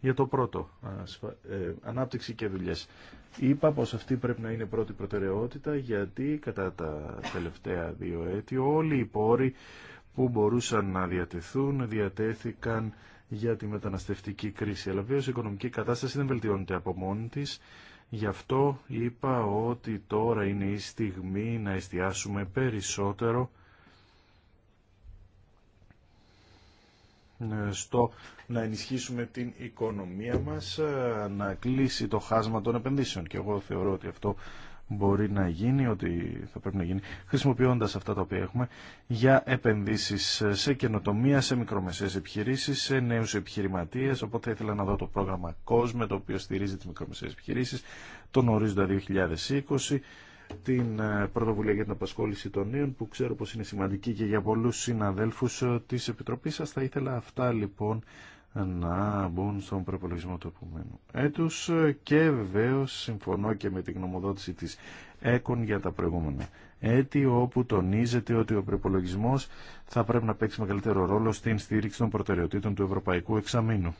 Για το πρώτο, ε, ανάπτυξη και δουλειές. Είπα πως αυτή πρέπει να είναι πρώτη προτεραιότητα γιατί κατά τα τελευταία δύο έτη όλοι οι πόροι που μπορούσαν να διατεθούν διατέθηκαν για τη μεταναστευτική κρίση. Αλλά βέβαια η οικονομική κατάσταση δεν βελτιώνεται από μόνη τη. Γι' αυτό είπα ότι τώρα είναι η στιγμή να εστιάσουμε περισσότερο στο να ενισχύσουμε την οικονομία μας, να κλείσει το χάσμα των επενδύσεων. Και εγώ θεωρώ ότι αυτό μπορεί να γίνει, ότι θα πρέπει να γίνει, χρησιμοποιώντας αυτά τα οποία έχουμε για επενδύσεις σε καινοτομία, σε μικρομεσαίες επιχειρήσεις, σε νέους επιχειρηματίες, οπότε ήθελα να δω το πρόγραμμα COSME, το οποίο στηρίζει τις μικρομεσαίες επιχειρήσεις, τον ορίζοντα 2020, την ε, πρωτοβουλία για την απασχόληση των νέων που ξέρω πως είναι σημαντική και για πολλούς συναδέλφους ε, της Επιτροπής σας. Θα ήθελα αυτά λοιπόν να μπουν στον προπολογισμό του επομένου έτους και βεβαίω συμφωνώ και με την γνωμοδότηση της ΕΚΟΝ για τα προηγούμενα έτη όπου τονίζεται ότι ο προπολογισμό θα πρέπει να παίξει μεγαλύτερο ρόλο στην στήριξη των προτεραιοτήτων του Ευρωπαϊκού Εξαμήνου.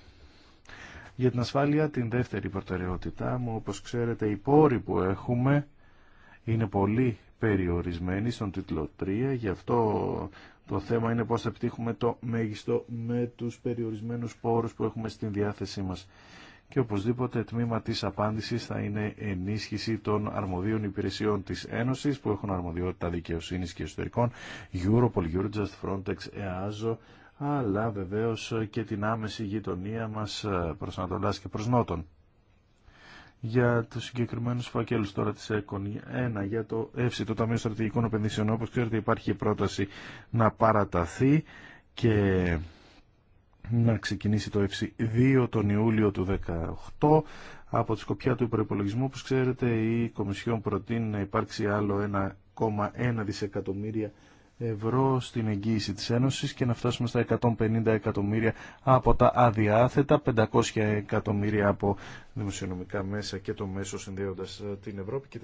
Για την ασφάλεια, την δεύτερη προτεραιότητά μου, όπως ξέρετε, οι πόροι που έχουμε είναι πολύ περιορισμένοι στον τίτλο 3, γι' αυτό το θέμα είναι πώς θα επιτύχουμε το μέγιστο με τους περιορισμένους πόρους που έχουμε στην διάθεσή μας. Και οπωσδήποτε τμήμα της απάντησης θα είναι ενίσχυση των αρμοδίων υπηρεσιών της Ένωσης που έχουν αρμοδιότητα δικαιοσύνης και εσωτερικών, Europol, Eurojust, Frontex, EASO, αλλά βεβαίως και την άμεση γειτονία μας προς Ανατολάς και προς Νότον για του συγκεκριμένου φακέλου τώρα τη ΕΚΟΝ. Ένα, για το ΕΦΣΙ, το Ταμείο Στρατηγικών Επενδύσεων. όπω ξέρετε υπάρχει πρόταση να παραταθεί και να ξεκινήσει το ΕΦΣΙ 2 τον Ιούλιο του 2018. Από τη σκοπιά του υπολογισμού, όπως ξέρετε, η Κομισιόν προτείνει να υπάρξει άλλο 1,1 δισεκατομμύρια ευρώ στην εγγύηση της Ένωσης και να φτάσουμε στα 150 εκατομμύρια από τα αδιάθετα, 500 εκατομμύρια από δημοσιονομικά μέσα και το μέσο συνδέοντας ε, την Ευρώπη και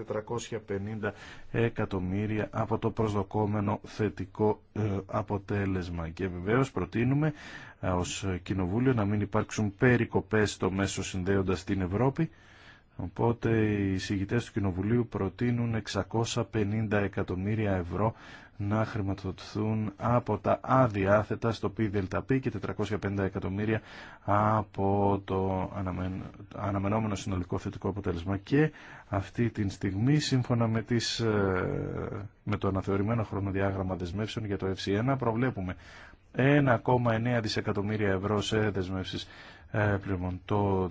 450 εκατομμύρια από το προσδοκόμενο θετικό ε, αποτέλεσμα. Και βεβαίως προτείνουμε ε, ως Κοινοβούλιο να μην υπάρξουν περικοπές στο μέσο συνδέοντας την Ευρώπη Οπότε οι εισηγητές του Κοινοβουλίου προτείνουν 650 εκατομμύρια ευρώ να χρηματοδοτηθούν από τα αδιάθετα στο ΠΔΠ και 450 εκατομμύρια από το αναμενόμενο συνολικό θετικό αποτέλεσμα. Και αυτή τη στιγμή, σύμφωνα με, τις, ε, με το αναθεωρημένο χρονοδιάγραμμα δεσμεύσεων για το FC1, προβλέπουμε 1,9 δισεκατομμύρια ευρώ σε δεσμεύσεις το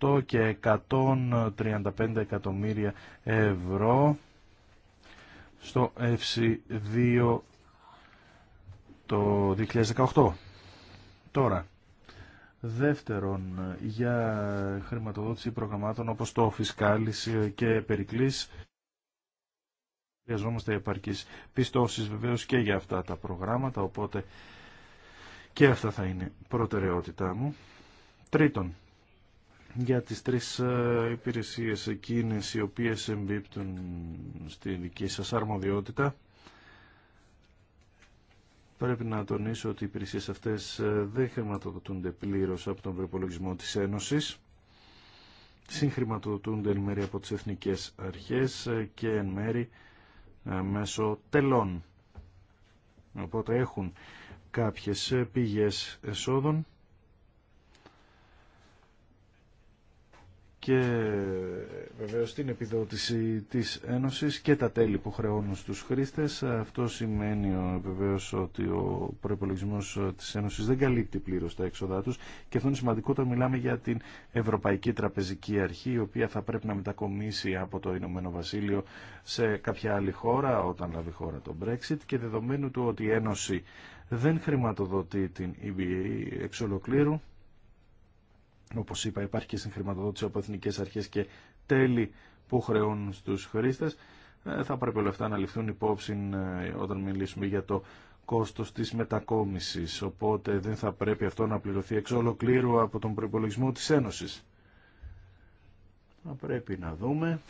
2018 και 135 εκατομμύρια ευρώ στο FC2 το 2018. Τώρα, δεύτερον, για χρηματοδότηση προγραμμάτων όπως το Φισκάλις και Περικλής, χρειαζόμαστε επαρκείς πιστώσεις βεβαίως και για αυτά τα προγράμματα, οπότε και αυτά θα είναι προτεραιότητά μου. Τρίτον, για τις τρεις ε, υπηρεσίες εκείνες οι οποίες εμπίπτουν στη δική σας αρμοδιότητα, Πρέπει να τονίσω ότι οι υπηρεσίες αυτές ε, δεν χρηματοδοτούνται πλήρως από τον προπολογισμό της Ένωσης. Συγχρηματοδοτούνται εν μέρη από τις εθνικές αρχές ε, και εν μέρη μέσω τελών. Οπότε έχουν κάποιες πηγές εσόδων και βεβαίως την επιδότηση της Ένωσης και τα τέλη που χρεώνουν στους χρήστες. Αυτό σημαίνει βεβαίως ότι ο προϋπολογισμός της Ένωσης δεν καλύπτει πλήρως τα έξοδά τους και αυτό είναι σημαντικό όταν μιλάμε για την Ευρωπαϊκή Τραπεζική Αρχή η οποία θα πρέπει να μετακομίσει από το Ηνωμένο Βασίλειο σε κάποια άλλη χώρα όταν λάβει χώρα το Brexit και δεδομένου του ότι η Ένωση δεν χρηματοδοτεί την EBA εξ ολοκλήρου Όπω είπα υπάρχει και συγχρηματοδότηση από εθνικέ αρχές και τέλη που χρεώνουν στους χρήστε. Ε, θα πρέπει όλα αυτά να ληφθούν υπόψη ε, όταν μιλήσουμε για το κόστο τη μετακόμιση. Οπότε δεν θα πρέπει αυτό να πληρωθεί εξ ολοκλήρου από τον προπολογισμό τη Ένωση. Θα πρέπει να δούμε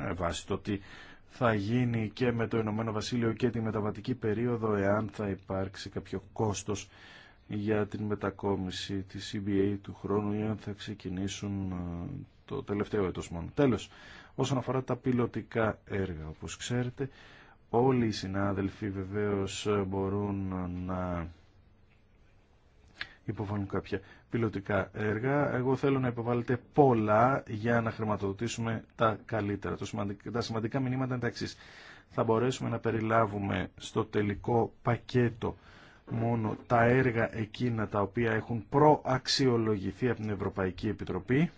ε, βάσει το τι θα γίνει και με το Ηνωμένο Βασίλειο και τη μεταβατική περίοδο εάν θα υπάρξει κάποιο κόστος για την μετακόμιση της CBA του χρόνου ή αν θα ξεκινήσουν ε, το τελευταίο έτος μόνο. Τέλος, όσον αφορά τα πιλωτικά έργα, όπως ξέρετε, όλοι οι συνάδελφοι βεβαίως ε, μπορούν να υποβάλουν κάποια πιλωτικά έργα. Εγώ θέλω να υποβάλλετε πολλά για να χρηματοδοτήσουμε τα καλύτερα. Τα σημαντικά μηνύματα είναι τα εξής. Θα μπορέσουμε να περιλάβουμε στο τελικό πακέτο μόνο τα έργα εκείνα τα οποία έχουν προαξιολογηθεί από την Ευρωπαϊκή Επιτροπή.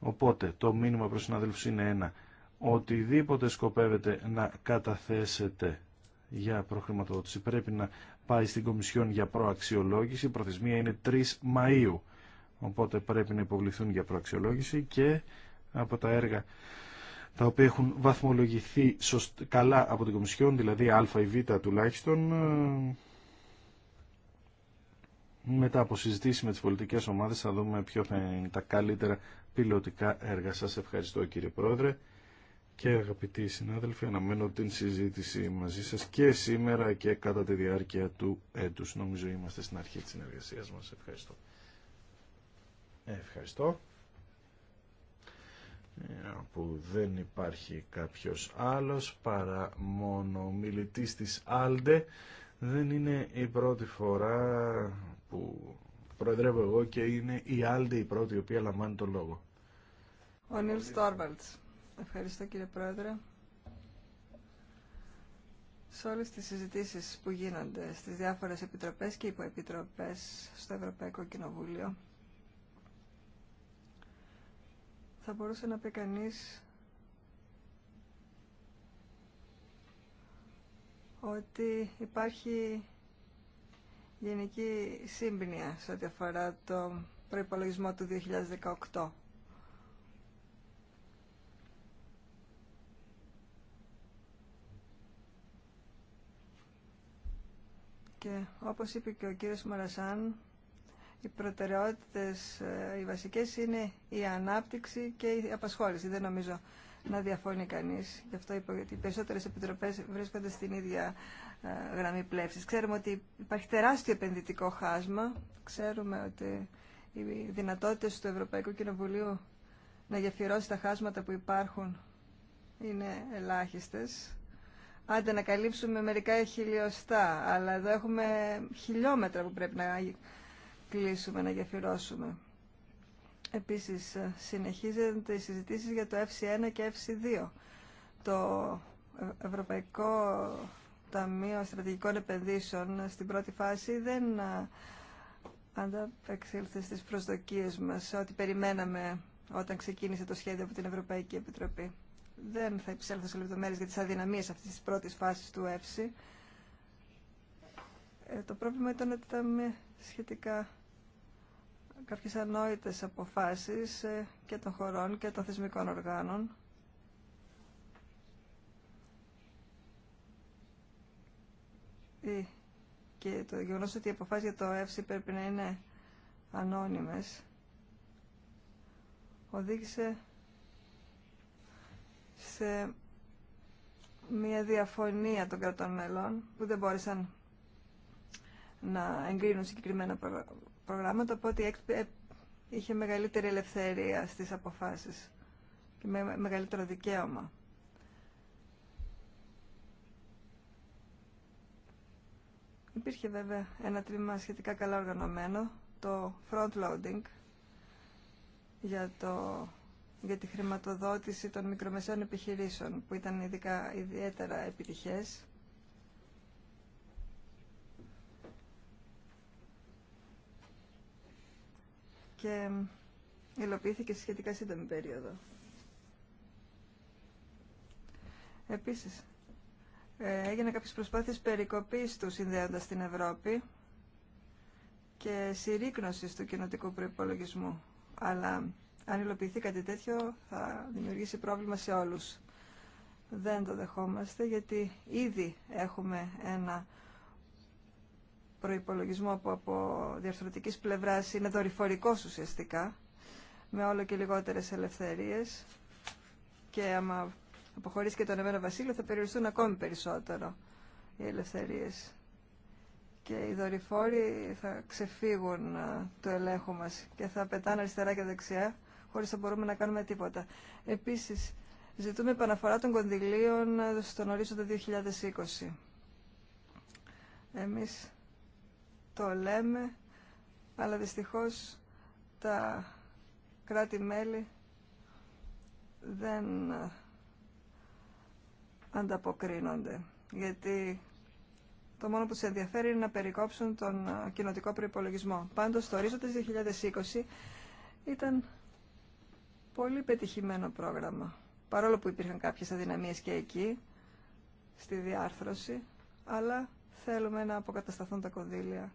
Οπότε το μήνυμα προς συναδέλφους είναι ένα. Οτιδήποτε σκοπεύετε να καταθέσετε για προχρηματοδότηση πρέπει να πάει στην Κομισιόν για προαξιολόγηση. Η προθεσμία είναι 3 Μαΐου. Οπότε πρέπει να υποβληθούν για προαξιολόγηση και από τα έργα τα οποία έχουν βαθμολογηθεί καλά από την Κομισιόν, δηλαδή α ή β τουλάχιστον, ε, μετά από συζητήσει με τις πολιτικές ομάδες θα δούμε ποιο θα είναι τα καλύτερα πιλωτικά έργα. Σας ευχαριστώ κύριε Πρόεδρε και αγαπητοί συνάδελφοι αναμένω την συζήτηση μαζί σας και σήμερα και κατά τη διάρκεια του έτους. Νομίζω είμαστε στην αρχή της συνεργασίας μας. Ευχαριστώ. Ε, ευχαριστώ. Ε, που δεν υπάρχει κάποιος άλλος παρά μόνο ο μιλητής της Άλντε δεν είναι η πρώτη φορά που προεδρεύω εγώ και είναι η Άλντε η πρώτη η οποία λαμβάνει το λόγο. Ο Νίλ Στόρβαλτς. Ευχαριστώ κύριε Πρόεδρε. Σε όλες τις συζητήσεις που γίνονται στις διάφορες επιτροπές και υποεπιτροπές στο Ευρωπαϊκό Κοινοβούλιο θα μπορούσε να πει κανείς ότι υπάρχει γενική σύμπνοια σε ό,τι αφορά το προϋπολογισμό του 2018. Και όπως είπε και ο κύριος Μαρασάν, οι προτεραιότητες, ε, οι βασικές είναι η ανάπτυξη και η απασχόληση. Δεν νομίζω να διαφώνει κανείς. Γι' αυτό είπα ότι οι περισσότερες επιτροπές βρίσκονται στην ίδια ε, γραμμή πλεύσης. Ξέρουμε ότι υπάρχει τεράστιο επενδυτικό χάσμα. Ξέρουμε ότι οι δυνατότητες του Ευρωπαϊκού Κοινοβουλίου να γεφυρώσει τα χάσματα που υπάρχουν είναι ελάχιστες. Άντε να καλύψουμε μερικά χιλιοστά, αλλά εδώ έχουμε χιλιόμετρα που πρέπει να κλείσουμε, να γεφυρώσουμε. Επίσης, ε, συνεχίζονται οι συζητήσεις για το FC1 και FC2. Το ε, Ευρωπαϊκό Ταμείο Στρατηγικών Επενδύσεων ε, στην πρώτη φάση δεν ανταπεξήλθε στις προσδοκίες μας, ό,τι περιμέναμε όταν ξεκίνησε το σχέδιο από την Ευρωπαϊκή Επιτροπή. Δεν θα υψέλθω σε λεπτομέρειες για τις αδυναμίες αυτής της πρώτης φάσης του ΕΦΣΥ. το πρόβλημα ήταν ότι ήταν σχετικά κάποιες ανόητες αποφάσεις ε, και των χωρών και των θεσμικών οργάνων. Ε, και το γεγονό ότι οι αποφάσει για το ΕΦΣΥ πρέπει να είναι ανώνυμες οδήγησε σε μια διαφωνία των κρατών μελών που δεν μπόρεσαν να εγκρίνουν συγκεκριμένα προγράμματα, οπότε ε, είχε μεγαλύτερη ελευθερία στις αποφάσεις και με μεγαλύτερο δικαίωμα. Υπήρχε βέβαια ένα τμήμα σχετικά καλά οργανωμένο, το front loading για, το, για τη χρηματοδότηση των μικρομεσαίων επιχειρήσεων που ήταν ειδικά ιδιαίτερα επιτυχές και υλοποιήθηκε σε σχετικά σύντομη περίοδο. Επίσης, ε, έγινε κάποιες προσπάθειες περικοπής του συνδέοντας την Ευρώπη και συρρήκνωσης του κοινοτικού προϋπολογισμού. Αλλά αν υλοποιηθεί κάτι τέτοιο θα δημιουργήσει πρόβλημα σε όλους. Δεν το δεχόμαστε γιατί ήδη έχουμε ένα προϋπολογισμό που από διαρθρωτικής πλευράς είναι δορυφορικός ουσιαστικά, με όλο και λιγότερες ελευθερίες και άμα αποχωρήσει και το Ενωμένο Βασίλειο θα περιοριστούν ακόμη περισσότερο οι ελευθερίες και οι δορυφόροι θα ξεφύγουν ε, το ελέγχου μας και θα πετάνε αριστερά και δεξιά χωρίς να μπορούμε να κάνουμε τίποτα. Επίσης, ζητούμε επαναφορά των κονδυλίων ε, στον ορίζοντα 2020. Εμείς το λέμε, αλλά δυστυχώς τα κράτη-μέλη δεν ανταποκρίνονται. Γιατί το μόνο που σε ενδιαφέρει είναι να περικόψουν τον κοινοτικό προϋπολογισμό. Πάντως, το ορίζοντας 2020 ήταν πολύ πετυχημένο πρόγραμμα. Παρόλο που υπήρχαν κάποιες αδυναμίες και εκεί, στη διάρθρωση, αλλά θέλουμε να αποκατασταθούν τα κονδύλια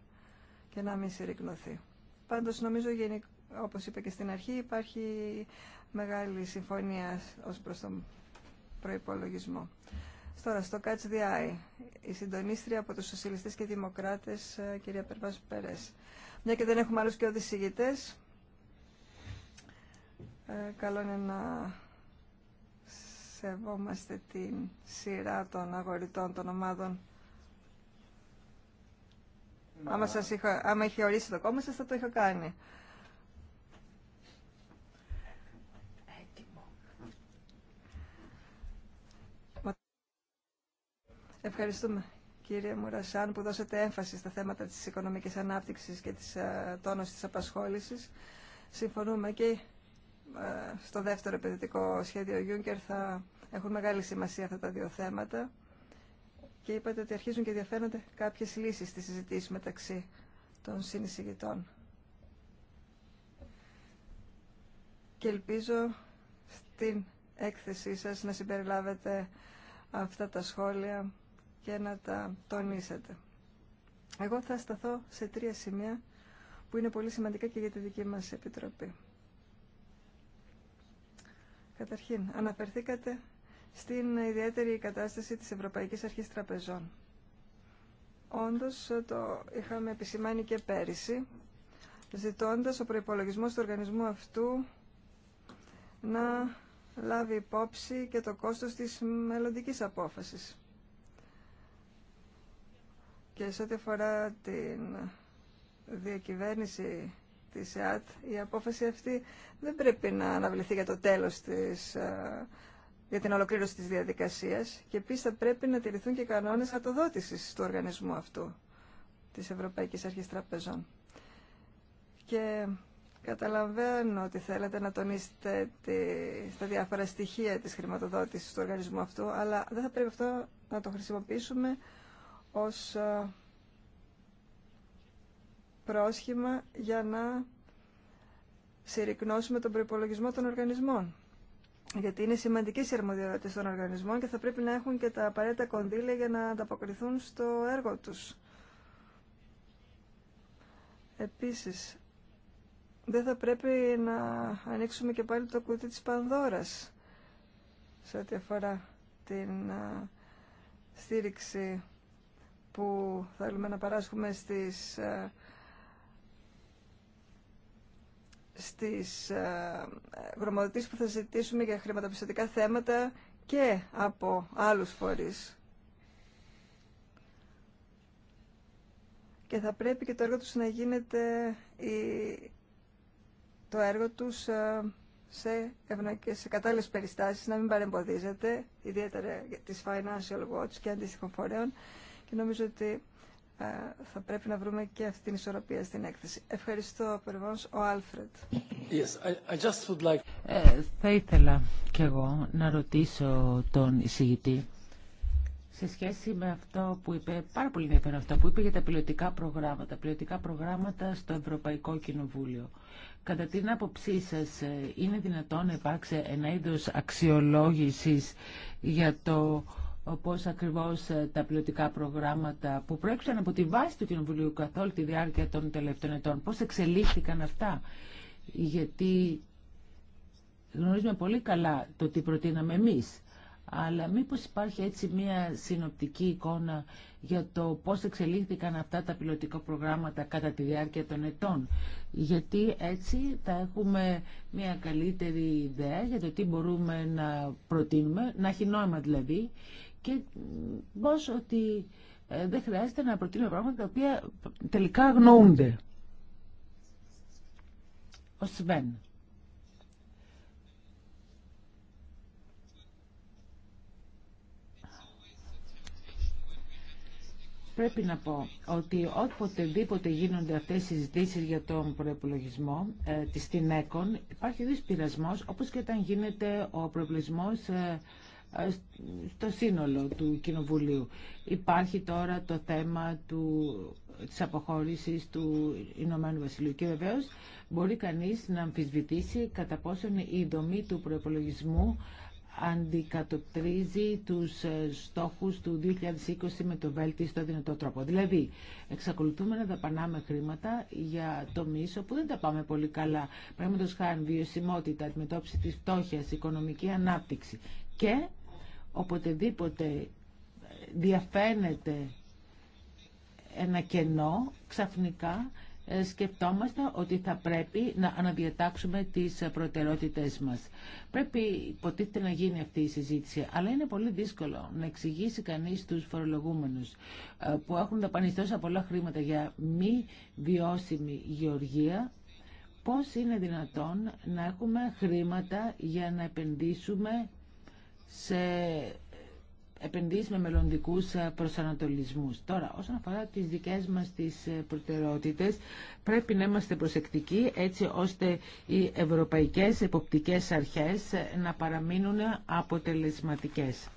και να μην συρρυκνωθεί. Πάντως νομίζω όπως είπε και στην αρχή υπάρχει μεγάλη συμφωνία ως προς τον προϋπολογισμό. Τώρα στο Catch the Eye, η συντονίστρια από τους Σοσιαλιστές και Δημοκράτες, ε, κυρία Περβάς Περές. Μια και δεν έχουμε άλλους και οδησηγητές, ε, καλό είναι να σεβόμαστε την σειρά των αγοριτών των ομάδων Άμα, σας είχα, άμα είχε ορίσει το κόμμα σας θα το είχα κάνει. Ευχαριστούμε κύριε Μουρασάν που δώσατε έμφαση στα θέματα της οικονομικής ανάπτυξης και της ε, τόνωσης της απασχόλησης. Συμφωνούμε και ε, στο δεύτερο επενδυτικό σχέδιο γιούνκερ θα έχουν μεγάλη σημασία αυτά τα δύο θέματα και είπατε ότι αρχίζουν και διαφαίνονται κάποιες λύσεις στις συζητήσεις μεταξύ των συνεισηγητών. Και ελπίζω στην έκθεσή σας να συμπεριλάβετε αυτά τα σχόλια και να τα τονίσετε. Εγώ θα σταθώ σε τρία σημεία που είναι πολύ σημαντικά και για τη δική μας Επιτροπή. Καταρχήν, αναφερθήκατε στην ιδιαίτερη κατάσταση της Ευρωπαϊκής Αρχής Τραπεζών. Όντως, το είχαμε επισημάνει και πέρυσι, ζητώντας ο προϋπολογισμός του οργανισμού αυτού να λάβει υπόψη και το κόστος της μελλοντική απόφασης. Και σε ό,τι αφορά την διακυβέρνηση της ΕΑΤ, η απόφαση αυτή δεν πρέπει να αναβληθεί για το τέλος της ε, για την ολοκλήρωση της διαδικασίας και επίσης θα πρέπει να τηρηθούν και κανόνες ατοδότησης του οργανισμού αυτού της Ευρωπαϊκής Αρχής Τραπεζών. Και καταλαβαίνω ότι θέλετε να τονίσετε τη, τα διάφορα στοιχεία της χρηματοδότησης του οργανισμού αυτού, αλλά δεν θα πρέπει αυτό να το χρησιμοποιήσουμε ως ε, πρόσχημα για να συρρυκνώσουμε τον προϋπολογισμό των οργανισμών γιατί είναι σημαντική οι αρμοδιότητε των οργανισμών και θα πρέπει να έχουν και τα απαραίτητα κονδύλια για να ανταποκριθούν στο έργο τους. Επίσης, δεν θα πρέπει να ανοίξουμε και πάλι το κουτί της Πανδώρας σε ό,τι αφορά την στήριξη που θέλουμε να παράσχουμε στις στις ε, γνωμοδοτήσεις που θα ζητήσουμε για χρηματοπιστωτικά θέματα και από άλλους φορείς. Και θα πρέπει και το έργο τους να γίνεται η... το έργο τους ε, σε, ευνα... σε κατάλληλες περιστάσεις, να μην παρεμποδίζεται, ιδιαίτερα τις Financial Watch και αντίστοιχων φορέων. Και νομίζω ότι ε, θα πρέπει να βρούμε και αυτή την ισορροπία στην έκθεση. Ευχαριστώ, Περβόνς, ο Άλφρετ. Yes, I, just would like... Ε, θα ήθελα κι εγώ να ρωτήσω τον εισηγητή σε σχέση με αυτό που είπε, πάρα πολύ ενδιαφέρον αυτό που είπε για τα πιλωτικά προγράμματα, τα πιλωτικά προγράμματα στο Ευρωπαϊκό Κοινοβούλιο. Κατά την άποψή σας, ε, είναι δυνατόν να υπάρξει ένα είδος αξιολόγησης για το Όπω ακριβώς ε, τα πιλωτικά προγράμματα που προέκυψαν από τη βάση του Κοινοβουλίου καθ' όλη τη διάρκεια των τελευταίων ετών, πώς εξελίχθηκαν αυτά. Γιατί γνωρίζουμε πολύ καλά το τι προτείναμε εμείς. Αλλά μήπως υπάρχει έτσι μια συνοπτική εικόνα για το πώς εξελίχθηκαν αυτά τα πιλωτικά προγράμματα κατά τη διάρκεια των ετών. Γιατί έτσι θα έχουμε μια καλύτερη ιδέα για το τι μπορούμε να προτείνουμε, να έχει νόημα δηλαδή, και πώς ότι ε, δεν χρειάζεται να προτείνουμε πράγματα τα οποία τελικά αγνοούνται. Ο Σβέν. Πρέπει να πω ότι οποτεδήποτε γίνονται αυτές οι συζητήσεις για τον προεπολογισμό ε, της ΤΙΝΕΚΟΝ υπάρχει δύσπηρασμός, όπως και όταν γίνεται ο προϋπολογισμός ε, στο σύνολο του Κοινοβουλίου. Υπάρχει τώρα το θέμα του, της αποχώρησης του Ηνωμένου Βασιλείου και βεβαίω, μπορεί κανείς να αμφισβητήσει κατά πόσον η δομή του προπολογισμού αντικατοπτρίζει τους ε, στόχους του 2020 με το βέλτιστο δυνατό τρόπο. Δηλαδή, εξακολουθούμε να δαπανάμε χρήματα για το μίσο που δεν τα πάμε πολύ καλά. Πράγματος χάνει βιωσιμότητα, αντιμετώπιση της φτώχειας, οικονομική ανάπτυξη. Και οποτεδήποτε διαφαίνεται ένα κενό ξαφνικά ε, σκεφτόμαστε ότι θα πρέπει να αναδιατάξουμε τις προτεραιότητές μας. Πρέπει υποτίθεται να γίνει αυτή η συζήτηση, αλλά είναι πολύ δύσκολο να εξηγήσει κανείς τους φορολογούμενους ε, που έχουν δαπανιστεί πολλά χρήματα για μη βιώσιμη γεωργία, πώς είναι δυνατόν να έχουμε χρήματα για να επενδύσουμε σε επενδύσεις με μελλοντικού προσανατολισμούς. Τώρα, όσον αφορά τις δικές μας τις προτεραιότητες, πρέπει να είμαστε προσεκτικοί έτσι ώστε οι ευρωπαϊκές εποπτικές αρχές να παραμείνουν αποτελεσματικές.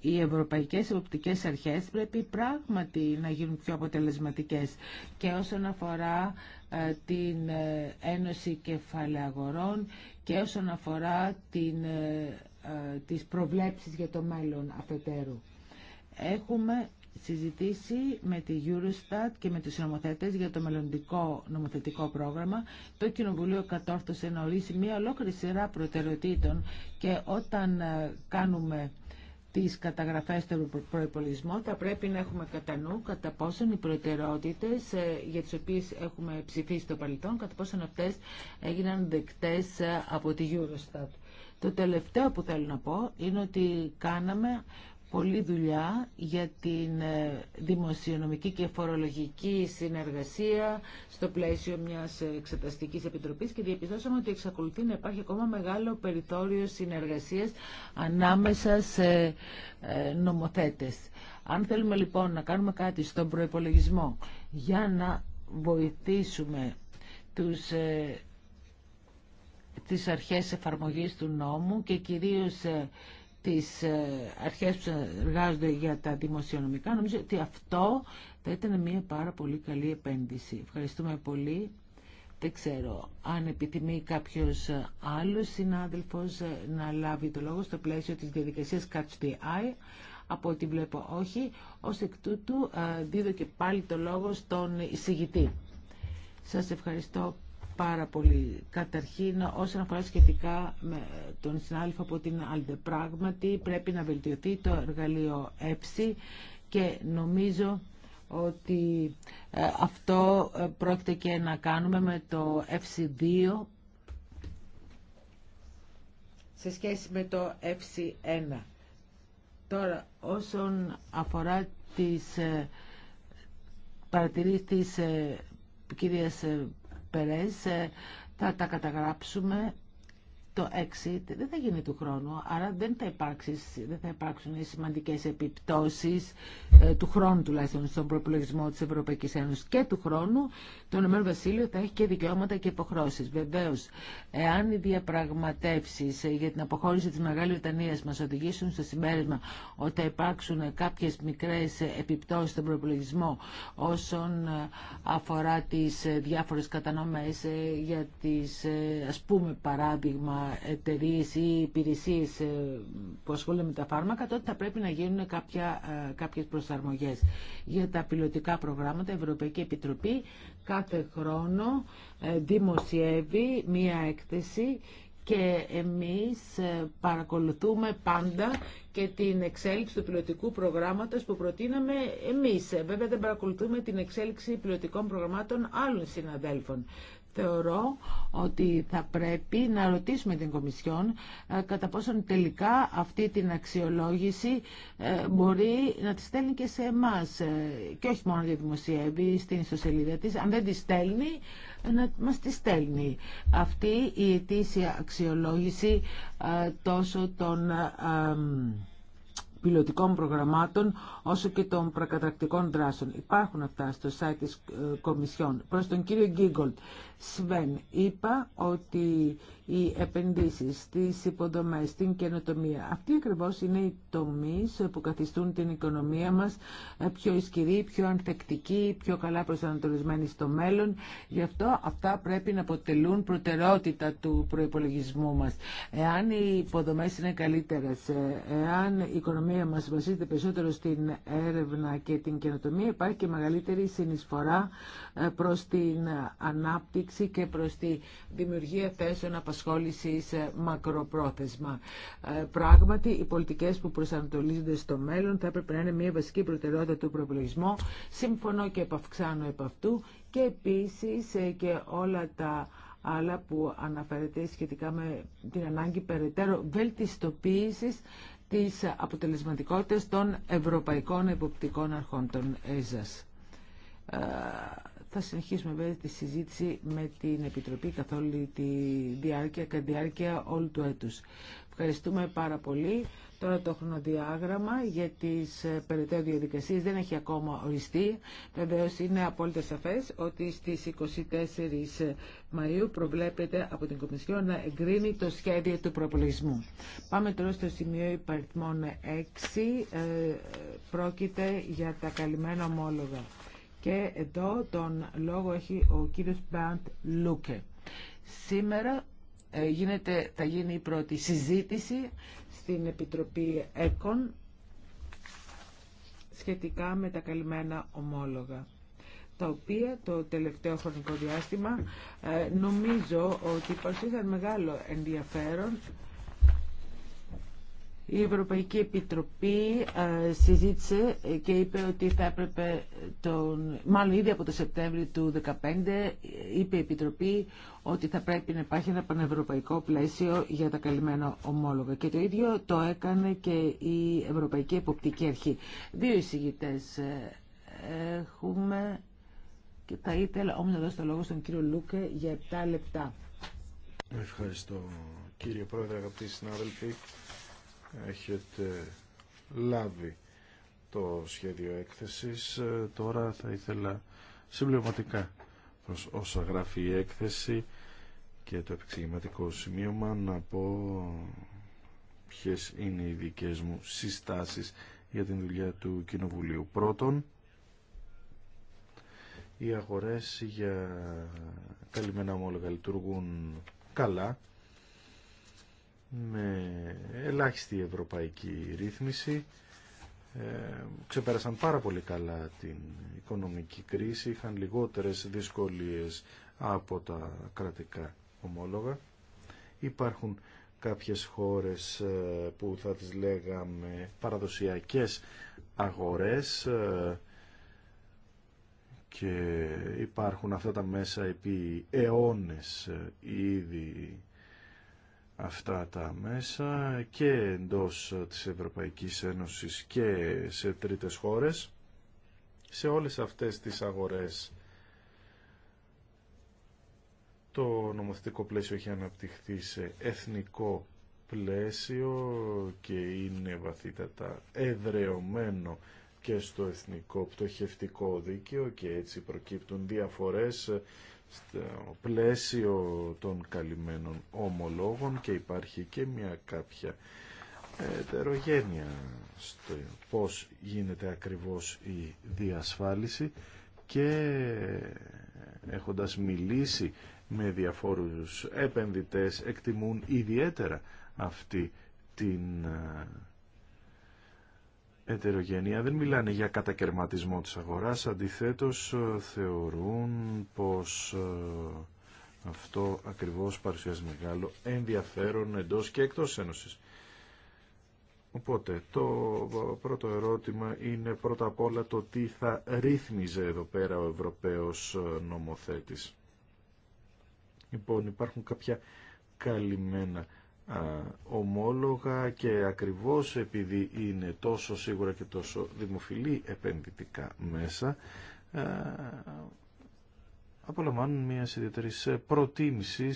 Οι ευρωπαϊκές εποπτικές αρχές πρέπει πράγματι να γίνουν πιο αποτελεσματικές και όσον αφορά ε, την ε, Ένωση Κεφαλαίων και όσον αφορά την, ε, τις προβλέψεις για το μέλλον αφετέρου. Έχουμε συζητήσει με τη Eurostat και με τους νομοθέτες για το μελλοντικό νομοθετικό πρόγραμμα. Το Κοινοβουλίο κατόρθωσε να ορίσει μια ολόκληρη σειρά προτεραιοτήτων και όταν ε, κάνουμε τις καταγραφές του προϋπολογισμού θα πρέπει να έχουμε κατά νου κατά πόσον οι προτεραιότητες ε, για τις οποίες έχουμε ψηφίσει το παρελθόν κατά πόσον αυτές έγιναν δεκτές ε, από τη Eurostat. Το τελευταίο που θέλω να πω είναι ότι κάναμε πολλή δουλειά για την ε, δημοσιονομική και φορολογική συνεργασία στο πλαίσιο μιας εξεταστικής επιτροπής και διαπιστώσαμε ότι εξακολουθεί να υπάρχει ακόμα μεγάλο περιθώριο συνεργασίας ανάμεσα σε ε, νομοθέτες. Αν θέλουμε λοιπόν να κάνουμε κάτι στον προϋπολογισμό για να βοηθήσουμε τους ε, τις αρχές εφαρμογής του νόμου και κυρίως τις ε, αρχές που εργάζονται για τα δημοσιονομικά, νομίζω ότι αυτό θα ήταν μια πάρα πολύ καλή επένδυση. Ευχαριστούμε πολύ. Δεν ξέρω αν επιθυμεί κάποιος άλλος συνάδελφος ε, να λάβει το λόγο στο πλαίσιο της διαδικασίας Catch the Eye. Από ό,τι βλέπω όχι. Ως εκ τούτου ε, δίδω και πάλι το λόγο στον εισηγητή. Σας ευχαριστώ πάρα πολύ. Καταρχήν, όσον αφορά σχετικά με τον συνάδελφο από την Αλντε, πράγματι πρέπει να βελτιωθεί το εργαλείο ΕΨΗ και νομίζω ότι ε, αυτό ε, πρόκειται και να κάνουμε με το FC2 σε σχέση με το FC1. Τώρα, όσον αφορά τις ε, παρατηρήσεις της κυρίας Περές ε, θα τα καταγράψουμε το 6 δεν θα γίνει του χρόνου, άρα δεν θα, υπάρξει, δεν θα υπάρξουν σημαντικές επιπτώσεις ε, του χρόνου τουλάχιστον στον προπολογισμό της Ευρωπαϊκής Ένωσης και του χρόνου το Ηνωμένο Βασίλειο θα έχει και δικαιώματα και υποχρώσει. Βεβαίω, εάν οι διαπραγματεύσει για την αποχώρηση τη μεγάλη Βρετανία μα οδηγήσουν στο συμπέρασμα ότι θα υπάρξουν κάποιες μικρές επιπτώσεις στον προπολογισμό όσον αφορά τι διάφορε κατανομές για τι α πούμε, παράδειγμα εταιρείε ή υπηρεσίε που ασχολούνται με τα φάρμακα, τότε θα πρέπει να γίνουν κάποιε προσαρμογέ. Για τα πιλωτικά προγράμματα, η Ευρωπαϊκή Επιτροπή κάθε χρόνο ε, δημοσιεύει μία έκθεση και εμείς ε, παρακολουθούμε πάντα και την εξέλιξη του πιλωτικού προγράμματος που προτείναμε εμείς. Ε, βέβαια δεν παρακολουθούμε την εξέλιξη πιλωτικών προγραμμάτων άλλων συναδέλφων θεωρώ ότι θα πρέπει να ρωτήσουμε την Κομισιόν ε, κατά πόσον τελικά αυτή την αξιολόγηση ε, μπορεί να τη στέλνει και σε εμάς ε, και όχι μόνο να τη δημοσιεύει στην ιστοσελίδα της. Αν δεν τη στέλνει, να μας τη στέλνει. Αυτή η ετήσια αξιολόγηση τόσο των πιλωτικών προγραμμάτων όσο και των προκατακτικών δράσεων. Υπάρχουν αυτά στο site της ε, Κομισιόν. Προς τον κύριο Γκίγκολτ, Σβέν, είπα ότι οι επενδύσεις στις υποδομές, στην καινοτομία, αυτοί ακριβώς είναι οι τομείς που καθιστούν την οικονομία μας ε, πιο ισχυρή, πιο ανθεκτική, πιο καλά προσανατολισμένη στο μέλλον. Γι' αυτό αυτά πρέπει να αποτελούν προτεραιότητα του προϋπολογισμού μας. Εάν οι υποδομές είναι καλύτερες, εάν η οικονομία Μα μας βασίζεται περισσότερο στην έρευνα και την καινοτομία, υπάρχει και μεγαλύτερη συνεισφορά ε, προς την ανάπτυξη και προς τη δημιουργία θέσεων απασχόλησης ε, μακροπρόθεσμα. Ε, πράγματι, οι πολιτικές που προσανατολίζονται στο μέλλον θα έπρεπε να είναι μια βασική προτεραιότητα του προπολογισμού. Συμφωνώ και επαυξάνω επ' αυτού και επίσης και όλα τα άλλα που αναφέρεται σχετικά με την ανάγκη περαιτέρω βελτιστοποίησης της αποτελεσματικότητας των Ευρωπαϊκών Εποπτικών Αρχών, των ΕΖΑΣ. Ε, θα συνεχίσουμε βέβαια τη συζήτηση με την Επιτροπή καθ' όλη τη διάρκεια, κατά διάρκεια όλου του έτους. Ευχαριστούμε πάρα πολύ. Τώρα το χρονοδιάγραμμα για τις ε, περαιτέρω διαδικασίες δεν έχει ακόμα οριστεί. Βεβαίω είναι απόλυτα σαφές ότι στις 24 ε, Μαΐου προβλέπεται από την Κομισιόν να εγκρίνει το σχέδιο του προπολογισμού. Πάμε τώρα στο σημείο υπαριθμών 6. Ε, πρόκειται για τα καλυμμένα ομόλογα. Και εδώ τον λόγο έχει ο κύριος Μπαντ Λούκε. Σήμερα γίνεται, θα γίνει η πρώτη συζήτηση στην Επιτροπή ΕΚΟΝ σχετικά με τα καλυμμένα ομόλογα τα οποία το τελευταίο χρονικό διάστημα ε, νομίζω ότι παρουσίασαν μεγάλο ενδιαφέρον η Ευρωπαϊκή Επιτροπή ε, συζήτησε και είπε ότι θα έπρεπε, τον, μάλλον ήδη από το Σεπτέμβριο του 2015, είπε η Επιτροπή ότι θα πρέπει να υπάρχει ένα πανευρωπαϊκό πλαίσιο για τα καλυμμένα ομόλογα. Και το ίδιο το έκανε και η Ευρωπαϊκή Εποπτική Αρχή. Δύο εισηγητές ε, έχουμε και θα ήθελα όμως να δώσω το λόγο στον κύριο Λούκε για 7 λεπτά. Ευχαριστώ κύριε Πρόεδρε, αγαπητοί συνάδελφοι έχετε λάβει το σχέδιο έκθεσης. Ε, τώρα θα ήθελα συμπληρωματικά προς όσα γράφει η έκθεση και το επεξηγηματικό σημείωμα να πω ποιες είναι οι δικές μου συστάσεις για την δουλειά του Κοινοβουλίου. Πρώτον, οι αγορές για καλυμμένα ομόλογα λειτουργούν καλά με ελάχιστη ευρωπαϊκή ρύθμιση. Ε, ξεπέρασαν πάρα πολύ καλά την οικονομική κρίση, είχαν λιγότερες δυσκολίες από τα κρατικά ομόλογα. Υπάρχουν κάποιες χώρες ε, που θα τις λέγαμε παραδοσιακές αγορές ε, και υπάρχουν αυτά τα μέσα επί αιώνες ε, ήδη αυτά τα μέσα και εντός της Ευρωπαϊκής Ένωσης και σε τρίτες χώρες σε όλες αυτές τις αγορές το νομοθετικό πλαίσιο έχει αναπτυχθεί σε εθνικό πλαίσιο και είναι βαθύτατα εδρεωμένο και στο εθνικό πτωχευτικό δίκαιο και έτσι προκύπτουν διαφορές στο πλαίσιο των καλυμμένων ομολόγων και υπάρχει και μια κάποια ετερογένεια στο πώς γίνεται ακριβώς η διασφάλιση και έχοντας μιλήσει με διαφόρους επενδυτές εκτιμούν ιδιαίτερα αυτή την ετερογένεια δεν μιλάνε για κατακαιρματισμό της αγοράς, αντιθέτως ε, θεωρούν πως ε, αυτό ακριβώς παρουσιάζει μεγάλο ενδιαφέρον εντός και εκτός Ένωσης. Οπότε, το πρώτο ερώτημα είναι πρώτα απ' όλα το τι θα ρύθμιζε εδώ πέρα ο Ευρωπαίος ε, νομοθέτης. Λοιπόν, υπάρχουν κάποια καλυμμένα ομόλογα και ακριβώς επειδή είναι τόσο σίγουρα και τόσο δημοφιλή επενδυτικά μέσα απολαμβάνουν μια ιδιαίτερη προτίμηση,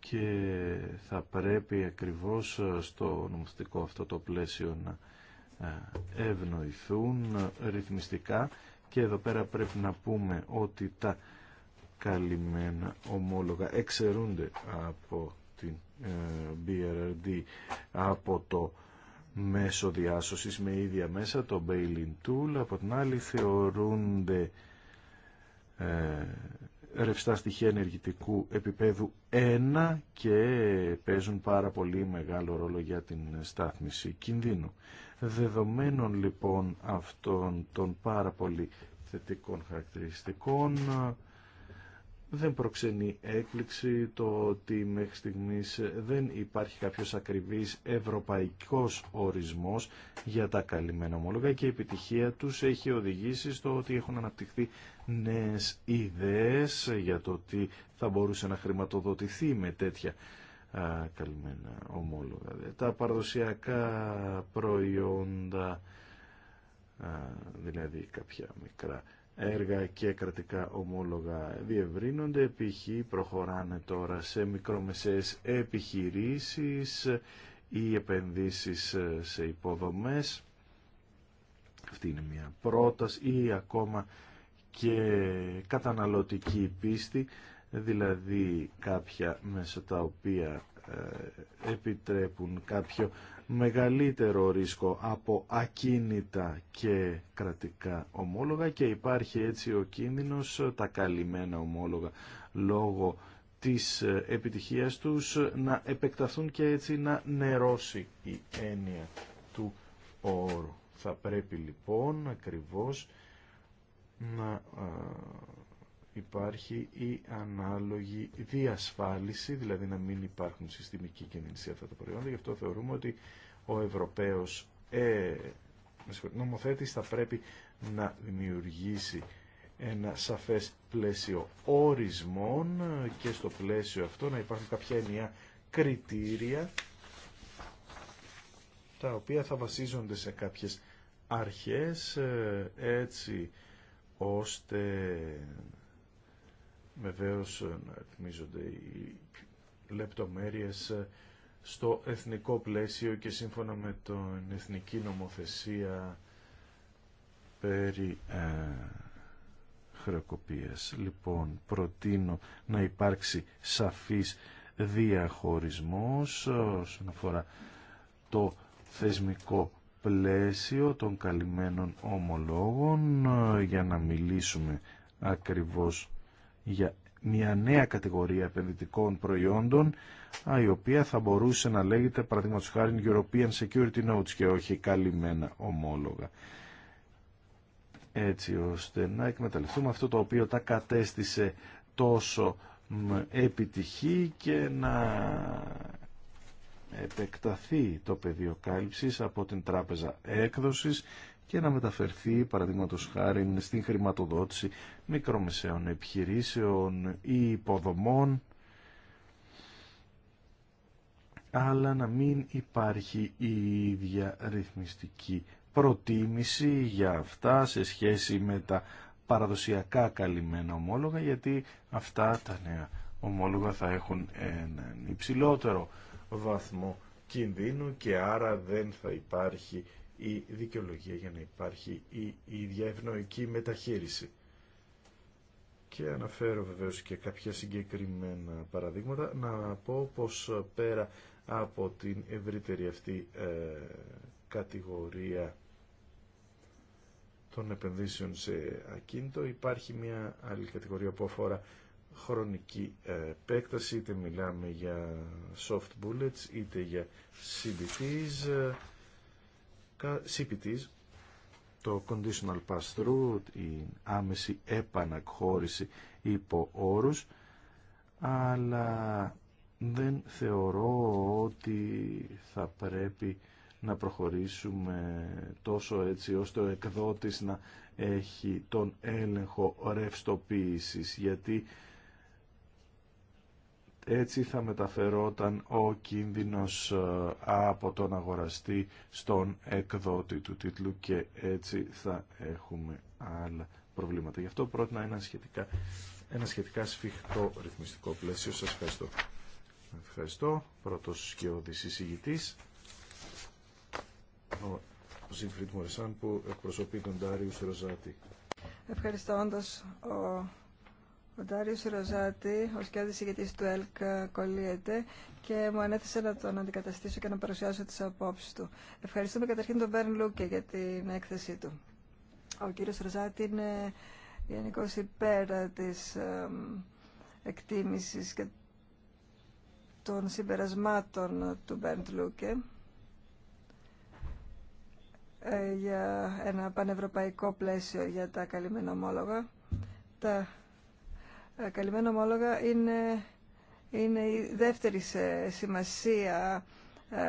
και θα πρέπει ακριβώς στο νομοθετικό αυτό το πλαίσιο να ευνοηθούν ρυθμιστικά και εδώ πέρα πρέπει να πούμε ότι τα καλυμμένα ομόλογα εξαιρούνται από την ε, BRRD από το μέσο διάσωσης με ίδια μέσα το bail tool από την άλλη θεωρούνται ε, ρευστά στοιχεία ενεργητικού επίπεδου 1 και παίζουν πάρα πολύ μεγάλο ρόλο για την στάθμιση κινδύνου. Δεδομένων λοιπόν αυτών των πάρα πολύ θετικών χαρακτηριστικών δεν προξενεί έκπληξη το ότι μέχρι στιγμής δεν υπάρχει κάποιος ακριβής ευρωπαϊκός ορισμός για τα καλυμμένα ομόλογα και η επιτυχία τους έχει οδηγήσει στο ότι έχουν αναπτυχθεί νέες ιδέες για το ότι θα μπορούσε να χρηματοδοτηθεί με τέτοια καλυμμένα ομόλογα. Ε, τα παραδοσιακά προϊόντα, δηλαδή κάποια μικρά έργα και κρατικά ομόλογα διευρύνονται. Π.χ. προχωράνε τώρα σε μικρομεσαίες επιχειρήσεις ή επενδύσεις σε υποδομές. Αυτή είναι μια πρόταση ή ακόμα και καταναλωτική πίστη, δηλαδή κάποια μέσα τα οποία ε, επιτρέπουν κάποιο μεγαλύτερο ρίσκο από ακίνητα και κρατικά ομόλογα και υπάρχει έτσι ο κίνδυνος τα καλυμμένα ομόλογα λόγω της ε, επιτυχίας τους να επεκταθούν και έτσι να νερώσει η έννοια του όρου. Θα πρέπει λοιπόν ακριβώς να υπάρχει η ανάλογη διασφάλιση, δηλαδή να μην υπάρχουν συστημικοί κινδύνοι αυτά τα προϊόντα. Γι' αυτό θεωρούμε ότι ο Ευρωπαίος ε, νομοθέτης θα πρέπει να δημιουργήσει ένα σαφές πλαίσιο ορισμών και στο πλαίσιο αυτό να υπάρχουν κάποια ενιαία κριτήρια τα οποία θα βασίζονται σε κάποιες αρχές ε, έτσι ώστε βεβαίως ε, να ρυθμίζονται οι λεπτομέρειες ε, στο εθνικό πλαίσιο και σύμφωνα με την εθνική νομοθεσία περί ε, χρεοκοπίας. Λοιπόν, προτείνω να υπάρξει σαφής διαχωρισμός ε, όσον αφορά το θεσμικό πλαίσιο των καλυμμένων ομολόγων για να μιλήσουμε ακριβώς για μια νέα κατηγορία επενδυτικών προϊόντων η οποία θα μπορούσε να λέγεται παραδείγματος χάρη European Security Notes και όχι καλυμμένα ομόλογα έτσι ώστε να εκμεταλλευτούμε αυτό το οποίο τα κατέστησε τόσο επιτυχή και να επεκταθεί το πεδίο κάλυψης από την τράπεζα έκδοσης και να μεταφερθεί παραδείγματο χάρη στην χρηματοδότηση μικρομεσαίων επιχειρήσεων ή υποδομών αλλά να μην υπάρχει η ίδια ρυθμιστική προτίμηση για αυτά σε σχέση με τα παραδοσιακά καλυμμένα ομόλογα γιατί αυτά τα νέα ομόλογα θα έχουν έναν υψηλότερο βαθμό κινδύνου και άρα δεν θα υπάρχει η δικαιολογία για να υπάρχει η ίδια ευνοϊκή μεταχείριση. Και αναφέρω βεβαίως και κάποια συγκεκριμένα παραδείγματα. Να πω πως πέρα από την ευρύτερη αυτή ε, κατηγορία των επενδύσεων σε ακίνητο υπάρχει μια άλλη κατηγορία που αφορά χρονική ε, επέκταση είτε μιλάμε για soft bullets είτε για CBTs CPTs, το conditional pass-through, η άμεση επανακχώρηση υπό όρους, αλλά δεν θεωρώ ότι θα πρέπει να προχωρήσουμε τόσο έτσι ώστε ο εκδότης να έχει τον έλεγχο ρευστοποίησης γιατί έτσι θα μεταφερόταν ο κίνδυνος ε, από τον αγοραστή στον εκδότη του τίτλου και έτσι θα έχουμε άλλα προβλήματα. Γι' αυτό πρότεινα ένα σχετικά, ένα σχετικά σφιχτό ρυθμιστικό πλαίσιο. Σας ευχαριστώ. Ευχαριστώ. Πρώτος και ο δυσυσυγητής, ο Ζήμφριτ Μωρισάν, που εκπροσωπεί τον Τάριους Ροζάτη. Ευχαριστώ όντως. Ο ο Ντάριος Ροζάτη, ο σκιάδης ηγετής του ΕΛΚ, κολλείεται και μου ανέθεσε να τον αντικαταστήσω και να παρουσιάσω τις απόψεις του. Ευχαριστούμε καταρχήν τον Μπέρν Λούκε για την έκθεσή του. Ο κύριος Ροζάτη είναι γενικώ υπέρ της εκτίμησης και των συμπερασμάτων του Μπέρντ Λούκε ε, για ένα πανευρωπαϊκό πλαίσιο για τα καλυμμένα ομόλογα καλυμμένα ομόλογα είναι, είναι η δεύτερη σημασία ε,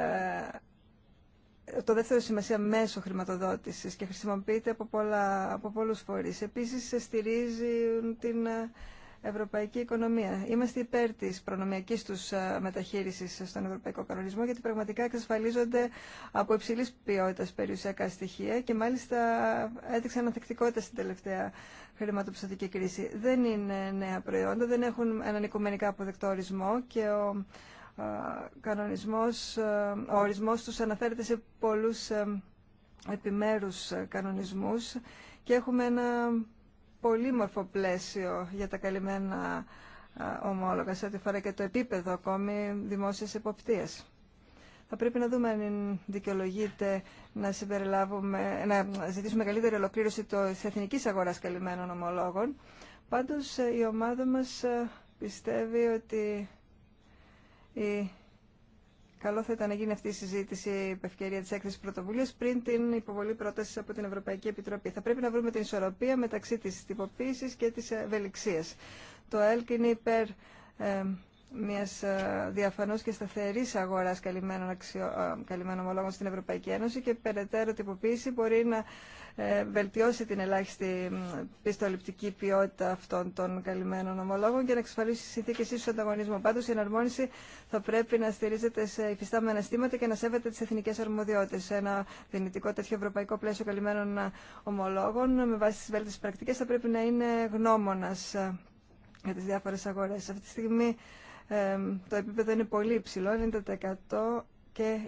το δεύτερο σημασία μέσο χρηματοδότησης και χρησιμοποιείται από, πολλά, από πολλούς φορείς. Επίσης στηρίζει την ευρωπαϊκή οικονομία. Είμαστε υπέρ τη προνομιακή του ε, μεταχείριση στον ευρωπαϊκό κανονισμό, γιατί πραγματικά εξασφαλίζονται από υψηλή ποιότητα περιουσιακά στοιχεία και μάλιστα έδειξαν ανθεκτικότητα στην τελευταία χρηματοπιστωτική κρίση. Δεν είναι νέα προϊόντα, δεν έχουν έναν οικουμενικά αποδεκτό ορισμό και ο κανονισμός, ο ορισμός τους αναφέρεται σε πολλούς επιμέρους κανονισμούς και έχουμε ένα πολύμορφο πλαίσιο για τα καλυμμένα ομόλογα σε ό,τι φορά και το επίπεδο ακόμη δημόσιας εποπτείας θα πρέπει να δούμε αν δικαιολογείται να, να ζητήσουμε καλύτερη ολοκλήρωση της εθνικής αγοράς καλυμμένων ομολόγων. Πάντως η ομάδα μας ε, πιστεύει ότι η... καλό θα ήταν να γίνει αυτή η συζήτηση υπ' ευκαιρία της έκθεσης πρωτοβουλίας πριν την υποβολή πρότασης από την Ευρωπαϊκή Επιτροπή. Θα πρέπει να βρούμε την ισορροπία μεταξύ της τυποποίηση και της ευελιξίας. Το ΕΛΚ είναι υπέρ ε, μιας ε, διαφανώ και σταθερής αγοράς καλυμμένων, αξιο... Ε, καλυμμένων ομολόγων στην Ευρωπαϊκή Ένωση και περαιτέρω τυποποίηση μπορεί να ε, βελτιώσει την ελάχιστη πιστοληπτική ποιότητα αυτών των καλυμμένων ομολόγων και να εξασφαλίσει συνθήκε ίσου ανταγωνισμού. Πάντω, η εναρμόνιση θα πρέπει να στηρίζεται σε υφιστάμενα στήματα και να σέβεται τι εθνικέ αρμοδιότητε. Ένα δυνητικό τέτοιο ευρωπαϊκό πλαίσιο καλυμμένων ομολόγων με βάση τι βέλτιστε πρακτικέ θα πρέπει να είναι γνώμονα για τι διάφορε αγορέ. Αυτή τη στιγμή το επίπεδο είναι πολύ υψηλό, 90% και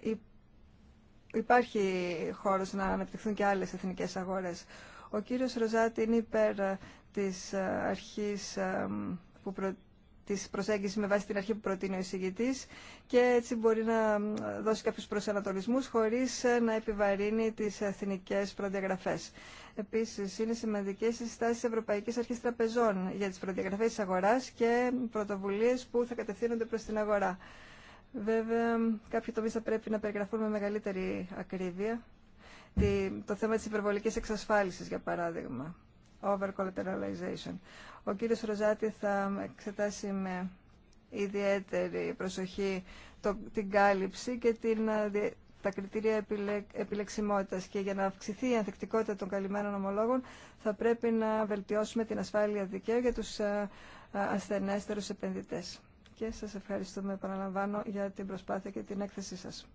υπάρχει χώρος να αναπτυχθούν και άλλες εθνικές αγορές. Ο κύριος Ροζάτη είναι υπέρ ε, της ε, αρχής που προ... της προσέγγισης με βάση την αρχή που προτείνει ο εισηγητής και έτσι μπορεί να δώσει κάποιους προσανατολισμούς χωρίς ε, να επιβαρύνει τις εθνικές προδιαγραφές. Επίση, είναι σημαντικέ οι συστάσει τη Ευρωπαϊκή Αρχή Τραπεζών για τι προδιαγραφέ τη αγορά και πρωτοβουλίε που θα κατευθύνονται προ την αγορά. Βέβαια, κάποιοι τομεί θα πρέπει να περιγραφούν με μεγαλύτερη ακρίβεια. Το θέμα τη υπερβολική εξασφάλιση, για παράδειγμα. Over collateralization. Ο κύριος Ροζάτη θα εξετάσει με ιδιαίτερη προσοχή την κάλυψη και την ε, τα κριτήρια επιλεξιμότητας και για να αυξηθεί η ανθεκτικότητα των καλυμμένων ομολόγων θα πρέπει να βελτιώσουμε την ασφάλεια δικαίου για τους ε, ε, ασθενέστερους επενδυτές. Και σας ευχαριστούμε, επαναλαμβάνω, για την προσπάθεια και την έκθεσή σας.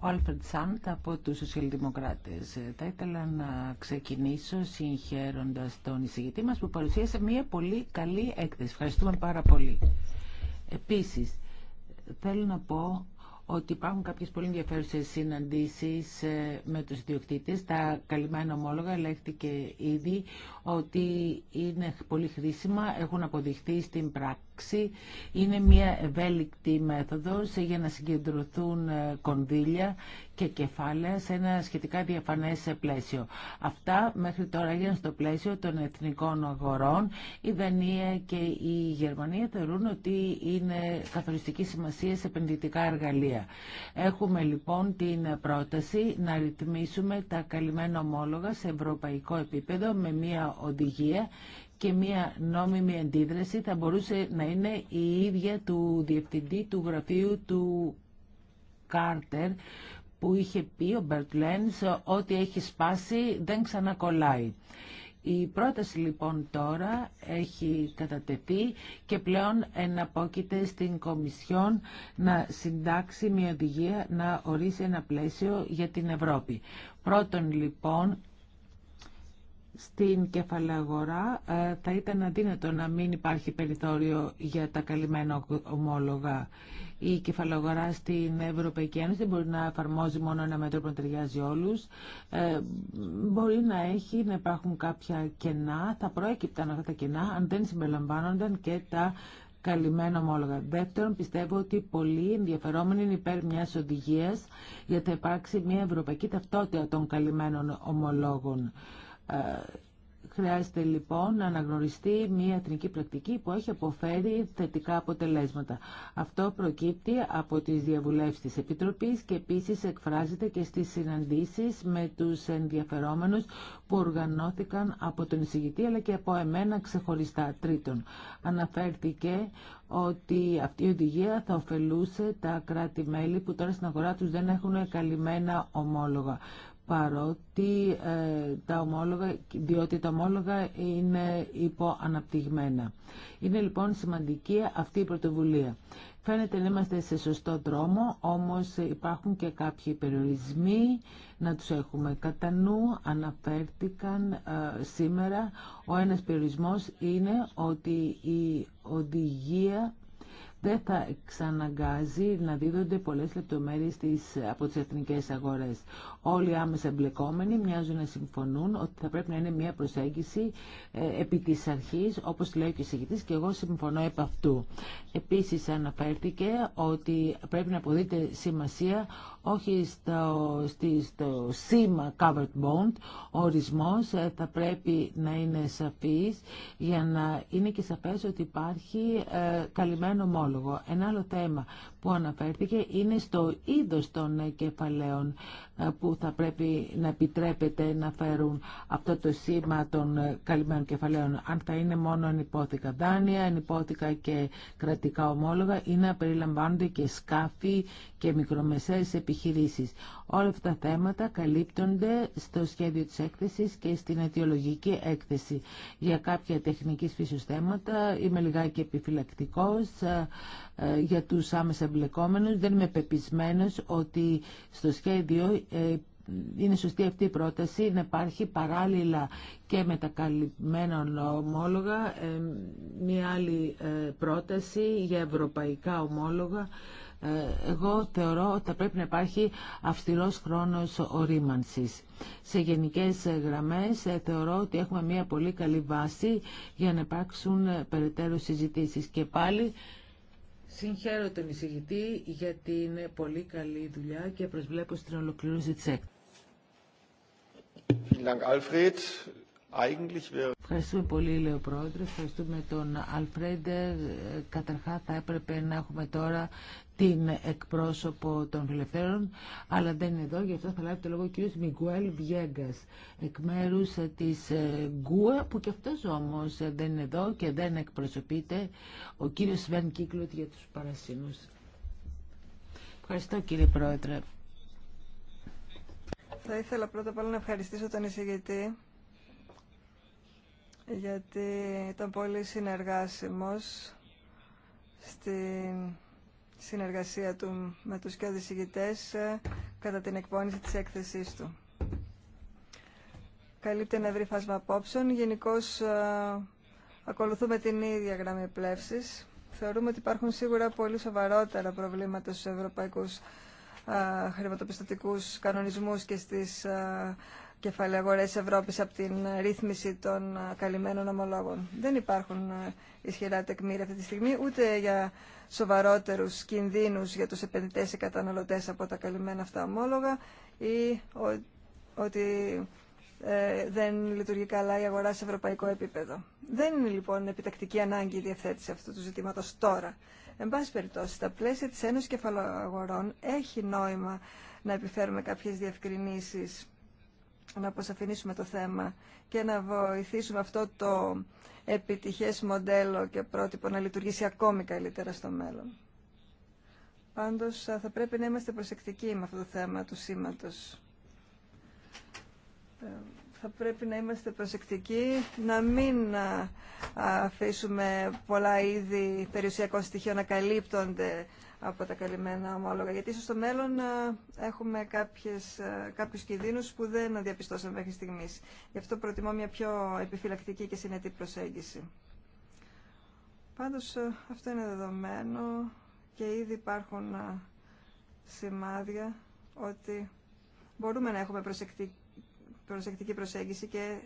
Ο Άλφρεντ Σάντ από τους Σοσιαλδημοκράτες. Ε, θα ήθελα να ξεκινήσω συγχαίροντας τον εισηγητή μας που παρουσίασε μια πολύ καλή έκθεση. Ευχαριστούμε πάρα πολύ. Επίσης, θέλω να πω ότι υπάρχουν κάποιες πολύ ενδιαφέρουσες συναντήσεις ε, με τους διοκτήτες. Τα καλυμμένα ομόλογα και ήδη ότι είναι πολύ χρήσιμα, έχουν αποδειχθεί στην πράξη. Είναι μια ευέλικτη μέθοδος για να συγκεντρωθούν ε, κονδύλια και κεφάλαια σε ένα σχετικά διαφανές πλαίσιο. Αυτά μέχρι τώρα έγιναν στο πλαίσιο των εθνικών αγορών. Η Δανία και η Γερμανία θεωρούν ότι είναι καθοριστική σημασία σε επενδυτικά εργαλεία. Έχουμε λοιπόν την πρόταση να ρυθμίσουμε τα καλυμμένα ομόλογα σε ευρωπαϊκό επίπεδο με μια οδηγία και μια νόμιμη αντίδραση θα μπορούσε να είναι η ίδια του Διευθυντή του Γραφείου του Κάρτερ που είχε πει ο Μπερτ ότι έχει σπάσει δεν ξανακολλάει. Η πρόταση λοιπόν τώρα έχει κατατεθεί και πλέον εναπόκειται στην Κομισιόν να συντάξει μια οδηγία να ορίσει ένα πλαίσιο για την Ευρώπη. Πρώτον λοιπόν στην κεφαλαγορά ε, θα ήταν αδύνατο να μην υπάρχει περιθώριο για τα καλυμμένα ομόλογα. Η κεφαλαγορά στην Ευρωπαϊκή Ένωση δεν μπορεί να εφαρμόζει μόνο ένα μέτρο που να ταιριάζει όλου. Ε, μπορεί να έχει, να υπάρχουν κάποια κενά. Θα προέκυπταν αυτά τα κενά αν δεν συμπεριλαμβάνονταν και τα καλυμμένα ομόλογα. Δεύτερον, πιστεύω ότι πολλοί ενδιαφερόμενοι είναι υπέρ μια οδηγία για να υπάρξει μια ευρωπαϊκή ταυτότητα των καλυμμένων ομολόγων. Ε, χρειάζεται λοιπόν να αναγνωριστεί μια εθνική πρακτική που έχει αποφέρει θετικά αποτελέσματα. Αυτό προκύπτει από τις διαβουλεύσεις της Επιτροπής και επίσης εκφράζεται και στις συναντήσεις με τους ενδιαφερόμενους που οργανώθηκαν από τον εισηγητή αλλά και από εμένα ξεχωριστά. Τρίτον, αναφέρθηκε ότι αυτή η οδηγία θα ωφελούσε τα κράτη-μέλη που τώρα στην αγορά τους δεν έχουν καλυμμένα ομόλογα παρότι ε, τα ομόλογα, διότι τα ομόλογα είναι υποαναπτυγμένα. Είναι λοιπόν σημαντική αυτή η πρωτοβουλία. Φαίνεται να είμαστε σε σωστό δρόμο, όμως υπάρχουν και κάποιοι περιορισμοί να τους έχουμε κατά νου. Αναφέρθηκαν ε, σήμερα. Ο ένας περιορισμός είναι ότι η οδηγία δεν θα ξαναγκάζει να δίδονται πολλές λεπτομέρειες από τις εθνικές αγορές. Όλοι άμεσα εμπλεκόμενοι μοιάζουν να συμφωνούν ότι θα πρέπει να είναι μια προσέγγιση ε, επί της αρχής, όπως λέει και ο συγκητής, και εγώ συμφωνώ επ' αυτού. Επίσης αναφέρθηκε ότι πρέπει να αποδείτε σημασία όχι στο, στο σήμα covered bond. Ο ορισμός ε, θα πρέπει να είναι σαφής για να είναι και σαφές ότι υπάρχει ε, καλυμμένο ομόλογο. Ένα άλλο θέμα που αναφέρθηκε είναι στο είδος των κεφαλαίων ε, που θα πρέπει να επιτρέπεται να φέρουν αυτό το σήμα των καλυμμένων κεφαλαίων. Αν θα είναι μόνο ενυπόθηκα δάνεια, ενυπόθηκα και κρατικά ομόλογα ή να περιλαμβάνονται και σκάφη και μικρομεσαίες επιχειρήσεις. Όλα αυτά τα θέματα καλύπτονται στο σχέδιο της έκθεσης και στην αιτιολογική έκθεση. Για κάποια τεχνικής φύσεως θέματα είμαι λιγάκι επιφυλακτικός ε, ε, για τους άμεσα εμπλεκόμενους. Δεν είμαι πεπισμένος ότι στο σχέδιο ε, είναι σωστή αυτή η πρόταση να υπάρχει παράλληλα και με τα καλυμμένα ομόλογα μια άλλη πρόταση για ευρωπαϊκά ομόλογα εγώ θεωρώ ότι θα πρέπει να υπάρχει αυστηρός χρόνος ορίμανσης. Σε γενικές γραμμές ε, θεωρώ ότι έχουμε μια πολύ καλή βάση για να υπάρξουν ε, περαιτέρω συζητήσεις. Και πάλι συγχαίρω τον εισηγητή γιατί την πολύ καλή δουλειά και προσβλέπω στην ολοκλήρωση της έκθεσης. Ευχαριστούμε πολύ, λέει ο Ευχαριστούμε τον Αλφρέντερ. Καταρχά, θα έπρεπε να έχουμε τώρα την εκπρόσωπο των φιλελευθέρων, αλλά δεν είναι εδώ, γι' αυτό θα λάβει το λόγο ο κ. Μιγκουέλ Βιέγκας, εκ μέρου της ε, Γκουα, που κι αυτός όμως δεν είναι εδώ και δεν εκπροσωπείται, ο κύριος Σβέν Κίκλουτ για τους Παρασύνους. Ευχαριστώ κύριε Πρόεδρε. Θα ήθελα πρώτα απ' όλα να ευχαριστήσω τον εισηγητή γιατί ήταν πολύ συνεργάσιμος στην συνεργασία του με τους και οδησηγητές ε, κατά την εκπόνηση της έκθεσής του. Καλύπτει ένα ευρύ φάσμα απόψεων. Γενικώ ε, ακολουθούμε την ίδια γραμμή πλεύσης. Θεωρούμε ότι υπάρχουν σίγουρα πολύ σοβαρότερα προβλήματα στους ευρωπαϊκούς ε, χρηματοπιστωτικούς κανονισμούς και στις κεφαλαίου αγορές Ευρώπη από την ρύθμιση των ε, καλυμμένων ομολόγων. Δεν υπάρχουν ε, ισχυρά τεκμήρια αυτή τη στιγμή, ούτε για σοβαρότερου κινδύνου για του επενδυτέ ε, η αγορά σε ευρωπαϊκό επίπεδο. Δεν είναι λοιπόν επιτακτική ανάγκη η διευθέτηση αυτού του ζητήματος τώρα. Εν πάση περιπτώσει, στα πλαίσια τη Ένωσης Κεφαλαγορών έχει νόημα να επιφέρουμε κάποιε διευκρινήσει να αποσαφηνίσουμε το θέμα και να βοηθήσουμε αυτό το επιτυχές μοντέλο και πρότυπο να λειτουργήσει ακόμη καλύτερα στο μέλλον. Πάντως θα πρέπει να είμαστε προσεκτικοί με αυτό το θέμα του σήματος. Ε, θα πρέπει να είμαστε προσεκτικοί, να μην αφήσουμε πολλά είδη περιουσιακών στοιχείων να καλύπτονται από τα καλυμμένα ομόλογα, γιατί στο μέλλον ε, έχουμε κάποιου ε, κάποιους που δεν διαπιστώσαμε μέχρι στιγμή. Γι' αυτό προτιμώ μια πιο επιφυλακτική και συνετή προσέγγιση. Πάντως ε, αυτό είναι δεδομένο και ήδη υπάρχουν σημάδια ότι μπορούμε να έχουμε προσεκτική, προσεκτική προσέγγιση και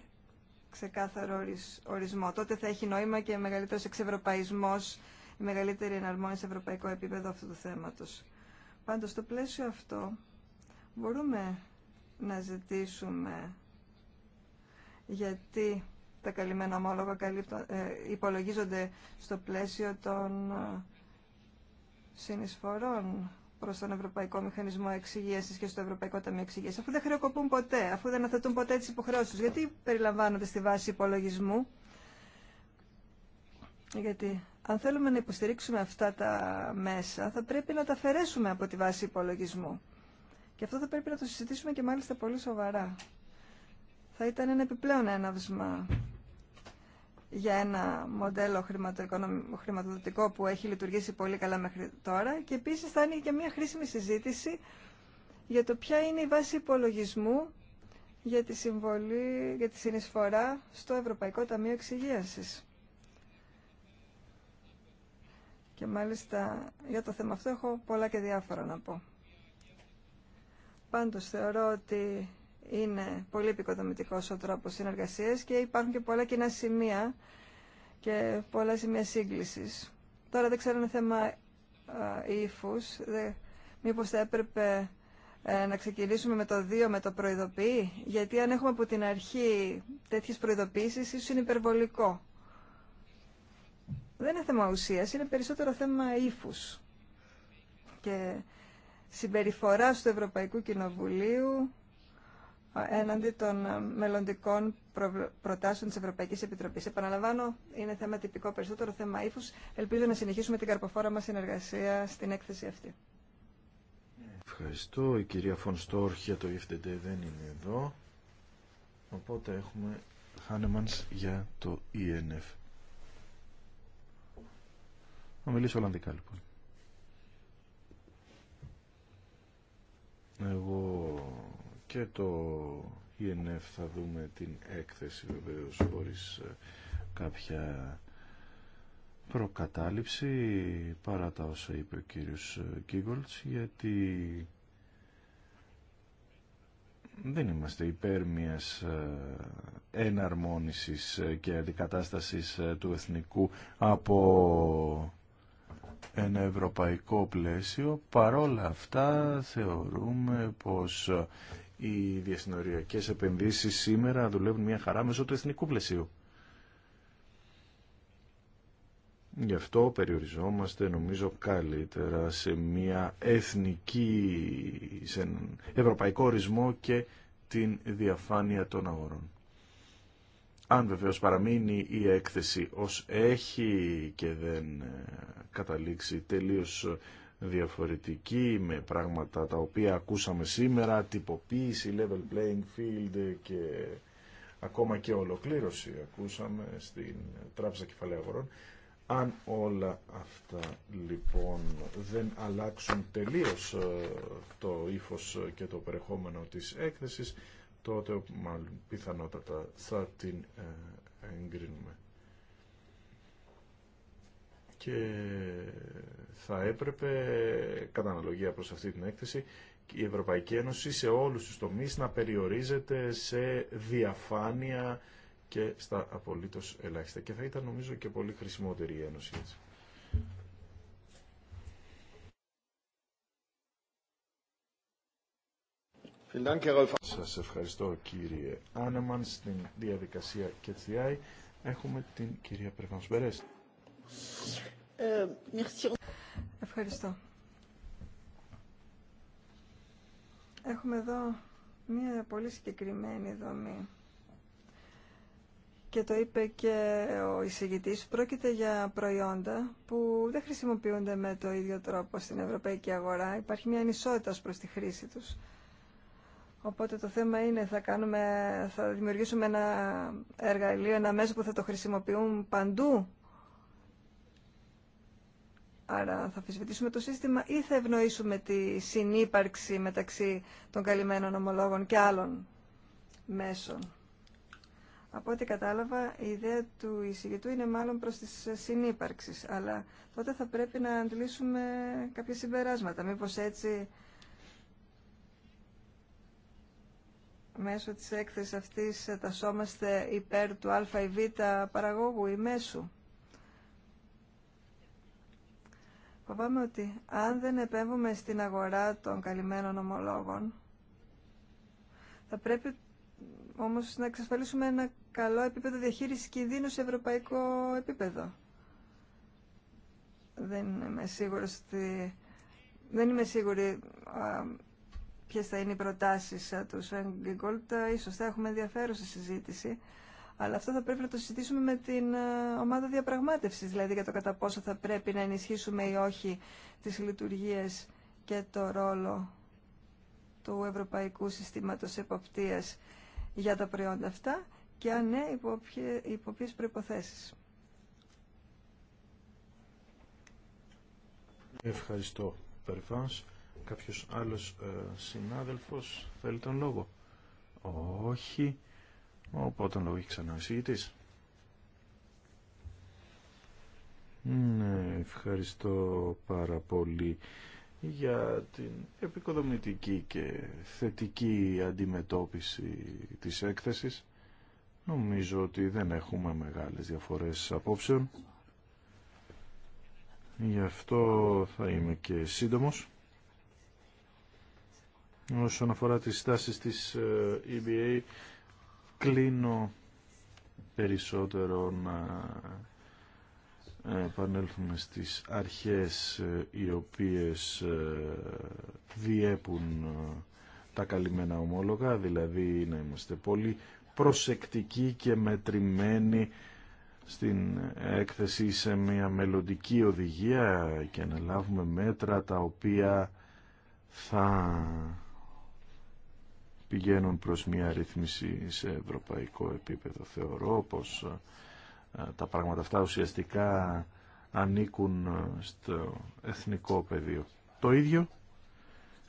ξεκάθαρο ορισμό. Τότε θα έχει νόημα και μεγαλύτερος εξευρωπαϊσμός η μεγαλύτερη εναρμόνιση σε ευρωπαϊκό επίπεδο αυτού του θέματος. Πάντως, στο πλαίσιο αυτό μπορούμε να ζητήσουμε γιατί τα καλυμμένα ομόλογα ε, υπολογίζονται στο πλαίσιο των ε, συνεισφορών προ τον Ευρωπαϊκό Μηχανισμό Εξυγίαση και στο Ευρωπαϊκό Ταμείο Εξυγίαση, αφού δεν χρεοκοπούν ποτέ, αφού δεν αθετούν ποτέ τι υποχρεώσει Γιατί περιλαμβάνονται στη βάση υπολογισμού, γιατί αν θέλουμε να υποστηρίξουμε αυτά τα μέσα, θα πρέπει να τα αφαιρέσουμε από τη βάση υπολογισμού. Και αυτό θα πρέπει να το συζητήσουμε και μάλιστα πολύ σοβαρά. Θα ήταν ένα επιπλέον έναυσμα για ένα μοντέλο χρηματοδοτικό που έχει λειτουργήσει πολύ καλά μέχρι τώρα και επίσης θα είναι και μια χρήσιμη συζήτηση για το ποια είναι η βάση υπολογισμού για τη συμβολή, για τη συνεισφορά στο Ευρωπαϊκό Ταμείο Εξυγίασης. Και μάλιστα για το θέμα αυτό έχω πολλά και διάφορα να πω. Πάντως θεωρώ ότι είναι πολύ επικοδομητικός ο τρόπος συνεργασίας και υπάρχουν και πολλά κοινά σημεία και πολλά σημεία σύγκλησης. Τώρα δεν ξέρω αν είναι θέμα ύφους. Μήπως θα έπρεπε ε, να ξεκινήσουμε με το δύο, με το προειδοποιεί, γιατί αν έχουμε από την αρχή τέτοιες προειδοποίησεις, ίσως είναι υπερβολικό δεν είναι θέμα ουσίας, είναι περισσότερο θέμα ύφους και συμπεριφοράς του Ευρωπαϊκού Κοινοβουλίου έναντι των μελλοντικών προτάσεων της Ευρωπαϊκής Επιτροπής. Επαναλαμβάνω, είναι θέμα τυπικό, περισσότερο θέμα ύφους. Ελπίζω να συνεχίσουμε την καρποφόρα μας συνεργασία στην έκθεση αυτή. Ευχαριστώ. Η κυρία Φωνστόρχ για το EFTD δεν είναι εδώ. Οπότε έχουμε Χάνεμανς για το ENF. Θα μιλήσω Ολλανδικά λοιπόν. Εγώ και το ΙΕΝΕΦ θα δούμε την έκθεση βεβαίως χωρίς ε, κάποια προκατάληψη παρά τα όσα είπε ο κύριος ε, Κίγκολτς γιατί δεν είμαστε υπέρ μιας ε, εναρμόνισης και αντικατάστασης του εθνικού από ένα ευρωπαϊκό πλαίσιο. Παρόλα αυτά θεωρούμε πως οι διασυνοριακές επενδύσεις σήμερα δουλεύουν μια χαρά μέσω του εθνικού πλαισίου. Γι' αυτό περιοριζόμαστε νομίζω καλύτερα σε μια εθνική, σε ευρωπαϊκό ορισμό και την διαφάνεια των αγορών αν βεβαίως παραμείνει η έκθεση ως έχει και δεν ε, καταλήξει τελείως διαφορετική με πράγματα τα οποία ακούσαμε σήμερα, τυποποίηση, level playing field και ακόμα και ολοκλήρωση ακούσαμε στην Τράπεζα Κεφαλαίου Αγορών. Αν όλα αυτά λοιπόν δεν αλλάξουν τελείως ε, το ύφος και το περιεχόμενο της έκθεσης, τότε μάλλον πιθανότατα θα την ε, εγκρίνουμε. Και θα έπρεπε, κατά αναλογία προς αυτή την έκθεση, η Ευρωπαϊκή Ένωση σε όλους τους τομείς να περιορίζεται σε διαφάνεια και στα απολύτως ελάχιστα. Και θα ήταν νομίζω και πολύ χρησιμότερη η Ένωση έτσι. Σας ευχαριστώ κύριε Άνεμαν στην διαδικασία ΚΕΤΣΙΑΙ. Έχουμε την κυρία Περβάνος Μπερές. Ευχαριστώ. Έχουμε εδώ μία πολύ συγκεκριμένη δομή. Και το είπε και ο εισηγητής, πρόκειται για προϊόντα που δεν χρησιμοποιούνται με το ίδιο τρόπο στην ευρωπαϊκή αγορά. Υπάρχει μια ανισότητα προς τη χρήση τους. Οπότε το θέμα είναι θα, κάνουμε, θα δημιουργήσουμε ένα εργαλείο, ένα μέσο που θα το χρησιμοποιούν παντού. Άρα θα αφισβητήσουμε το σύστημα ή θα ευνοήσουμε τη συνύπαρξη μεταξύ των καλυμμένων ομολόγων και άλλων μέσων. Από ό,τι κατάλαβα, η ιδέα του εισηγητού είναι μάλλον προς τις συνύπαρξεις, αλλά τότε θα πρέπει να αντλήσουμε κάποια συμπεράσματα. Μήπως έτσι μέσω της έκθεσης αυτής ε, τασόμαστε υπέρ του α ή β παραγόγου ή μέσου. Φοβάμαι ότι αν δεν επέμβουμε στην αγορά των καλυμμένων ομολόγων, θα πρέπει όμως να εξασφαλίσουμε ένα καλό επίπεδο διαχείρισης κινδύνου σε ευρωπαϊκό επίπεδο. Δεν είμαι σίγουρη ότι... Δεν είμαι σίγουρη ποιε θα είναι οι προτάσει ε, του Σουέν Γκίγκολτ. σω θα έχουμε ενδιαφέρουσα συζήτηση. Αλλά αυτό θα πρέπει να το συζητήσουμε με την ε, ομάδα διαπραγμάτευση, δηλαδή για το κατά πόσο θα πρέπει να ενισχύσουμε ή όχι τι λειτουργίε και το ρόλο του Ευρωπαϊκού Συστήματος Εποπτείας για τα προϊόντα αυτά και αν ναι, υπό, ποιε, προποθέσει. Ευχαριστώ, Περφάνς κάποιος άλλος ε, συνάδελφος θέλει τον λόγο. Όχι. Οπότε τον λόγο έχει ξανά ο εισηγητής. Ναι, ευχαριστώ πάρα πολύ για την επικοδομητική και θετική αντιμετώπιση της έκθεσης. Νομίζω ότι δεν έχουμε μεγάλες διαφορές απόψεων. Γι' αυτό θα είμαι και σύντομος όσον αφορά τις στάσεις της ε, EBA κλείνω περισσότερο να ε, επανέλθουμε στις αρχές ε, οι οποίες διέπουν τα καλυμμένα ομόλογα, δηλαδή να είμαστε πολύ προσεκτικοί και μετρημένοι στην έκθεση σε μια μελλοντική οδηγία και να λάβουμε μέτρα τα οποία θα πηγαίνουν προς μια ρύθμιση σε ευρωπαϊκό επίπεδο. Θεωρώ πως ε, τα πράγματα αυτά ουσιαστικά ανήκουν ε, στο εθνικό πεδίο. Το ίδιο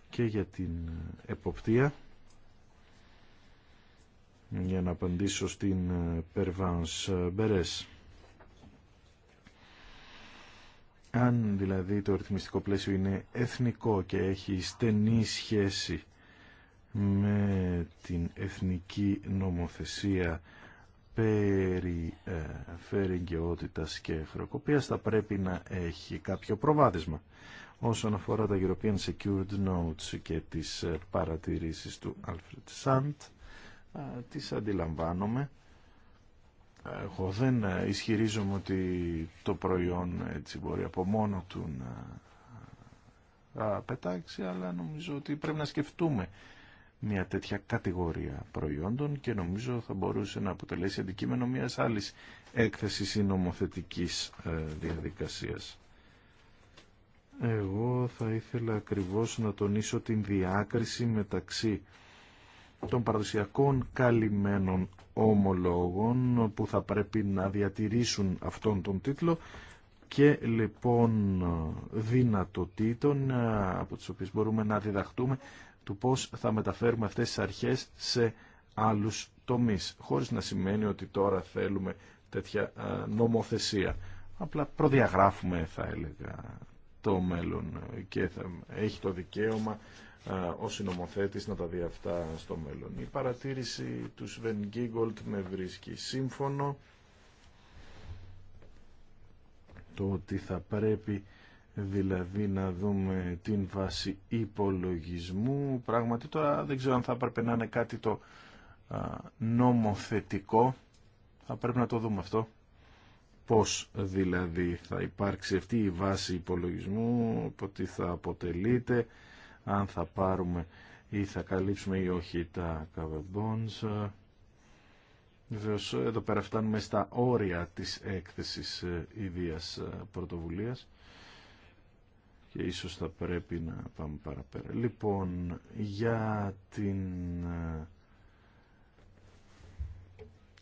και για την εποπτεία. Για να απαντήσω στην ε, Περβάνς Μπερές. Αν δηλαδή το ρυθμιστικό πλαίσιο είναι εθνικό και έχει στενή σχέση με την εθνική νομοθεσία περί ε, φερεγγαιότητας και χρεοκοπίας θα πρέπει να έχει κάποιο προβάδισμα. Όσον αφορά τα European Secured Notes και τις ε, παρατηρήσεις του Alfred Sand, ε, τις αντιλαμβάνομαι. Εγώ δεν ισχυρίζομαι ότι το προϊόν έτσι μπορεί από μόνο του να πετάξει, αλλά νομίζω ότι πρέπει να σκεφτούμε μια τέτοια κατηγορία προϊόντων και νομίζω θα μπορούσε να αποτελέσει αντικείμενο μιας άλλης έκθεσης ή νομοθετικής ε, διαδικασίας. Εγώ θα ήθελα ακριβώς να τονίσω την διάκριση μεταξύ των παραδοσιακών καλυμμένων ομολόγων που θα πρέπει να διατηρήσουν αυτόν τον τίτλο και λοιπόν δυνατοτήτων ε, από τις οποίες μπορούμε να διδαχτούμε του πώς θα μεταφέρουμε αυτές τις αρχές σε άλλους τομείς, χωρίς να σημαίνει ότι τώρα θέλουμε τέτοια νομοθεσία. Απλά προδιαγράφουμε, θα έλεγα, το μέλλον και έχει το δικαίωμα ο συνομοθέτης να τα δει αυτά στο μέλλον. Η παρατήρηση του Σβεν Γκίγκολτ με βρίσκει σύμφωνο το ότι θα πρέπει δηλαδή να δούμε την βάση υπολογισμού. Πράγματι τώρα δεν ξέρω αν θα έπρεπε να είναι κάτι το νομοθετικό. Θα πρέπει να το δούμε αυτό. Πώς δηλαδή θα υπάρξει αυτή η βάση υπολογισμού, από τι θα αποτελείται, αν θα πάρουμε ή θα καλύψουμε ή όχι τα cover bonds. εδώ πέρα φτάνουμε στα όρια της έκθεσης ε, ιδίας ε, πρωτοβουλίας και ίσως θα πρέπει να πάμε παραπέρα. Λοιπόν, για την ε,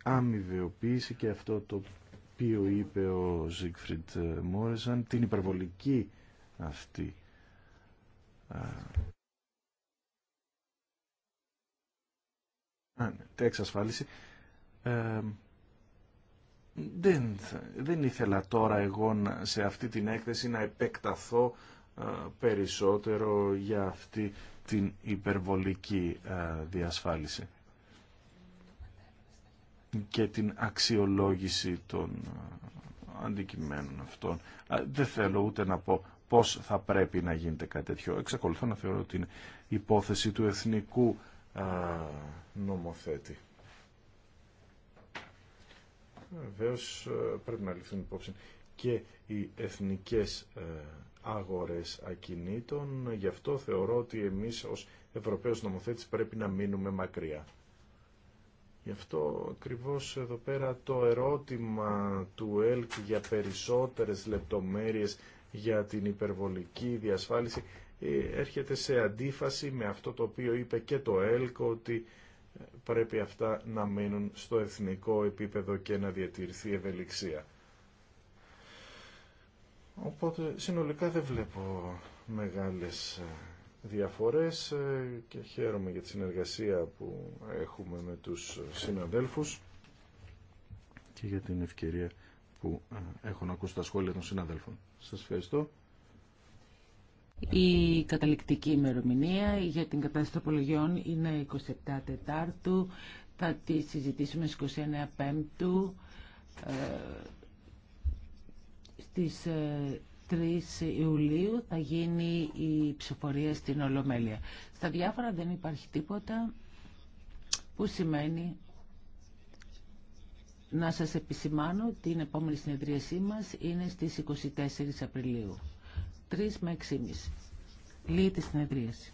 αμοιβεοποίηση και αυτό το οποίο είπε ο Ζίγκφριντ Μόρεσαν, την υπερβολική αυτή ε, ναι, εξασφάλιση ε, δεν, δεν ήθελα τώρα εγώ σε αυτή την έκθεση να επεκταθώ περισσότερο για αυτή την υπερβολική διασφάλιση και την αξιολόγηση των αντικειμένων αυτών. Δεν θέλω ούτε να πω πώς θα πρέπει να γίνεται κάτι τέτοιο. Εξακολουθώ να θεωρώ την υπόθεση του εθνικού νομοθέτη. Βεβαίω πρέπει να ληφθούν υπόψη και οι εθνικές ε, αγορές ακινήτων. Γι' αυτό θεωρώ ότι εμείς ως Ευρωπαίος νομοθέτης πρέπει να μείνουμε μακριά. Γι' αυτό ακριβώ εδώ πέρα το ερώτημα του ΕΛΚ για περισσότερες λεπτομέρειες για την υπερβολική διασφάλιση ε, έρχεται σε αντίφαση με αυτό το οποίο είπε και το ΕΛΚ ότι ε, πρέπει αυτά να μείνουν στο εθνικό επίπεδο και να διατηρηθεί ευελιξία. Οπότε συνολικά δεν βλέπω μεγάλες ε, διαφορές ε, και χαίρομαι για τη συνεργασία που έχουμε με τους ε, συναδέλφους και για την ευκαιρία που έχω να ακούσω τα σχόλια των συναδέλφων. Σας ευχαριστώ. Η καταληκτική ημερομηνία για την κατάσταση απολογιών είναι 27 Τετάρτου. Θα τη συζητήσουμε στις 29 Πέμπτου. Στις 3 ε, Ιουλίου θα γίνει η ψηφορία στην Ολομέλεια. Στα διάφορα δεν υπάρχει τίποτα που σημαίνει να σας επισημάνω ότι την επόμενη συνεδρίασή μας είναι στις 24 Απριλίου. 3 με 6.30. Λύει τη συνεδρίαση.